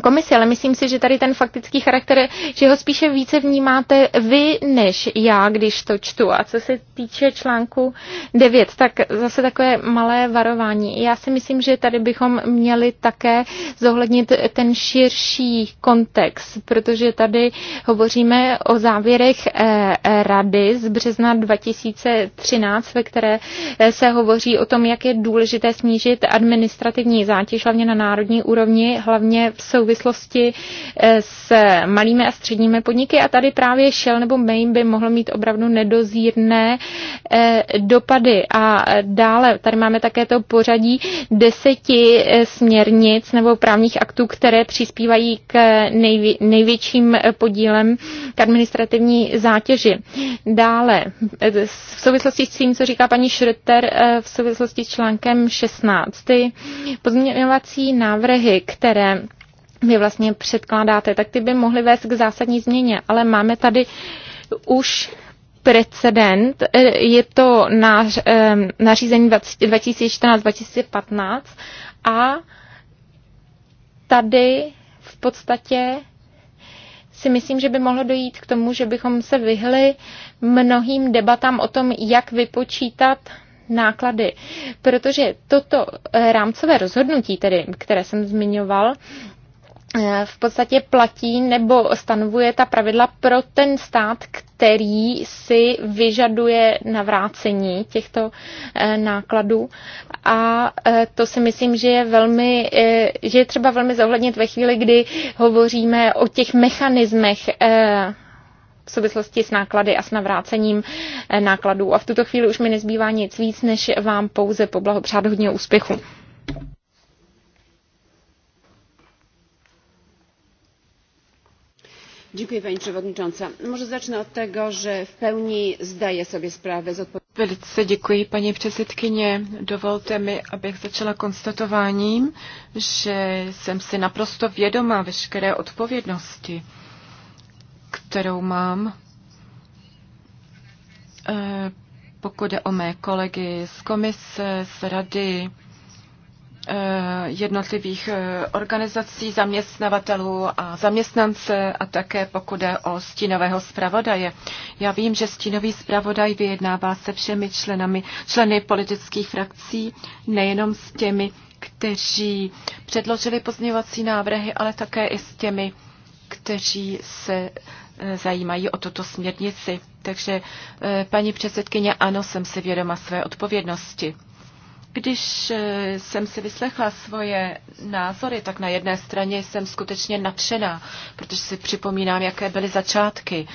komisi, ale myslím si, že tady ten faktický charakter, že ho spíše více vnímáte vy než já, když to čtu. A co se týče článku 9, tak zase takové malé varování. Já si myslím, že tady bychom měli také zohlednit ten širší kontext, protože tady hovoříme o závěrech eh, rady z března 2013, ve které eh, se hovoří o tom, jak je důležité snížit administrativní zátěž, hlavně na národní úrovni, hlavně v sou souvislosti eh, s malými a středními podniky a tady právě Shell nebo Main by mohlo mít opravdu nedozírné eh, dopady. A dále tady máme také to pořadí deseti eh, směrnic nebo právních aktů, které přispívají k nejvě- největším podílem k administrativní zátěži. Dále, v souvislosti s tím, co říká paní Schröter v souvislosti s článkem 16, ty pozměňovací návrhy, které vy vlastně předkládáte, tak ty by mohly vést k zásadní změně. Ale máme tady už precedent, e, je to nař, e, nařízení 2014-2015 a tady v podstatě si myslím, že by mohlo dojít k tomu, že bychom se vyhli mnohým debatám o tom, jak vypočítat náklady. Protože toto e, rámcové rozhodnutí, tedy, které jsem zmiňoval, Eh, v podstatě platí nebo stanovuje ta pravidla pro ten stát, který si vyžaduje navrácení těchto eh, nákladů. A eh, to si myslím, že je, velmi, že je třeba velmi zohlednit ve chvíli, kdy hovoříme o těch mechanismech v souvislosti s náklady a s navrácením nákladů. A v tuto chvíli už mi nezbývá nic víc, než vám pouze poblahopřát hodně úspěchu. pani przewodnicząca! może zacznę od tego że w pełni zdaję sobie sprawę z Velice děkuji, paní předsedkyně. Dovolte mi, abych začala konstatováním, že jsem si naprosto vědoma veškeré odpovědnosti, kterou mám, eh, pokud jde o mé kolegy z komise, z rady, Eh, jednotlivých eh, organizací zaměstnavatelů a zaměstnance a také pokud jde o stínového zpravodaje. Já vím, že stínový zpravodaj vyjednává se všemi členami, členy politických frakcí, nejenom s těmi, kteří předložili pozměňovací návrhy, ale také i s těmi, kteří se eh, zajímají o tuto směrnici. Takže, paní předsedkyně, ano, jsem si vědoma své odpovědnosti. Když eh, jsem si vyslechla svoje názory, tak na jedné straně jsem skutečně nadšená, protože si připomínám, jaké byly začátky.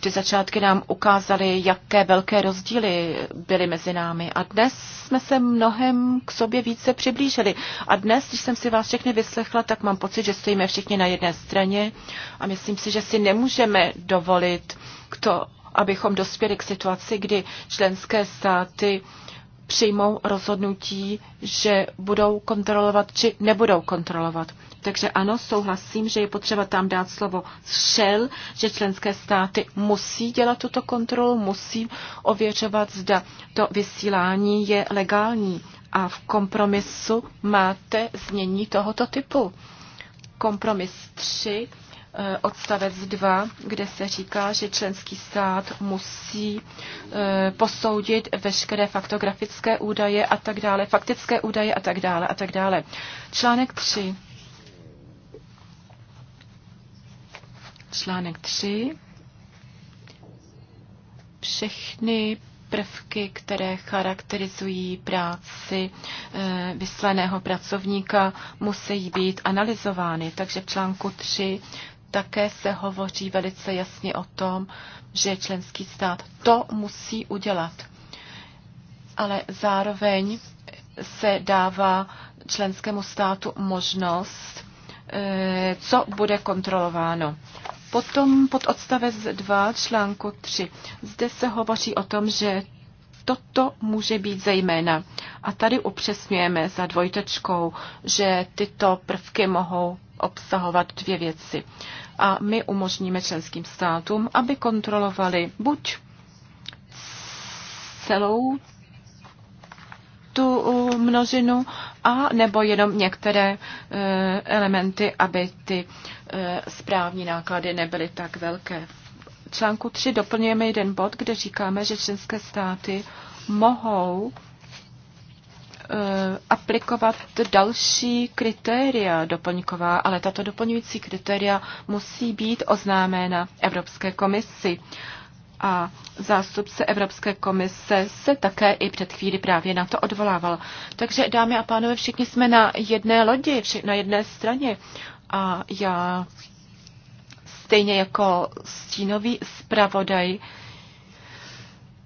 Ty začátky nám ukázaly, jaké velké rozdíly byly mezi námi. A dnes jsme se mnohem k sobě více přiblížili. A dnes, když jsem si vás všechny vyslechla, tak mám pocit, že stojíme všichni na jedné straně a myslím si, že si nemůžeme dovolit k to, abychom dospěli k situaci, kdy členské státy přijmou rozhodnutí, že budou kontrolovat či nebudou kontrolovat. Takže ano, souhlasím, že je potřeba tam dát slovo šel, že členské státy musí dělat tuto kontrolu, musí ověřovat, zda to vysílání je legální. A v kompromisu máte změní tohoto typu. Kompromis 3 Eh, odstavec 2, kde se říká, že členský stát musí eh, posoudit veškeré faktografické údaje a tak dále, faktické údaje a tak dále a tak dále. Článek 3. Článek 3. Všechny prvky, které charakterizují práci eh, vysleného pracovníka, musí být analyzovány. Takže v článku 3 také se hovoří velice jasně o tom, že členský stát to musí udělat. Ale zároveň se dává členskému státu možnost, eh, co bude kontrolováno. Potom pod odstavec 2 článku 3. Zde se hovoří o tom, že toto může být zejména. A tady upřesňujeme za dvojtečkou, že tyto prvky mohou obsahovat dvě věci. A my umožníme členským státům, aby kontrolovali buď celou tu uh, množinu a nebo jenom některé uh, elementy, aby ty uh, správní náklady nebyly tak velké. V článku 3 doplňujeme jeden bod, kde říkáme, že členské státy mohou Eh, aplikovat další kritéria doplňková, ale tato doplňující kritéria musí být oznámena Evropské komisi. A zástupce Evropské komise se také i před chvíli právě na to odvolával. Takže, dámy a pánové, všichni jsme na jedné lodi, na jedné straně. A já stejně jako stínový zpravodaj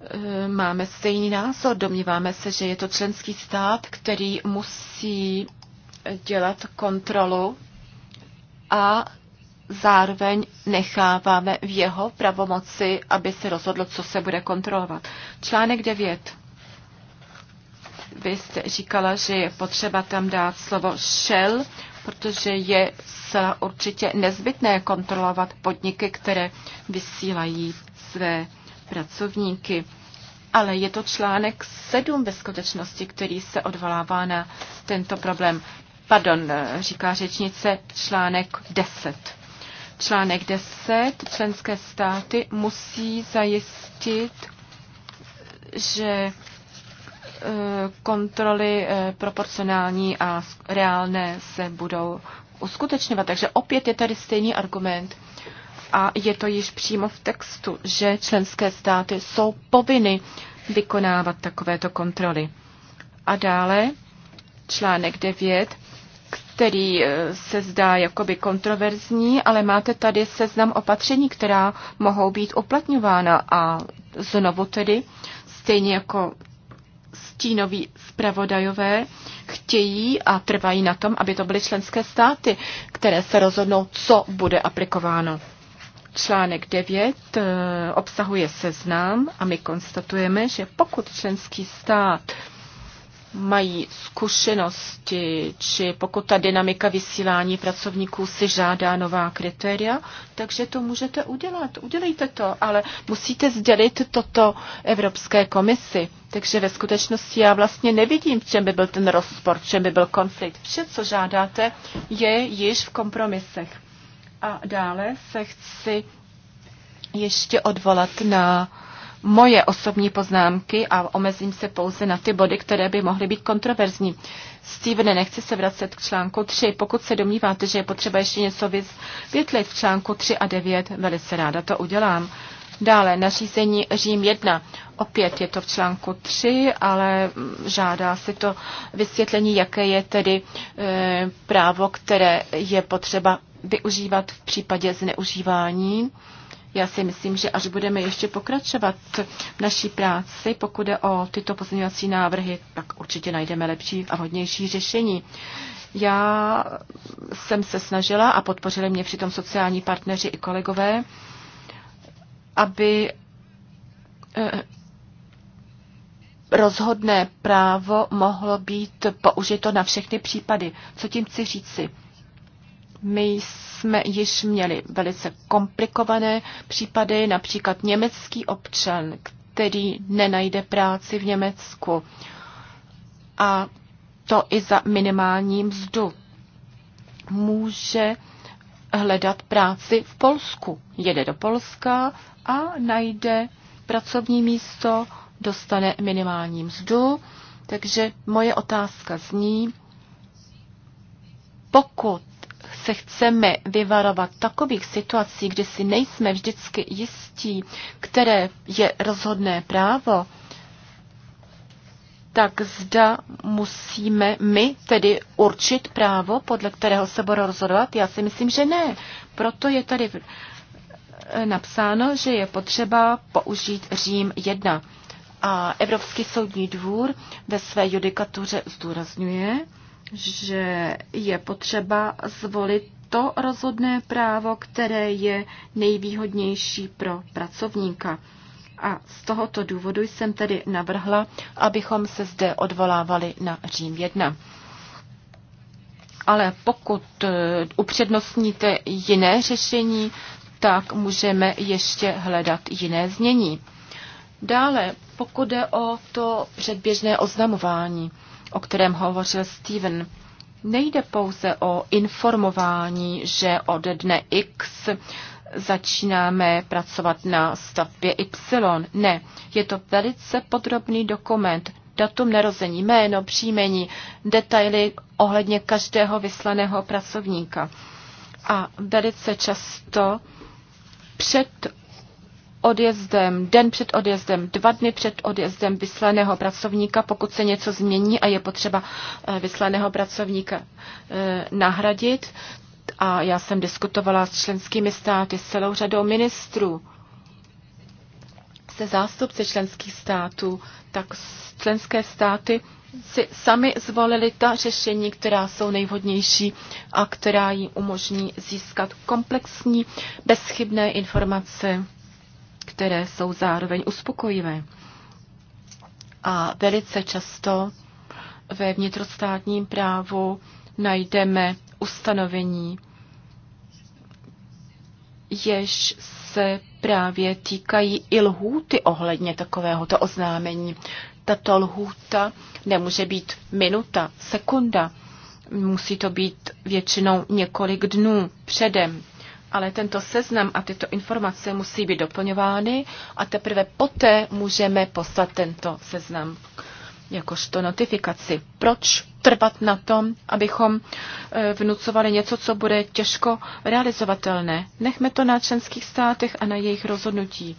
Eh, máme stejný názor. Domníváme se, že je to členský stát, který musí eh, dělat kontrolu a zároveň necháváme v jeho pravomoci, aby se rozhodlo, co se bude kontrolovat. Článek 9. Vy jste říkala, že je potřeba tam dát slovo shell, protože je zcela určitě nezbytné kontrolovat podniky, které vysílají své pracovníky. Ale je to článek 7 ve skutečnosti, který se odvolává na tento problém. Pardon, eh, říká řečnice, článek 10. Článek 10. Členské státy musí zajistit, že eh, kontroly eh, proporcionální a reálné se budou uskutečňovat. Takže opět je tady stejný argument a je to již přímo v textu, že členské státy jsou povinny vykonávat takovéto kontroly. A dále článek 9, který eh, se zdá jakoby kontroverzní, ale máte tady seznam opatření, která mohou být uplatňována a znovu tedy, stejně jako stínoví zpravodajové, chtějí a trvají na tom, aby to byly členské státy, které se rozhodnou, co bude aplikováno. Článek 9 eh, obsahuje seznam a my konstatujeme, že pokud členský stát mají zkušenosti, či pokud ta dynamika vysílání pracovníků si žádá nová kritéria, takže to můžete udělat. Udělejte to, ale musíte sdělit toto Evropské komisi. Takže ve skutečnosti já vlastně nevidím, v čem by byl ten rozpor, v čem by byl konflikt. Vše, co žádáte, je již v kompromisech. A dále se chci ještě odvolat na moje osobní poznámky a omezím se pouze na ty body, které by mohly být kontroverzní. Steven, nechci se vracet k článku 3. Pokud se domníváte, že je potřeba ještě něco vysvětlit v článku 3 a 9, velice ráda to udělám. Dále nařízení Řím 1. Opět je to v článku 3, ale žádá si to vysvětlení, jaké je tedy e, právo, které je potřeba využívat v případě zneužívání. Já si myslím, že až budeme ještě pokračovat v naší práci, pokud je o tyto pozměňovací návrhy, tak určitě najdeme lepší a hodnější řešení. Já jsem se snažila a podpořili mě přitom sociální partneři i kolegové, aby eh, rozhodné právo mohlo být použito na všechny případy. Co tím chci říci? My jsme již měli velice komplikované případy, například německý občan, který nenajde práci v Německu. A to i za minimální mzdu. Může hledat práci v Polsku. Jede do Polska a najde pracovní místo, dostane minimální mzdu. Takže moje otázka zní, pokud se chceme vyvarovat takových situací, kdy si nejsme vždycky jistí, které je rozhodné právo, tak zda musíme my tedy určit právo, podle kterého se bude rozhodovat? Já si myslím, že ne. Proto je tady napsáno, že je potřeba použít Řím 1. A Evropský soudní dvůr ve své judikatuře zdůrazňuje, že je potřeba zvolit to rozhodné právo, které je nejvýhodnější pro pracovníka. A z tohoto důvodu jsem tedy navrhla, abychom se zde odvolávali na Řím 1. Ale pokud e, upřednostníte jiné řešení, tak můžeme ještě hledat jiné znění. Dále, pokud jde o to předběžné oznamování, o kterém hovořil Steven. Nejde pouze o informování, že od dne X začínáme pracovat na stavbě Y. Ne, je to velice podrobný dokument. Datum narození, jméno, příjmení, detaily ohledně každého vyslaného pracovníka. A velice často před odjezdem, den před odjezdem, dva dny před odjezdem vyslaného pracovníka, pokud se něco změní a je potřeba eh, vyslaného pracovníka eh, nahradit. A já jsem diskutovala s členskými státy, s celou řadou ministrů, se zástupci členských států, tak členské státy si sami zvolili ta řešení, která jsou nejvhodnější a která jim umožní získat komplexní, bezchybné informace které jsou zároveň uspokojivé. A velice často ve vnitrostátním právu najdeme ustanovení, jež se právě týkají i lhůty ohledně takovéhoto oznámení. Tato lhůta nemůže být minuta, sekunda, musí to být většinou několik dnů předem. Ale tento seznam a tyto informace musí být doplňovány a teprve poté můžeme poslat tento seznam jakožto notifikaci. Proč trvat na tom, abychom e, vnucovali něco, co bude těžko realizovatelné? Nechme to na členských státech a na jejich rozhodnutí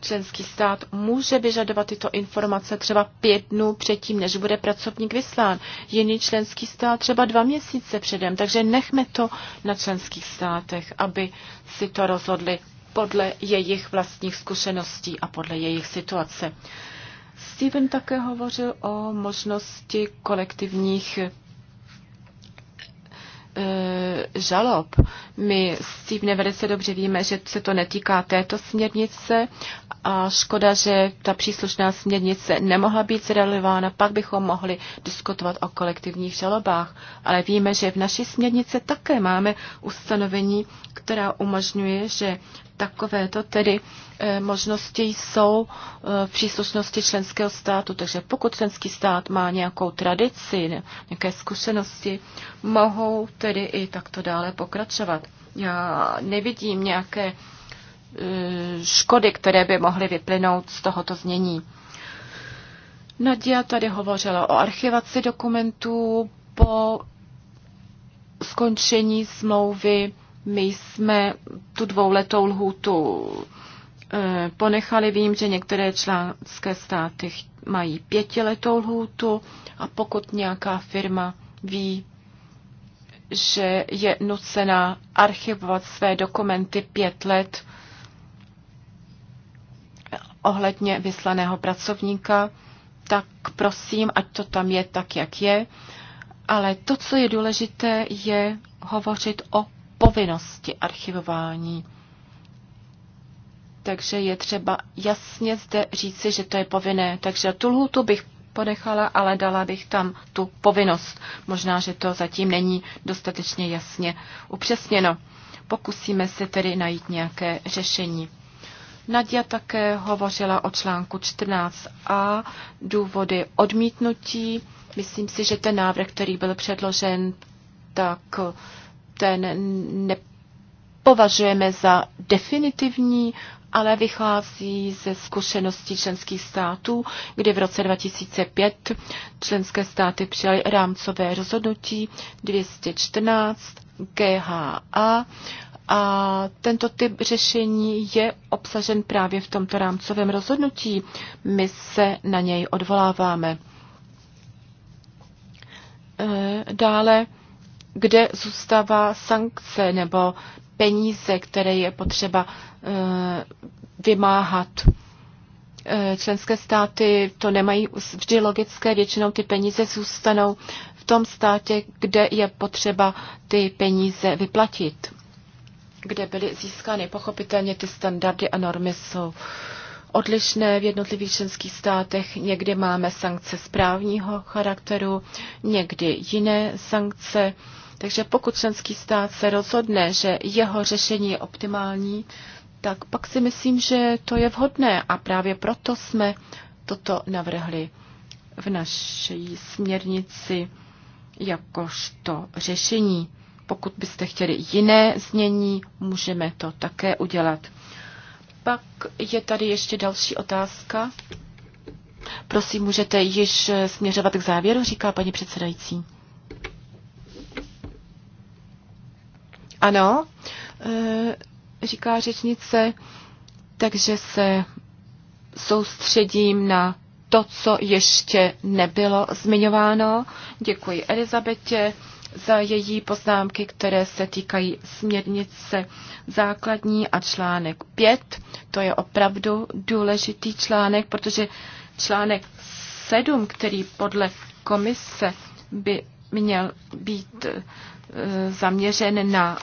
členský stát může vyžadovat tyto informace třeba pět dnů předtím, než bude pracovník vyslán. Jiný členský stát třeba dva měsíce předem. Takže nechme to na členských státech, aby si to rozhodli podle jejich vlastních zkušeností a podle jejich situace. Steven také hovořil o možnosti kolektivních eh, žalob. My s tím velice dobře víme, že se to netýká této směrnice, a škoda, že ta příslušná směrnice nemohla být zrealizována, pak bychom mohli diskutovat o kolektivních žalobách. Ale víme, že v naší směrnici také máme ustanovení, která umožňuje, že takovéto tedy eh, možnosti jsou eh, v příslušnosti členského státu. Takže pokud členský stát má nějakou tradici, nějaké zkušenosti, mohou tedy i takto dále pokračovat. Já nevidím nějaké Eh, škody, které by mohly vyplynout z tohoto znění. Nadia tady hovořila o archivaci dokumentů po skončení smlouvy. My jsme tu dvouletou lhůtu eh, ponechali. Vím, že některé členské státy mají pětiletou lhůtu a pokud nějaká firma ví, že je nucena archivovat své dokumenty pět let, ohledně vyslaného pracovníka, tak prosím, ať to tam je tak, jak je. Ale to, co je důležité, je hovořit o povinnosti archivování. Takže je třeba jasně zde říci, že to je povinné. Takže tu lhůtu bych ponechala, ale dala bych tam tu povinnost. Možná, že to zatím není dostatečně jasně upřesněno. Pokusíme se tedy najít nějaké řešení. Nadia také hovořila o článku 14a, důvody odmítnutí. Myslím si, že ten návrh, který byl předložen, tak ten nepovažujeme za definitivní, ale vychází ze zkušeností členských států, kdy v roce 2005 členské státy přijaly rámcové rozhodnutí 214 GHA a tento typ řešení je obsažen právě v tomto rámcovém rozhodnutí. My se na něj odvoláváme. E, dále, kde zůstává sankce nebo peníze, které je potřeba e, vymáhat e, členské státy to nemají vždy logické, většinou ty peníze zůstanou v tom státě, kde je potřeba ty peníze vyplatit kde byly získány. Pochopitelně ty standardy a normy jsou odlišné v jednotlivých členských státech. Někdy máme sankce správního charakteru, někdy jiné sankce. Takže pokud členský stát se rozhodne, že jeho řešení je optimální, tak pak si myslím, že to je vhodné a právě proto jsme toto navrhli v naší směrnici jakožto řešení. Pokud byste chtěli jiné znění, můžeme to také udělat. Pak je tady ještě další otázka. Prosím, můžete již směřovat k závěru, říká paní předsedající. Ano, e, říká řečnice, takže se soustředím na to, co ještě nebylo zmiňováno. Děkuji Elizabetě, za její poznámky, které se týkají směrnice základní a článek 5. To je opravdu důležitý článek, protože článek 7, který podle komise by měl být eh, zaměřen na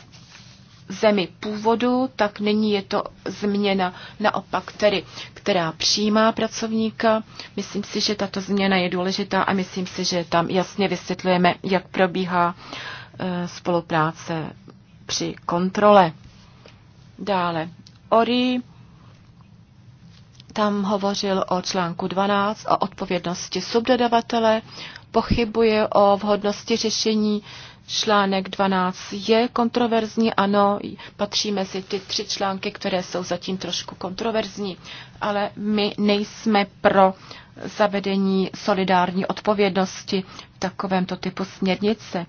zemi původu, tak nyní je to změna naopak tedy, která přijímá pracovníka. Myslím si, že tato změna je důležitá a myslím si, že tam jasně vysvětlujeme, jak probíhá e, spolupráce při kontrole. Dále, ORI tam hovořil o článku 12 o odpovědnosti subdodavatele, pochybuje o vhodnosti řešení Článek 12 je kontroverzní, ano, patří mezi ty tři články, které jsou zatím trošku kontroverzní, ale my nejsme pro zavedení solidární odpovědnosti v takovémto typu směrnice,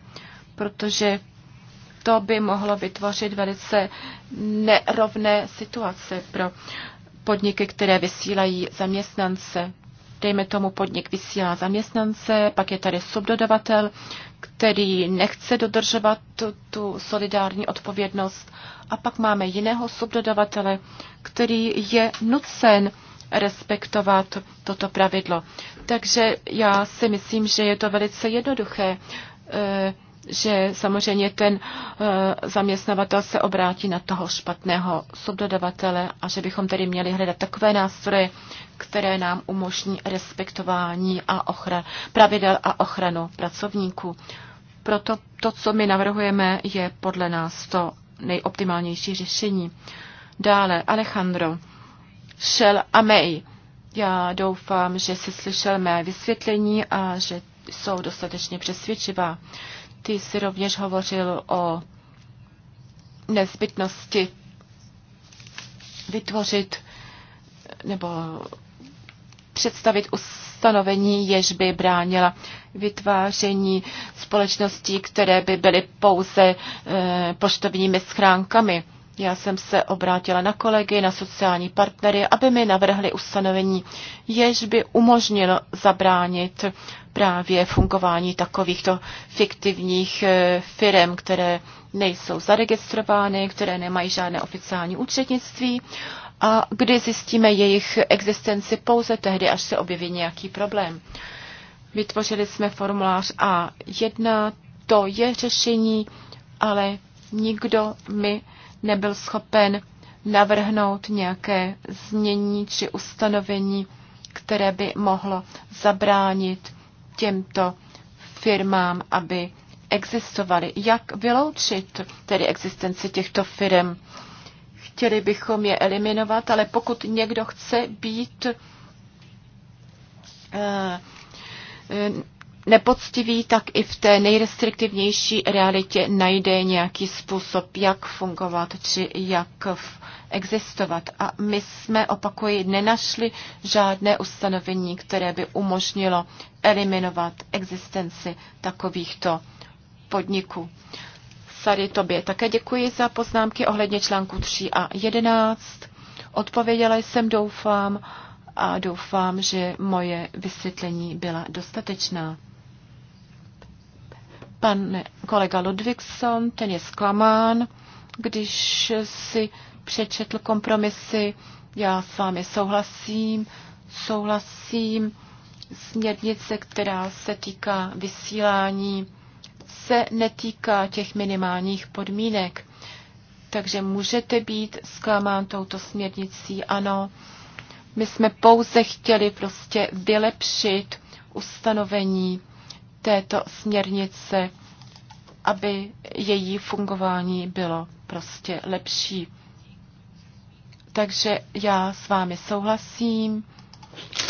protože to by mohlo vytvořit velice nerovné situace pro podniky, které vysílají zaměstnance dejme tomu podnik vysílá zaměstnance, pak je tady subdodavatel, který nechce dodržovat tu, tu solidární odpovědnost a pak máme jiného subdodavatele, který je nucen respektovat toto pravidlo. Takže já si myslím, že je to velice jednoduché. E, že samozřejmě ten eh, zaměstnavatel se obrátí na toho špatného subdodavatele a že bychom tedy měli hledat takové nástroje, které nám umožní respektování a ochra- pravidel a ochranu pracovníků. Proto to, co my navrhujeme, je podle nás to nejoptimálnější řešení. Dále Alejandro, Shell a May. Já doufám, že si slyšel mé vysvětlení a že jsou dostatečně přesvědčivá. Ty jsi rovněž hovořil o nezbytnosti vytvořit nebo představit ustanovení, jež by bránila vytváření společností, které by byly pouze e, poštovními schránkami. Já jsem se obrátila na kolegy, na sociální partnery, aby mi navrhli ustanovení, jež by umožnilo zabránit právě fungování takovýchto fiktivních eh, firm, které nejsou zaregistrovány, které nemají žádné oficiální účetnictví a kdy zjistíme jejich existenci pouze tehdy, až se objeví nějaký problém. Vytvořili jsme formulář A1, to je řešení, ale nikdo mi nebyl schopen navrhnout nějaké znění či ustanovení, které by mohlo zabránit těmto firmám, aby existovaly. Jak vyloučit tedy existenci těchto firm? Chtěli bychom je eliminovat, ale pokud někdo chce být eh, nepoctivý, tak i v té nejrestriktivnější realitě najde nějaký způsob, jak fungovat či jak existovat. A my jsme, opakuji, nenašli žádné ustanovení, které by umožnilo eliminovat existenci takovýchto podniků. Sary, tobě také děkuji za poznámky ohledně článku 3 a 11. Odpověděla jsem, doufám, a doufám, že moje vysvětlení byla dostatečná. Pan kolega Ludvigson, ten je zklamán, když si přečetl kompromisy. Já s vámi souhlasím, souhlasím. Směrnice, která se týká vysílání, se netýká těch minimálních podmínek. Takže můžete být zklamán touto směrnicí, ano. My jsme pouze chtěli prostě vylepšit ustanovení této směrnice, aby její fungování bylo prostě lepší. Takže já s vámi souhlasím.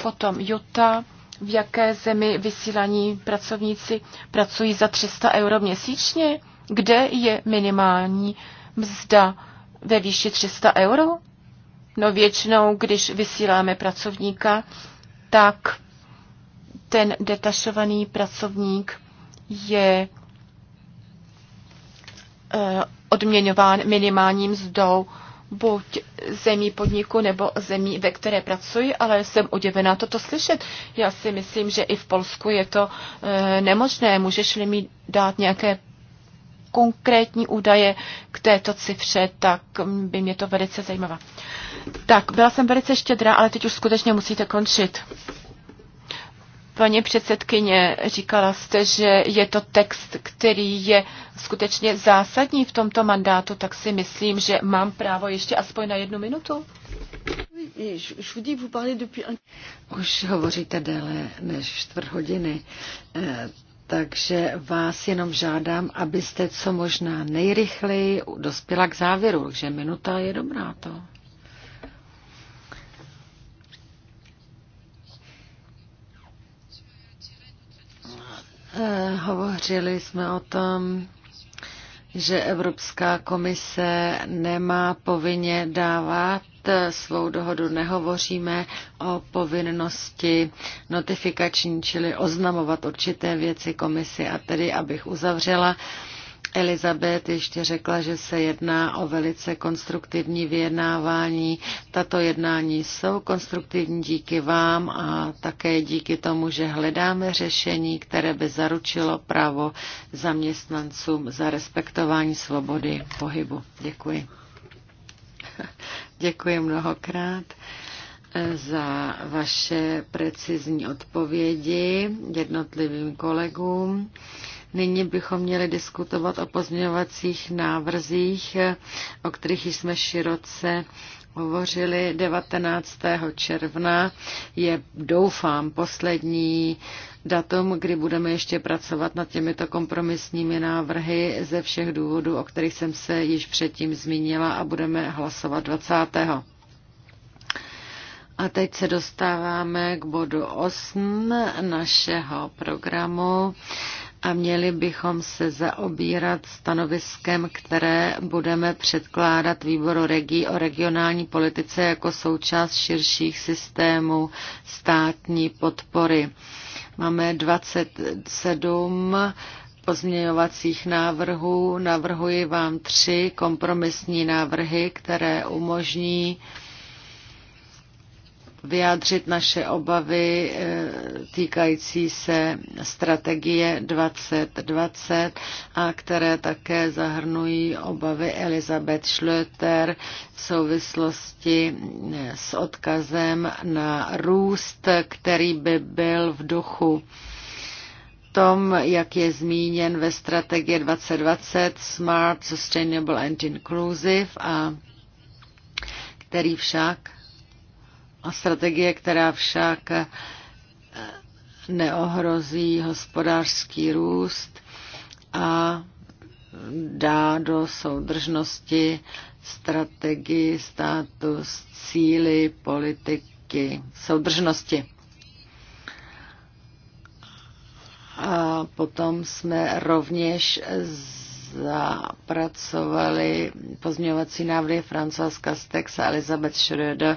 Potom Juta, v jaké zemi vysílaní pracovníci pracují za 300 euro měsíčně? Kde je minimální mzda ve výši 300 euro? No většinou, když vysíláme pracovníka, tak ten detašovaný pracovník je eh, odměňován minimálním mzdou buď zemí podniku nebo zemí, ve které pracuji, ale jsem udivená toto slyšet. Já si myslím, že i v Polsku je to eh, nemožné. Můžeš-li mi dát nějaké konkrétní údaje k této cifře, tak by mě to velice zajímalo. Tak, byla jsem velice štědrá, ale teď už skutečně musíte končit. Paní předsedkyně, říkala jste, že je to text, který je skutečně zásadní v tomto mandátu, tak si myslím, že mám právo ještě aspoň na jednu minutu. Už hovoříte déle než čtvrt hodiny, eh, takže vás jenom žádám, abyste co možná nejrychleji dospěla k závěru, že minuta je dobrá to. Eh, hovořili jsme o tom, že Evropská komise nemá povinně dávat eh, svou dohodu. Nehovoříme o povinnosti notifikační, čili oznamovat určité věci komisi. A tedy, abych uzavřela, Elizabeth ještě řekla, že se jedná o velice konstruktivní vyjednávání. Tato jednání jsou konstruktivní díky vám a také díky tomu, že hledáme řešení, které by zaručilo právo zaměstnancům za respektování svobody pohybu. Děkuji. Děkuji mnohokrát eh, za vaše precizní odpovědi jednotlivým kolegům. Nyní bychom měli diskutovat o pozměňovacích návrzích, o kterých jsme široce hovořili 19. června. Je, doufám, poslední datum, kdy budeme ještě pracovat nad těmito kompromisními návrhy ze všech důvodů, o kterých jsem se již předtím zmínila a budeme hlasovat 20. A teď se dostáváme k bodu 8 našeho programu a měli bychom se zaobírat stanoviskem, které budeme předkládat výboru regí o regionální politice jako součást širších systémů státní podpory. Máme 27 pozměňovacích návrhů. Navrhuji vám tři kompromisní návrhy, které umožní vyjádřit naše obavy eh, týkající se strategie 2020, a které také zahrnují obavy Elizabeth Schlöter v souvislosti eh, s odkazem na růst, který by byl v duchu tom, jak je zmíněn ve strategii 2020 Smart, Sustainable and Inclusive, a který však strategie, která však eh, neohrozí hospodářský růst a dá do soudržnosti strategii státu s cíly politiky soudržnosti. A potom jsme rovněž zapracovali pozměňovací návrhy Francois Castex a Elizabeth Schröder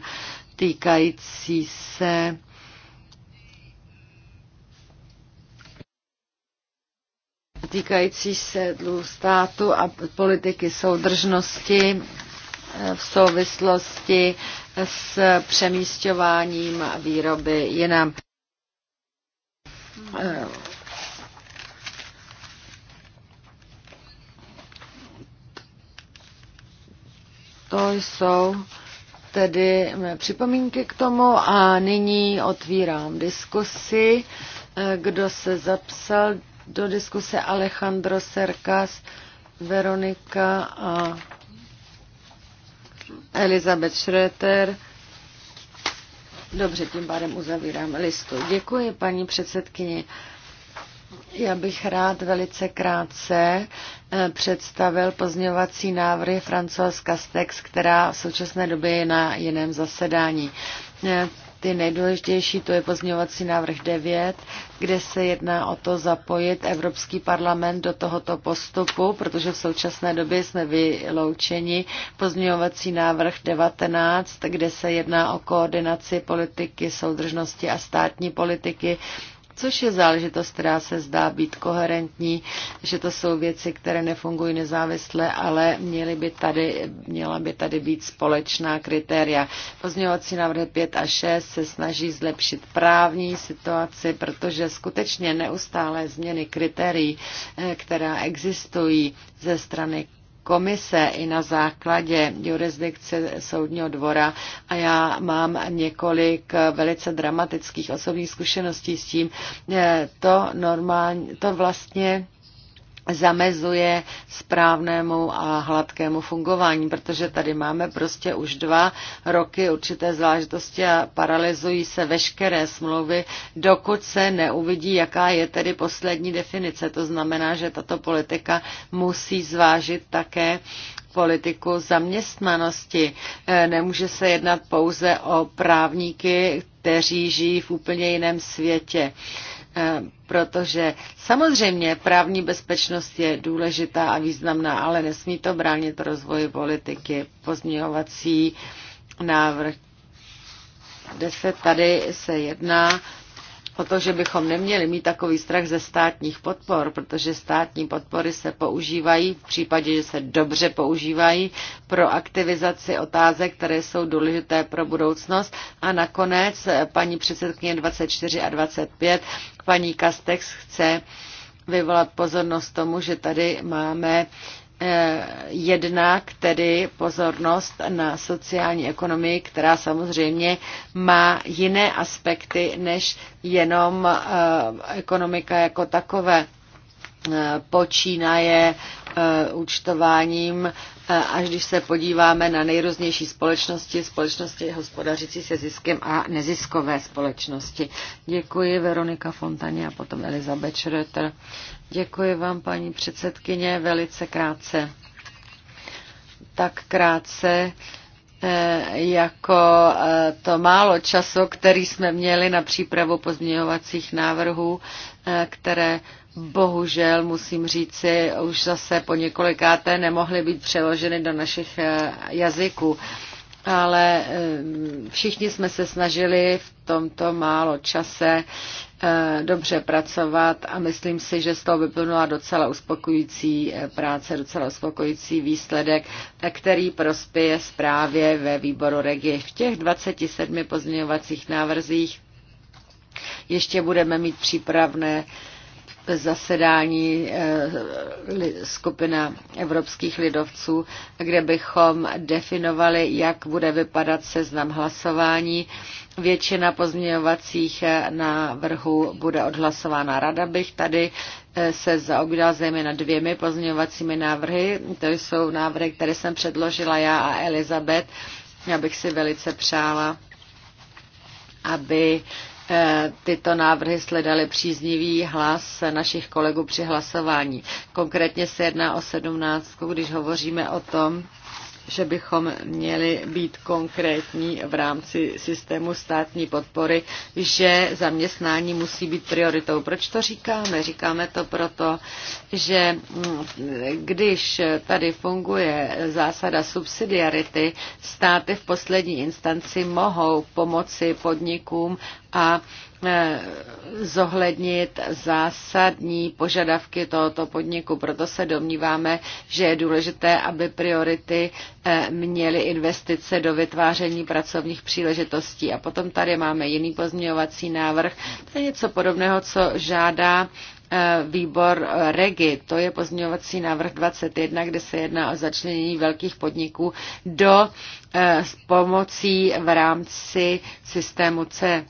týkající se týkající se dluhu státu a politiky soudržnosti eh, v souvislosti s přemístěváním výroby jinam. Eh, to jsou tedy mé připomínky k tomu a nyní otvírám diskusi. Eh, kdo se zapsal do diskuse? Alejandro Serkas, Veronika a Elizabeth Schröter. Dobře, tím pádem uzavírám listu. Děkuji, paní předsedkyně. Já bych rád velice krátce eh, představil pozměňovací návrhy Francois Castex, která v současné době je na jiném zasedání. Eh, ty nejdůležitější, to je pozměňovací návrh 9, kde se jedná o to zapojit Evropský parlament do tohoto postupu, protože v současné době jsme vyloučeni. Pozměňovací návrh 19, kde se jedná o koordinaci politiky soudržnosti a státní politiky což je záležitost, která se zdá být koherentní, že to jsou věci, které nefungují nezávisle, ale měly by tady, měla by tady být společná kritéria. Pozměňovací návrhy 5 a 6 se snaží zlepšit právní situaci, protože skutečně neustále změny kritérií, eh, která existují ze strany komise i na základě jurisdikce soudního dvora a já mám několik velice dramatických osobních zkušeností s tím. Eh, to normálně, to vlastně zamezuje správnému a hladkému fungování, protože tady máme prostě už dva roky určité zvláštnosti a paralyzují se veškeré smlouvy, dokud se neuvidí, jaká je tedy poslední definice. To znamená, že tato politika musí zvážit také politiku zaměstnanosti. E, nemůže se jednat pouze o právníky, kteří žijí v úplně jiném světě. Eh, protože samozřejmě právní bezpečnost je důležitá a významná, ale nesmí to bránit rozvoji politiky. Pozměňovací návrh 10 tady se jedná o to, že bychom neměli mít takový strach ze státních podpor, protože státní podpory se používají, v případě, že se dobře používají, pro aktivizaci otázek, které jsou důležité pro budoucnost. A nakonec eh, paní předsedkyně 24 a 25, paní Kastex chce vyvolat pozornost tomu, že tady máme jednak tedy pozornost na sociální ekonomii, která samozřejmě má jiné aspekty než jenom eh, ekonomika jako takové. Eh, počínaje eh, účtováním až když se podíváme na nejrůznější společnosti, společnosti hospodařící se ziskem a neziskové společnosti. Děkuji Veronika Fontaně a potom Elizabeth Schröter. Děkuji vám, paní předsedkyně, velice krátce. Tak krátce, eh, jako eh, to málo času, který jsme měli na přípravu pozměňovacích návrhů, eh, které bohužel musím říci, už zase po několikáté nemohly být přeloženy do našich eh, jazyků. Ale eh, všichni jsme se snažili v tomto málo čase eh, dobře pracovat a myslím si, že z toho vyplnula docela uspokojující práce, docela uspokojující výsledek, který prospěje zprávě ve výboru regie. V těch 27 pozměňovacích návrzích ještě budeme mít přípravné zasedání eh, skupina evropských lidovců, kde bychom definovali, jak bude vypadat seznam hlasování. Většina pozměňovacích eh, návrhů bude odhlasována. Rada bych tady eh, se zaobírala zejména dvěmi pozměňovacími návrhy. To jsou návrhy, které jsem předložila já a Elizabeth. Já bych si velice přála, aby Eh, tyto návrhy sledaly příznivý hlas našich kolegů při hlasování. Konkrétně se jedná o sedmnáctku, když hovoříme o tom, že bychom měli být konkrétní v rámci systému státní podpory, že zaměstnání musí být prioritou. Proč to říkáme? Říkáme to proto, že mm, když tady funguje zásada subsidiarity, státy v poslední instanci mohou pomoci podnikům a Eh, zohlednit zásadní požadavky tohoto podniku. Proto se domníváme, že je důležité, aby priority eh, měly investice do vytváření pracovních příležitostí. A potom tady máme jiný pozměňovací návrh. To je něco podobného, co žádá eh, výbor REGI. To je pozměňovací návrh 21, kde se jedná o začlenění velkých podniků do s pomocí v rámci systému C.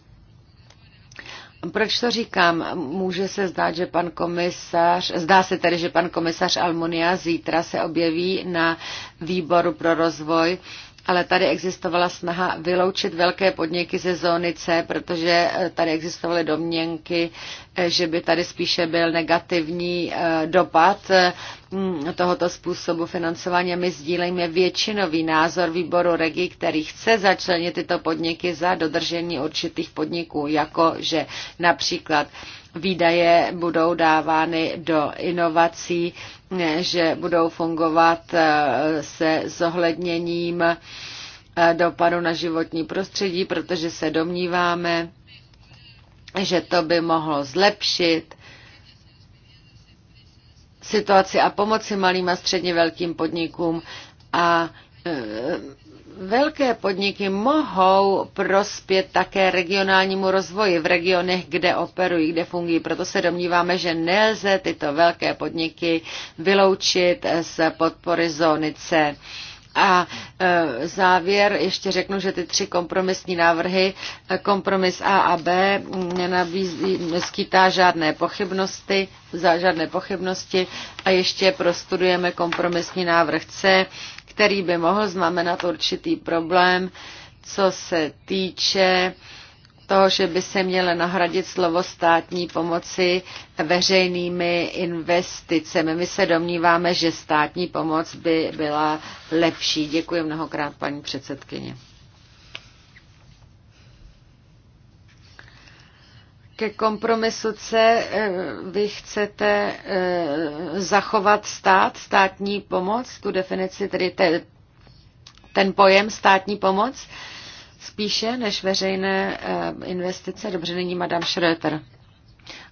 Proč to říkám? Může se zdát, že pan komisař, zdá se tedy, že pan komisař Almunia zítra se objeví na výboru pro rozvoj ale tady existovala snaha vyloučit velké podniky ze zóny C, protože eh, tady existovaly domněnky, eh, že by tady spíše byl negativní eh, dopad mm, tohoto způsobu financování. My sdílejme většinový názor výboru regi, který chce začlenit tyto podniky za dodržení určitých podniků, jako že například výdaje budou dávány do inovací, že budou fungovat eh, se zohledněním eh, dopadu na životní prostředí, protože se domníváme, že to by mohlo zlepšit situaci a pomoci malým a středně velkým podnikům a eh, Velké podniky mohou prospět také regionálnímu rozvoji v regionech, kde operují, kde fungují. Proto se domníváme, že nelze tyto velké podniky vyloučit z podpory zóny C. A e, závěr ještě řeknu, že ty tři kompromisní návrhy, e, kompromis A a B, mm, nenabízí, skýtá žádné pochybnosti, za žádné pochybnosti a ještě prostudujeme kompromisní návrh C, který by mohl znamenat určitý problém, co se týče toho, že by se mělo nahradit slovo státní pomoci veřejnými investicemi. My se domníváme, že státní pomoc by byla lepší. Děkuji mnohokrát, paní předsedkyně. Ke kompromisu C eh, vy chcete eh, zachovat stát, státní pomoc, tu definici, tedy te, ten pojem státní pomoc, spíše než veřejné eh, investice. Dobře, není Madame Schröter.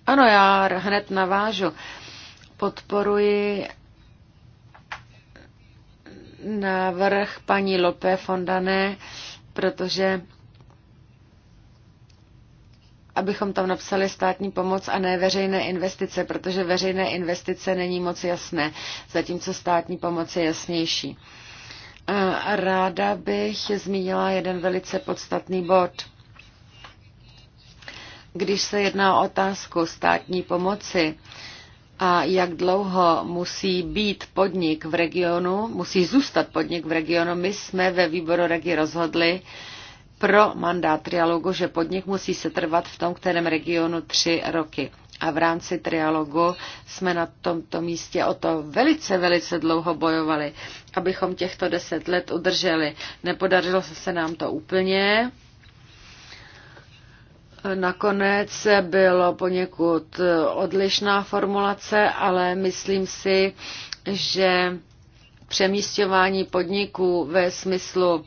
Ano, já hned navážu. Podporuji návrh paní Lope Fondané, protože abychom tam napsali státní pomoc a ne veřejné investice, protože veřejné investice není moc jasné, zatímco státní pomoc je jasnější. Ráda bych zmínila jeden velice podstatný bod. Když se jedná o otázku státní pomoci a jak dlouho musí být podnik v regionu, musí zůstat podnik v regionu, my jsme ve výboru regi rozhodli, pro mandát trialogu, že podnik musí se trvat v tom kterém regionu tři roky. A v rámci trialogu jsme na tomto místě o to velice, velice dlouho bojovali, abychom těchto deset let udrželi. Nepodařilo se nám to úplně. Nakonec bylo poněkud odlišná formulace, ale myslím si, že přemístování podniků ve smyslu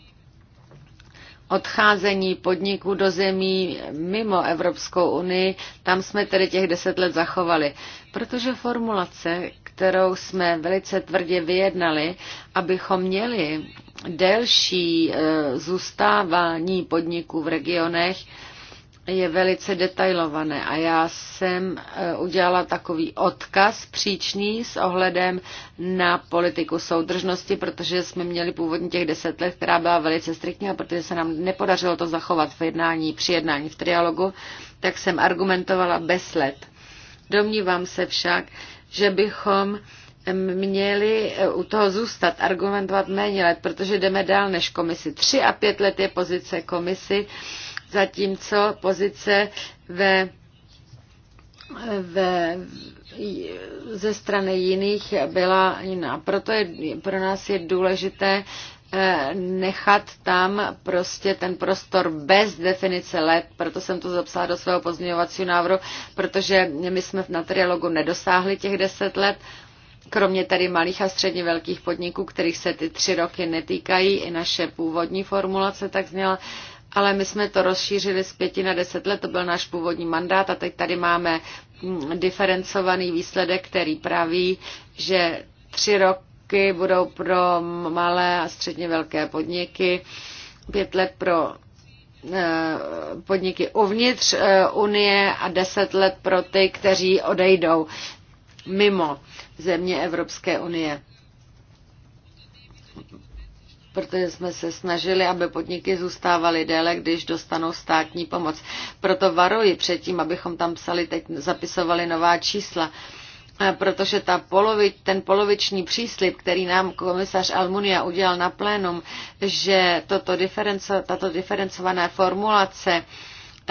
odcházení podniků do zemí mimo Evropskou unii, tam jsme tedy těch deset let zachovali. Protože formulace, kterou jsme velice tvrdě vyjednali, abychom měli delší e, zůstávání podniků v regionech, je velice detailované a já jsem eh, udělala takový odkaz příčný s ohledem na politiku soudržnosti, protože jsme měli původně těch deset let, která byla velice striktní a protože se nám nepodařilo to zachovat v jednání, při jednání v trialogu, tak jsem argumentovala bez let. Domnívám se však, že bychom eh, měli eh, u toho zůstat, argumentovat méně let, protože jdeme dál než komisi. Tři a pět let je pozice komisi zatímco pozice ve, ve, ze strany jiných byla jiná. Proto je, pro nás je důležité eh, nechat tam prostě ten prostor bez definice let, proto jsem to zapsala do svého pozměňovacího návrhu, protože my jsme na trialogu nedosáhli těch deset let, kromě tady malých a středně velkých podniků, kterých se ty tři roky netýkají, i naše původní formulace tak zněla, ale my jsme to rozšířili z pěti na deset let, to byl náš původní mandát a teď tady máme mm, diferencovaný výsledek, který praví, že tři roky budou pro malé a středně velké podniky, pět let pro eh, podniky uvnitř eh, Unie a deset let pro ty, kteří odejdou mimo země Evropské unie protože jsme se snažili, aby podniky zůstávaly déle, když dostanou státní pomoc. Proto varuji před tím, abychom tam psali, teď zapisovali nová čísla eh, protože ta polovi, ten poloviční příslip, který nám komisař Almunia udělal na plénum, že toto diferenco, tato diferencovaná formulace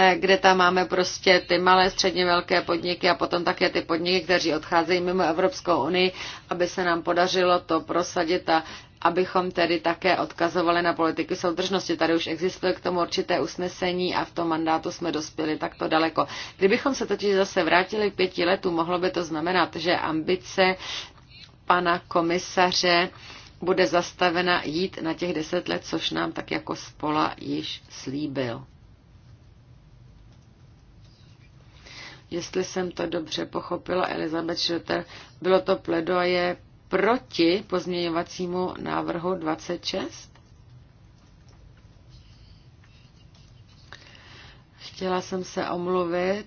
Eh, kde tam máme prostě ty malé, středně velké podniky a potom také ty podniky, kteří odcházejí mimo Evropskou unii, aby se nám podařilo to prosadit a abychom tedy také odkazovali na politiky soudržnosti. Tady už existuje k tomu určité usnesení a v tom mandátu jsme dospěli takto daleko. Kdybychom se totiž zase vrátili k pěti letům, mohlo by to znamenat, že ambice pana komisaře bude zastavena jít na těch deset let, což nám tak jako spola již slíbil. jestli jsem to dobře pochopila, Elizabeth Schroeter, bylo to pledoje proti pozměňovacímu návrhu 26? Chtěla jsem se omluvit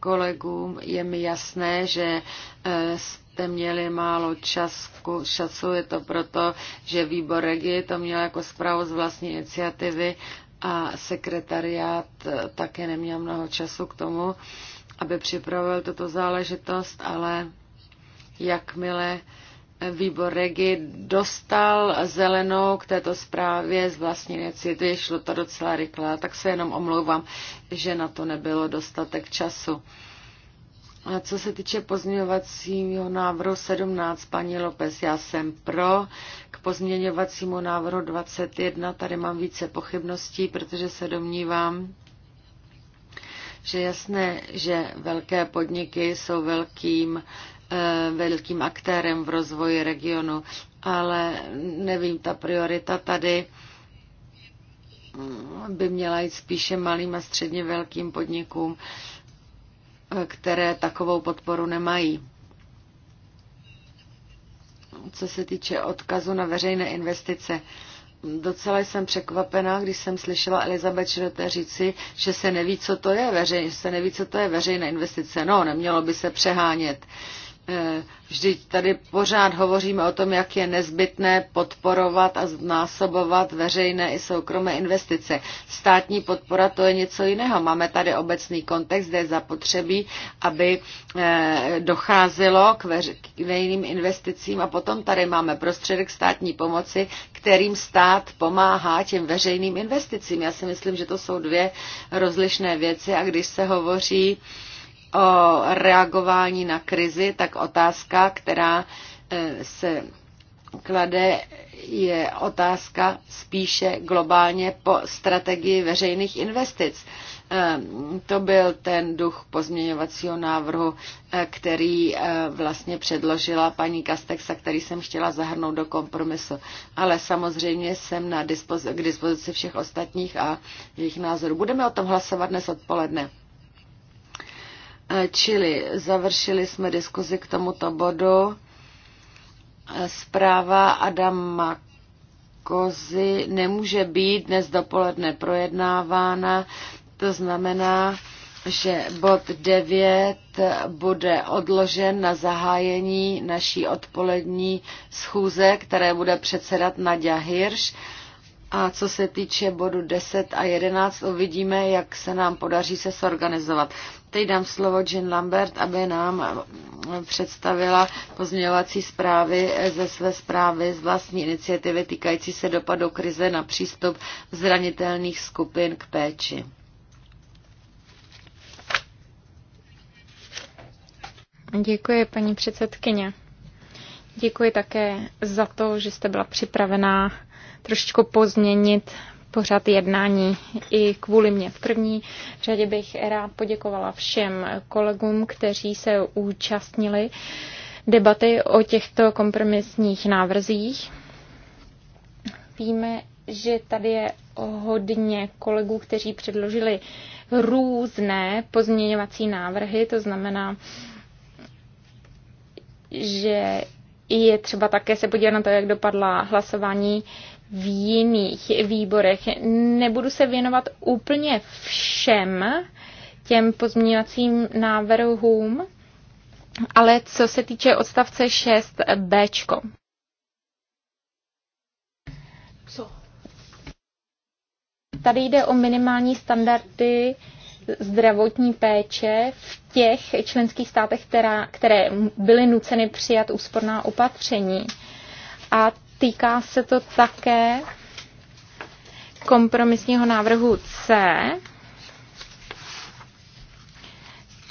kolegům. Je mi jasné, že eh, jste měli málo času. času. Je to proto, že výbor Regi to měl jako zprávu z vlastní iniciativy a sekretariát eh, také neměl mnoho času k tomu, aby připravil tuto záležitost, ale jakmile výbor Regi dostal zelenou k této zprávě z vlastní iniciativy, šlo to docela rychle, tak se jenom omlouvám, že na to nebylo dostatek času. A co se týče pozměňovacího návrhu 17, paní Lopez, já jsem pro. K pozměňovacímu návrhu 21 tady mám více pochybností, protože se domnívám, že jasné, že velké podniky jsou velkým, eh, velkým aktérem v rozvoji regionu, ale nevím, ta priorita tady mm, by měla jít spíše malým a středně velkým podnikům, eh, které takovou podporu nemají. Co se týče odkazu na veřejné investice, docela jsem překvapená, když jsem slyšela Elizabeth Schroeter říci, že se neví, co to je veřejné, se neví, co to je veřejná investice. No, nemělo by se přehánět. Uh, Eh, vždyť tady pořád hovoříme o tom, jak je nezbytné podporovat a znásobovat veřejné i soukromé investice. Státní podpora to je něco jiného. Máme tady obecný kontext, kde je zapotřebí, aby eh, docházelo k veřejným investicím a potom tady máme prostředek státní pomoci, kterým stát pomáhá těm veřejným investicím. Já si myslím, že to jsou dvě rozlišné věci a když se hovoří, o reagování na krizi, tak otázka, která eh, se klade, je otázka spíše globálně po strategii veřejných investic. Eh, to byl ten duch pozměňovacího návrhu, eh, který vlastně předložila paní Kastexa, který jsem chtěla zahrnout do kompromisu. Ale samozřejmě jsem na dispozici, k dispozici všech ostatních a jejich názorů. Budeme o tom hlasovat dnes odpoledne. Čili završili jsme diskuzi k tomuto bodu. Zpráva Adama Kozy nemůže být dnes dopoledne projednávána, to znamená, že bod 9 bude odložen na zahájení naší odpolední schůze, které bude předsedat Nadia Hirsch a co se týče bodu 10 a 11, uvidíme, jak se nám podaří se sorganizovat. Teď dám slovo Jean Lambert, aby nám představila pozměňovací zprávy ze své zprávy z vlastní iniciativy týkající se dopadu krize na přístup zranitelných skupin k péči. Děkuji, paní předsedkyně. Děkuji také za to, že jste byla připravená trošičku pozměnit pořad jednání i kvůli mě. V první řadě bych rád poděkovala všem kolegům, kteří se účastnili debaty o těchto kompromisních návrzích. Víme, že tady je hodně kolegů, kteří předložili různé pozměňovací návrhy, to znamená, že je třeba také se podívat na to, jak dopadla hlasování v jiných výborech. Nebudu se věnovat úplně všem těm pozměňovacím návrhům, ale co se týče odstavce 6b. Tady jde o minimální standardy zdravotní péče v těch členských státech, která, které byly nuceny přijat úsporná opatření. A Týká se to také kompromisního návrhu C.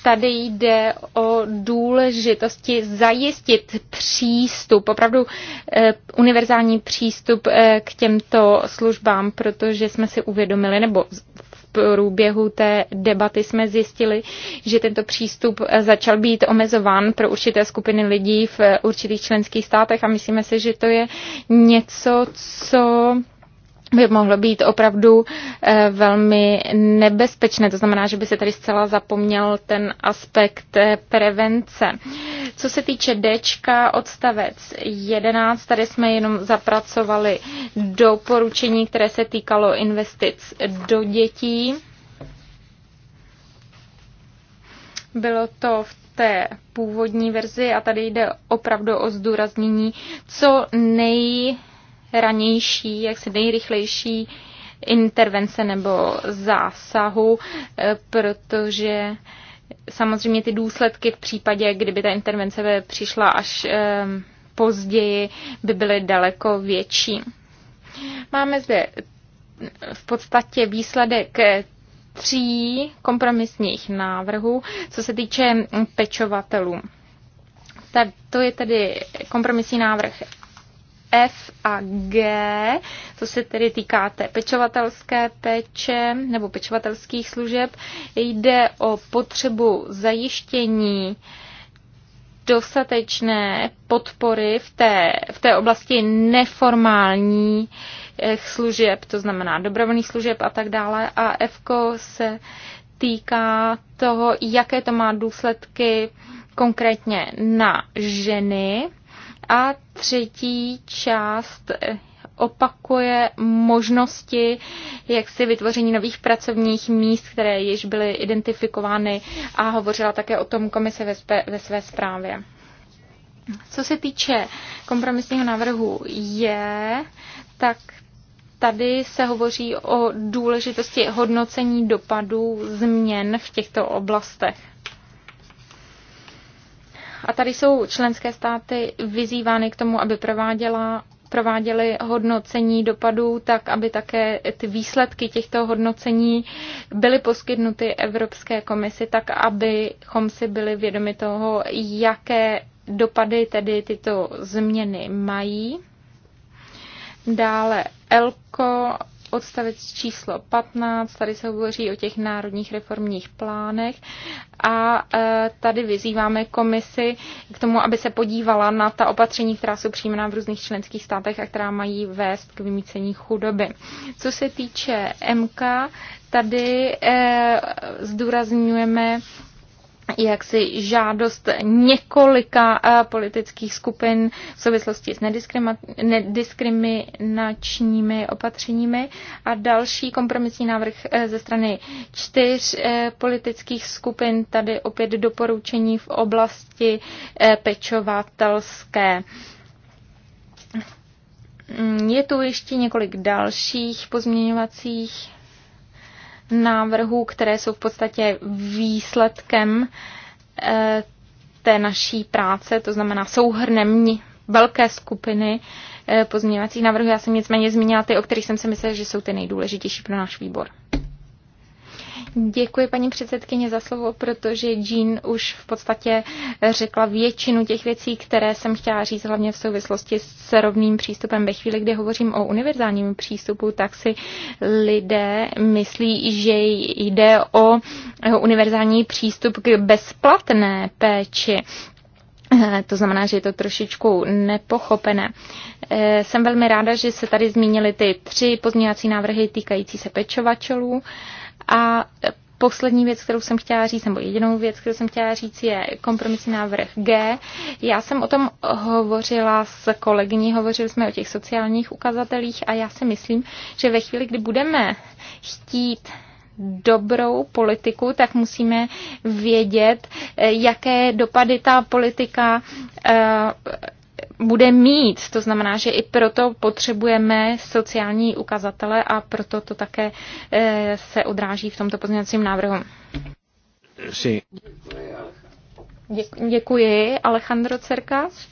Tady jde o důležitosti zajistit přístup, opravdu eh, univerzální přístup eh, k těmto službám, protože jsme si uvědomili, nebo průběhu té debaty jsme zjistili, že tento přístup eh, začal být omezován pro určité skupiny lidí v eh, určitých členských státech a myslíme si, že to je něco, co by mohlo být opravdu eh, velmi nebezpečné. To znamená, že by se tady zcela zapomněl ten aspekt eh, prevence. Co se týče D, odstavec 11, tady jsme jenom zapracovali doporučení, které se týkalo investic do dětí. Bylo to v té původní verzi a tady jde opravdu o zdůraznění co nej nejranější, jak se nejrychlejší intervence nebo zásahu, eh, protože samozřejmě ty důsledky v případě, kdyby ta intervence přišla až ehm, později, by byly daleko větší. Máme zde v podstatě výsledek eh, tří kompromisních návrhů, co se týče pečovatelů. Tak to je tedy kompromisní návrh F a G, co se tedy týká té pečovatelské péče nebo pečovatelských služeb, jde o potřebu zajištění dostatečné podpory v té, v té oblasti neformální služeb, to znamená dobrovolných služeb a tak dále. A F se týká toho, jaké to má důsledky konkrétně na ženy a třetí část opakuje možnosti jak si vytvoření nových pracovních míst, které již byly identifikovány a hovořila také o tom komise ve, spe, ve své zprávě. Co se týče kompromisního návrhu je, tak tady se hovoří o důležitosti hodnocení dopadů změn v těchto oblastech a tady jsou členské státy vyzývány k tomu, aby prováděla prováděli hodnocení dopadů tak, aby také ty výsledky těchto hodnocení byly poskytnuty Evropské komisi, tak abychom si byli vědomi toho, jaké dopady tedy tyto změny mají. Dále ELKO odstavec číslo 15, tady se hovoří o těch národních reformních plánech a e, tady vyzýváme komisi k tomu, aby se podívala na ta opatření, která jsou přijímána v různých členských státech a která mají vést k vymícení chudoby. Co se týče MK, tady e, zdůrazňujeme jaksi žádost několika eh, politických skupin v souvislosti s nediskriminačními opatřeními a další kompromisní návrh eh, ze strany čtyř eh, politických skupin, tady opět doporučení v oblasti pečovatelské. Mm, je tu ještě několik dalších pozměňovacích návrhů, které jsou v podstatě výsledkem eh, té naší práce, to znamená souhrnem velké skupiny eh, pozměňovacích návrhů. Já jsem nicméně zmínila ty, o kterých jsem si myslela, že jsou ty nejdůležitější pro náš výbor. Děkuji paní předsedkyně za slovo, protože Jean už v podstatě řekla většinu těch věcí, které jsem chtěla říct, hlavně v souvislosti s rovným přístupem. Ve chvíli, kdy hovořím o univerzálním přístupu, tak si lidé myslí, že jde o univerzální přístup k bezplatné péči. To znamená, že je to trošičku nepochopené. Jsem velmi ráda, že se tady zmínily ty tři pozměňovací návrhy týkající se pečovačelů. A poslední věc, kterou jsem chtěla říct, nebo jedinou věc, kterou jsem chtěla říct, je kompromisní návrh G. Já jsem o tom hovořila s kolegyní, hovořili jsme o těch sociálních ukazatelích a já si myslím, že ve chvíli, kdy budeme chtít dobrou politiku, tak musíme vědět, eh, jaké dopady ta politika eh, bude mít. To znamená, že i proto potřebujeme sociální ukazatele a proto to také eh, se odráží v tomto pozměňovacím návrhu. Sí. Děkuji, Alejandro Cerkas.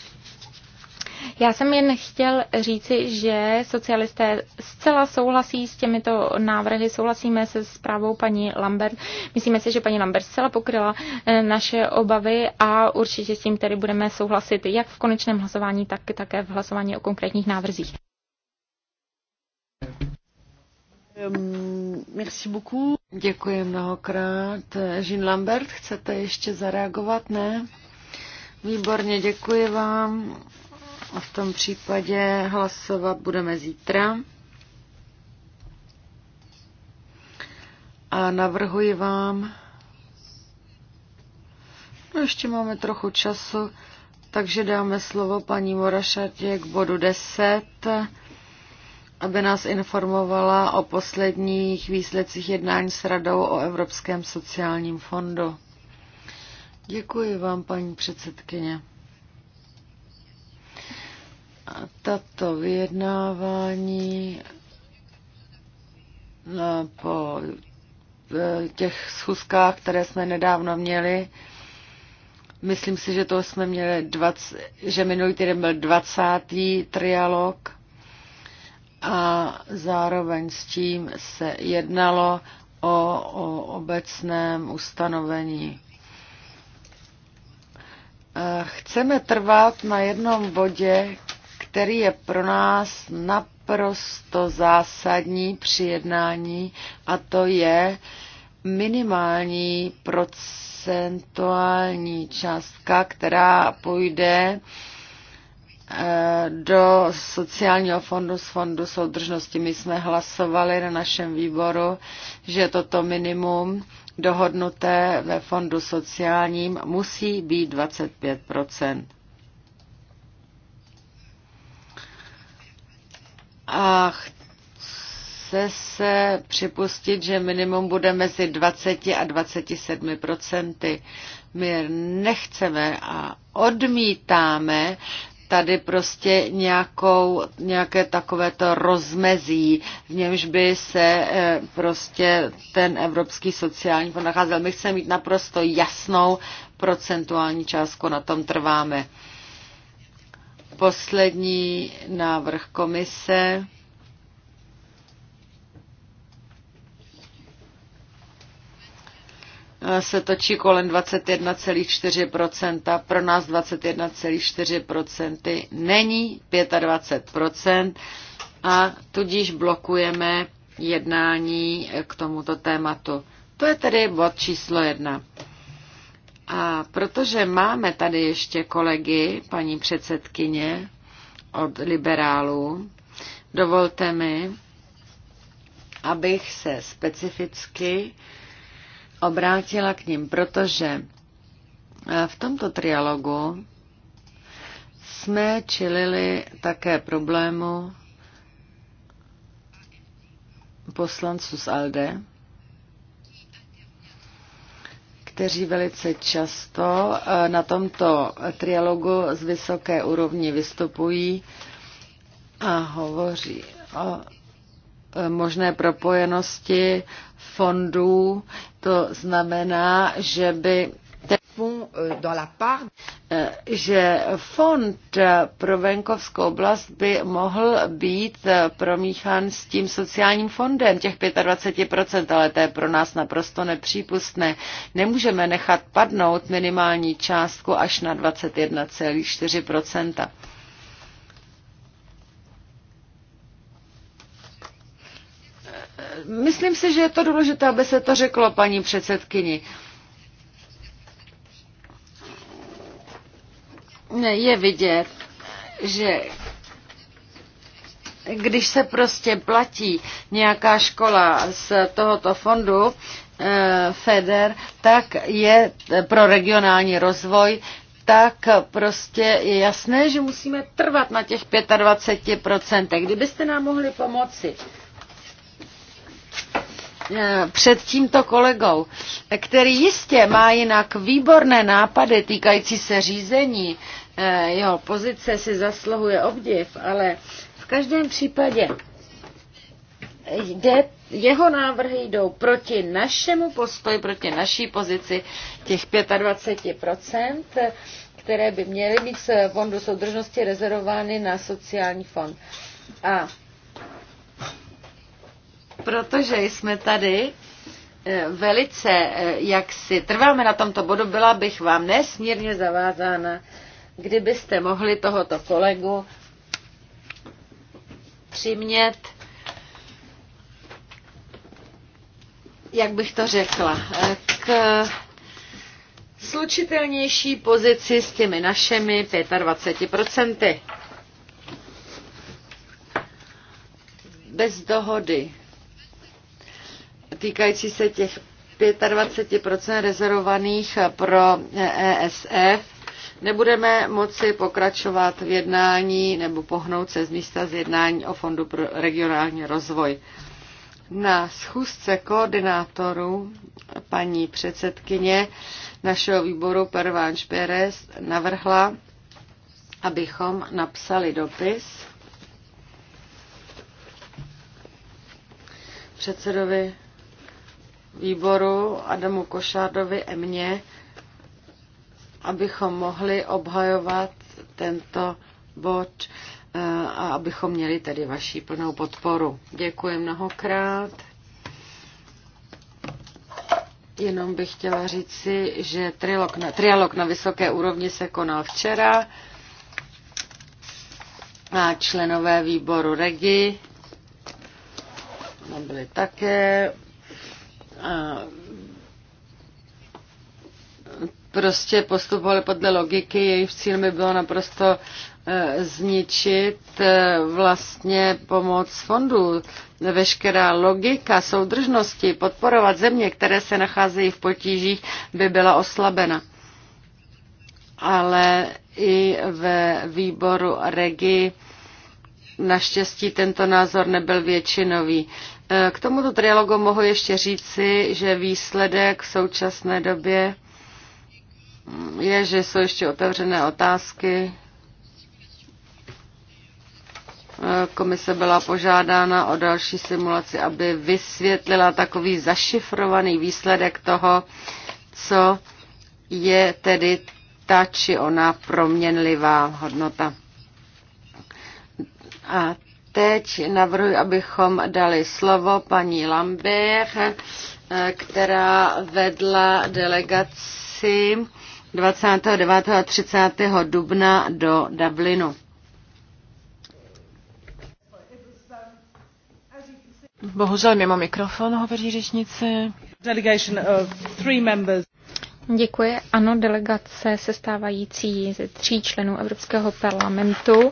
Já jsem jen chtěl říci, že socialisté zcela souhlasí s těmito návrhy, souhlasíme se zprávou paní Lambert. Myslíme si, že paní Lambert zcela pokryla eh, naše obavy a určitě s tím tedy budeme souhlasit jak v konečném hlasování, tak také v hlasování o konkrétních návrzích. Merci beaucoup. Děkuji mnohokrát. Jean Lambert, chcete ještě zareagovat? Ne? Výborně, děkuji vám. A v tom případě hlasovat budeme zítra. A navrhuji vám, no ještě máme trochu času, takže dáme slovo paní Morašatě k bodu 10, aby nás informovala o posledních výsledcích jednání s Radou o Evropském sociálním fondu. Děkuji vám, paní předsedkyně tato vyjednávání no, po e, těch schůzkách, které jsme nedávno měli, myslím si, že to jsme měli 20, že minulý týden byl 20. trialog a zároveň s tím se jednalo o, o obecném ustanovení. E, chceme trvat na jednom bodě, který je pro nás naprosto zásadní při jednání, a to je minimální procentuální částka, která půjde eh, do sociálního fondu z fondu soudržnosti. My jsme hlasovali na našem výboru, že toto minimum dohodnuté ve fondu sociálním musí být 25 a chce se připustit, že minimum bude mezi 20 a 27 procenty. My nechceme a odmítáme tady prostě nějakou, nějaké takovéto rozmezí, v němž by se eh, prostě ten Evropský sociální fond nacházel. My chceme mít naprosto jasnou procentuální částku, na tom trváme. Poslední návrh komise. se točí kolem 21,4%, pro nás 21,4% není 25% a tudíž blokujeme jednání k tomuto tématu. To je tedy bod číslo jedna. A protože máme tady ještě kolegy, paní předsedkyně od liberálů, dovolte mi, abych se specificky obrátila k ním, protože eh, v tomto trialogu jsme čelili také problému poslanců z ALDE, kteří velice často eh, na tomto trialogu z vysoké úrovni vystupují a hovoří o eh, možné propojenosti fondů. To znamená, že by Eh, eh, že fond eh, pro venkovskou oblast by mohl být promíchán s tím sociálním fondem, těch 25%, ale to je pro nás naprosto nepřípustné. Nemůžeme nechat padnout minimální částku až na 21,4%. Myslím si, že je to důležité, aby se to řeklo paní předsedkyni. Uh, je vidět, že když se prostě platí nějaká škola z tohoto fondu, eh, FEDER, tak je pro regionální rozvoj, tak prostě je jasné, že musíme trvat na těch 25%. Kdybyste nám mohli pomoci Eh, před tímto kolegou, který jistě má jinak výborné nápady týkající se řízení, eh, jeho pozice si zasluhuje obdiv, ale v každém případě jde, jeho návrhy jdou proti našemu postoji, proti naší pozici těch 25%, které by měly být z fondu soudržnosti rezervovány na sociální fond. A protože jsme tady eh, velice, eh, jak si trváme na tomto bodu, byla bych vám nesmírně zavázána, kdybyste mohli tohoto kolegu přimět, jak bych to řekla, eh, k slučitelnější pozici s těmi našemi 25%. Bez dohody týkající se těch 25% rezervovaných pro ESF, nebudeme moci pokračovat v jednání nebo pohnout se z místa z jednání o Fondu pro regionální rozvoj. Na schůzce koordinátorů paní předsedkyně našeho výboru Pervánč Pérez navrhla, abychom napsali dopis předsedovi výboru Adamu Košádovi a mně, abychom mohli obhajovat tento bod eh, a abychom měli tedy vaši plnou podporu. Děkuji mnohokrát. Jenom bych chtěla říci, že trilog na, trialog na vysoké úrovni se konal včera a členové výboru REGI byli také prostě postupovali podle logiky, jejich cílem by bylo naprosto e, zničit e, vlastně pomoc fondů. Veškerá logika soudržnosti podporovat země, které se nacházejí v potížích, by byla oslabena. Ale i ve výboru Regi naštěstí tento názor nebyl většinový. Eh, k tomuto trialogu mohu ještě říci, že výsledek v současné době mm, je, že jsou ještě otevřené otázky. Eh, komise byla požádána o další simulaci, aby vysvětlila takový zašifrovaný výsledek toho, co je tedy ta či ona proměnlivá hodnota. A teď navrhuji, abychom dali slovo paní Lambert, eh, která vedla delegaci 29. a 30. dubna do Dublinu. Bohužel mimo mikrofon hovoří řečnice. Delegation of three members. Děkuji. Ano, delegace sestávající ze tří členů Evropského parlamentu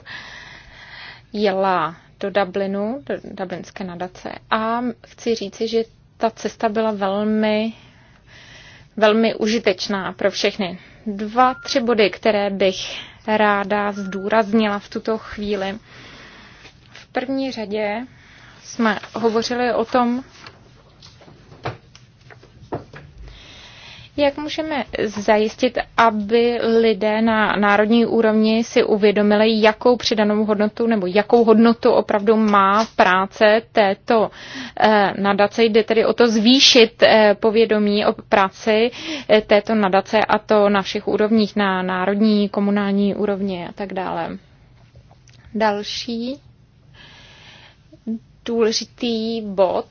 jela do Dublinu, do Dublinské nadace. A chci říci, že ta cesta byla velmi, velmi užitečná pro všechny. Dva, tři body, které bych ráda zdůraznila v tuto chvíli. V první řadě jsme hovořili o tom, Jak můžeme zajistit, aby lidé na národní úrovni si uvědomili, jakou přidanou hodnotu nebo jakou hodnotu opravdu má práce této eh, nadace? Jde tedy o to zvýšit eh, povědomí o práci eh, této nadace a to na všech úrovních, na národní, komunální úrovni a tak dále. Další důležitý bod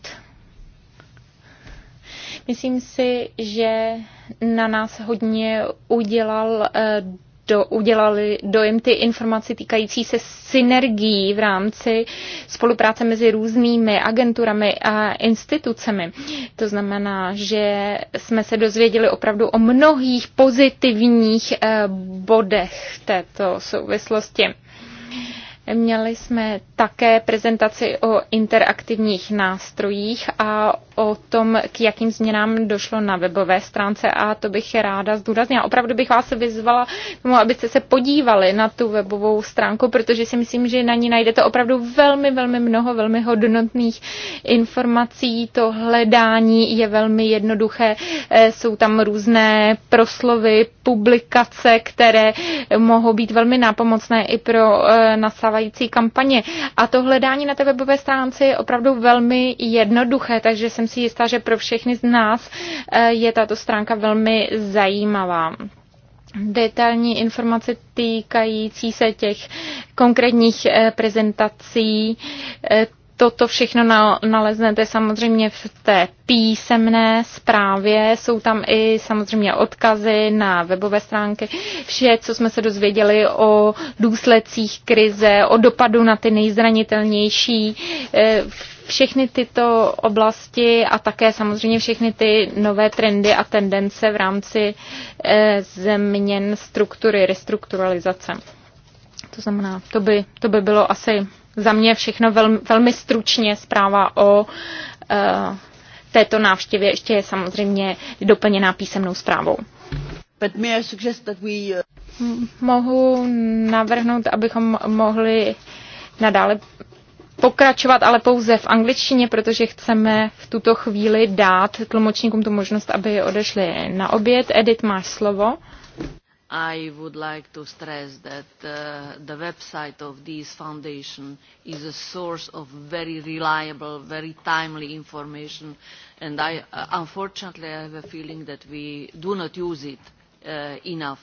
Myslím si, že na nás hodně udělal eh, do, udělali dojem ty informace týkající se synergií v rámci spolupráce mezi různými agenturami a institucemi. To znamená, že jsme se dozvěděli opravdu o mnohých pozitivních eh, bodech této souvislosti. Měli jsme také prezentaci o interaktivních nástrojích a o tom, k jakým změnám došlo na webové stránce a to bych ráda zdůraznila. Opravdu bych vás vyzvala tomu, abyste se podívali na tu webovou stránku, protože si myslím, že na ní najdete opravdu velmi, velmi mnoho velmi hodnotných informací. To hledání je velmi jednoduché. Eh, jsou tam různé proslovy, publikace, které mohou být velmi nápomocné i pro eh, nastávající kampaně. A to hledání na té webové stránce je opravdu velmi jednoduché, takže jsem jsem si jistá, že pro všechny z nás eh, je tato stránka velmi zajímavá detailní informace týkající se těch konkrétních eh, prezentací. Eh, toto všechno naleznete samozřejmě v té písemné zprávě. Jsou tam i samozřejmě odkazy na webové stránky. Vše, co jsme se dozvěděli o důsledcích krize, o dopadu na ty nejzranitelnější, všechny tyto oblasti a také samozřejmě všechny ty nové trendy a tendence v rámci eh, změn struktury, restrukturalizace. To znamená, to by, to by bylo asi za mě všechno velmi, velmi stručně zpráva o e, této návštěvě. Ještě je samozřejmě doplněná písemnou zprávou. Uh, mohu navrhnout, abychom mohli nadále pokračovat, ale pouze v angličtině, protože chceme v tuto chvíli dát tlumočníkům tu možnost, aby odešli na oběd. Edit, máš slovo. I would like to stress that uh, the website of this foundation is a source of very reliable, very timely information, and I, uh, unfortunately, I have a feeling that we do not use it uh, enough.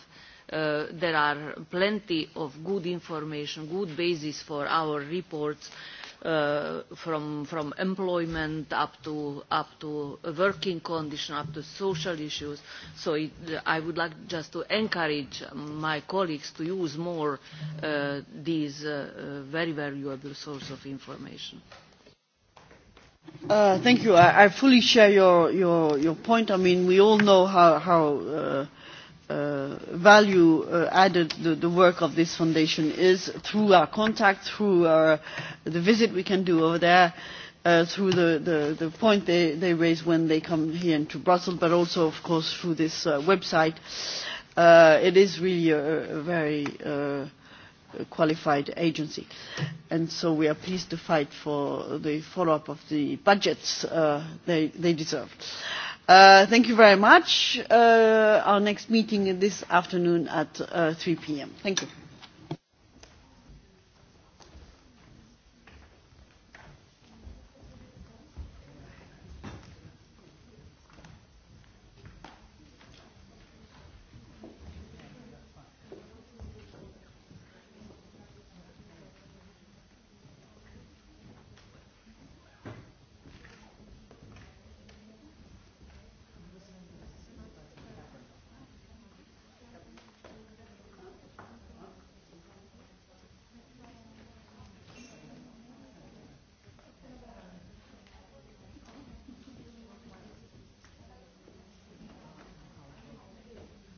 Uh, there are plenty of good information, good basis for our reports, uh, Uh, from, from employment up to, up to working condition, up to social issues. So it, I would like just to encourage my colleagues to use more uh, these uh, uh very valuable source of information. Uh, thank you. I, I fully share your, your, your point. I mean, we all know how, how uh, Uh, value uh, added the, the work of this foundation is through our contact, through our, the visit we can do over there, uh, through the, the, the point they, they raise when they come here into Brussels, but also, of course, through this uh, website. Uh, it is really a, a very uh, qualified agency. And so we are pleased to fight for the follow-up of the budgets uh, they, they deserve. Uh, Uh, thank you very much. Uh, our next meeting this afternoon at uh, 3 p.m. Thank you.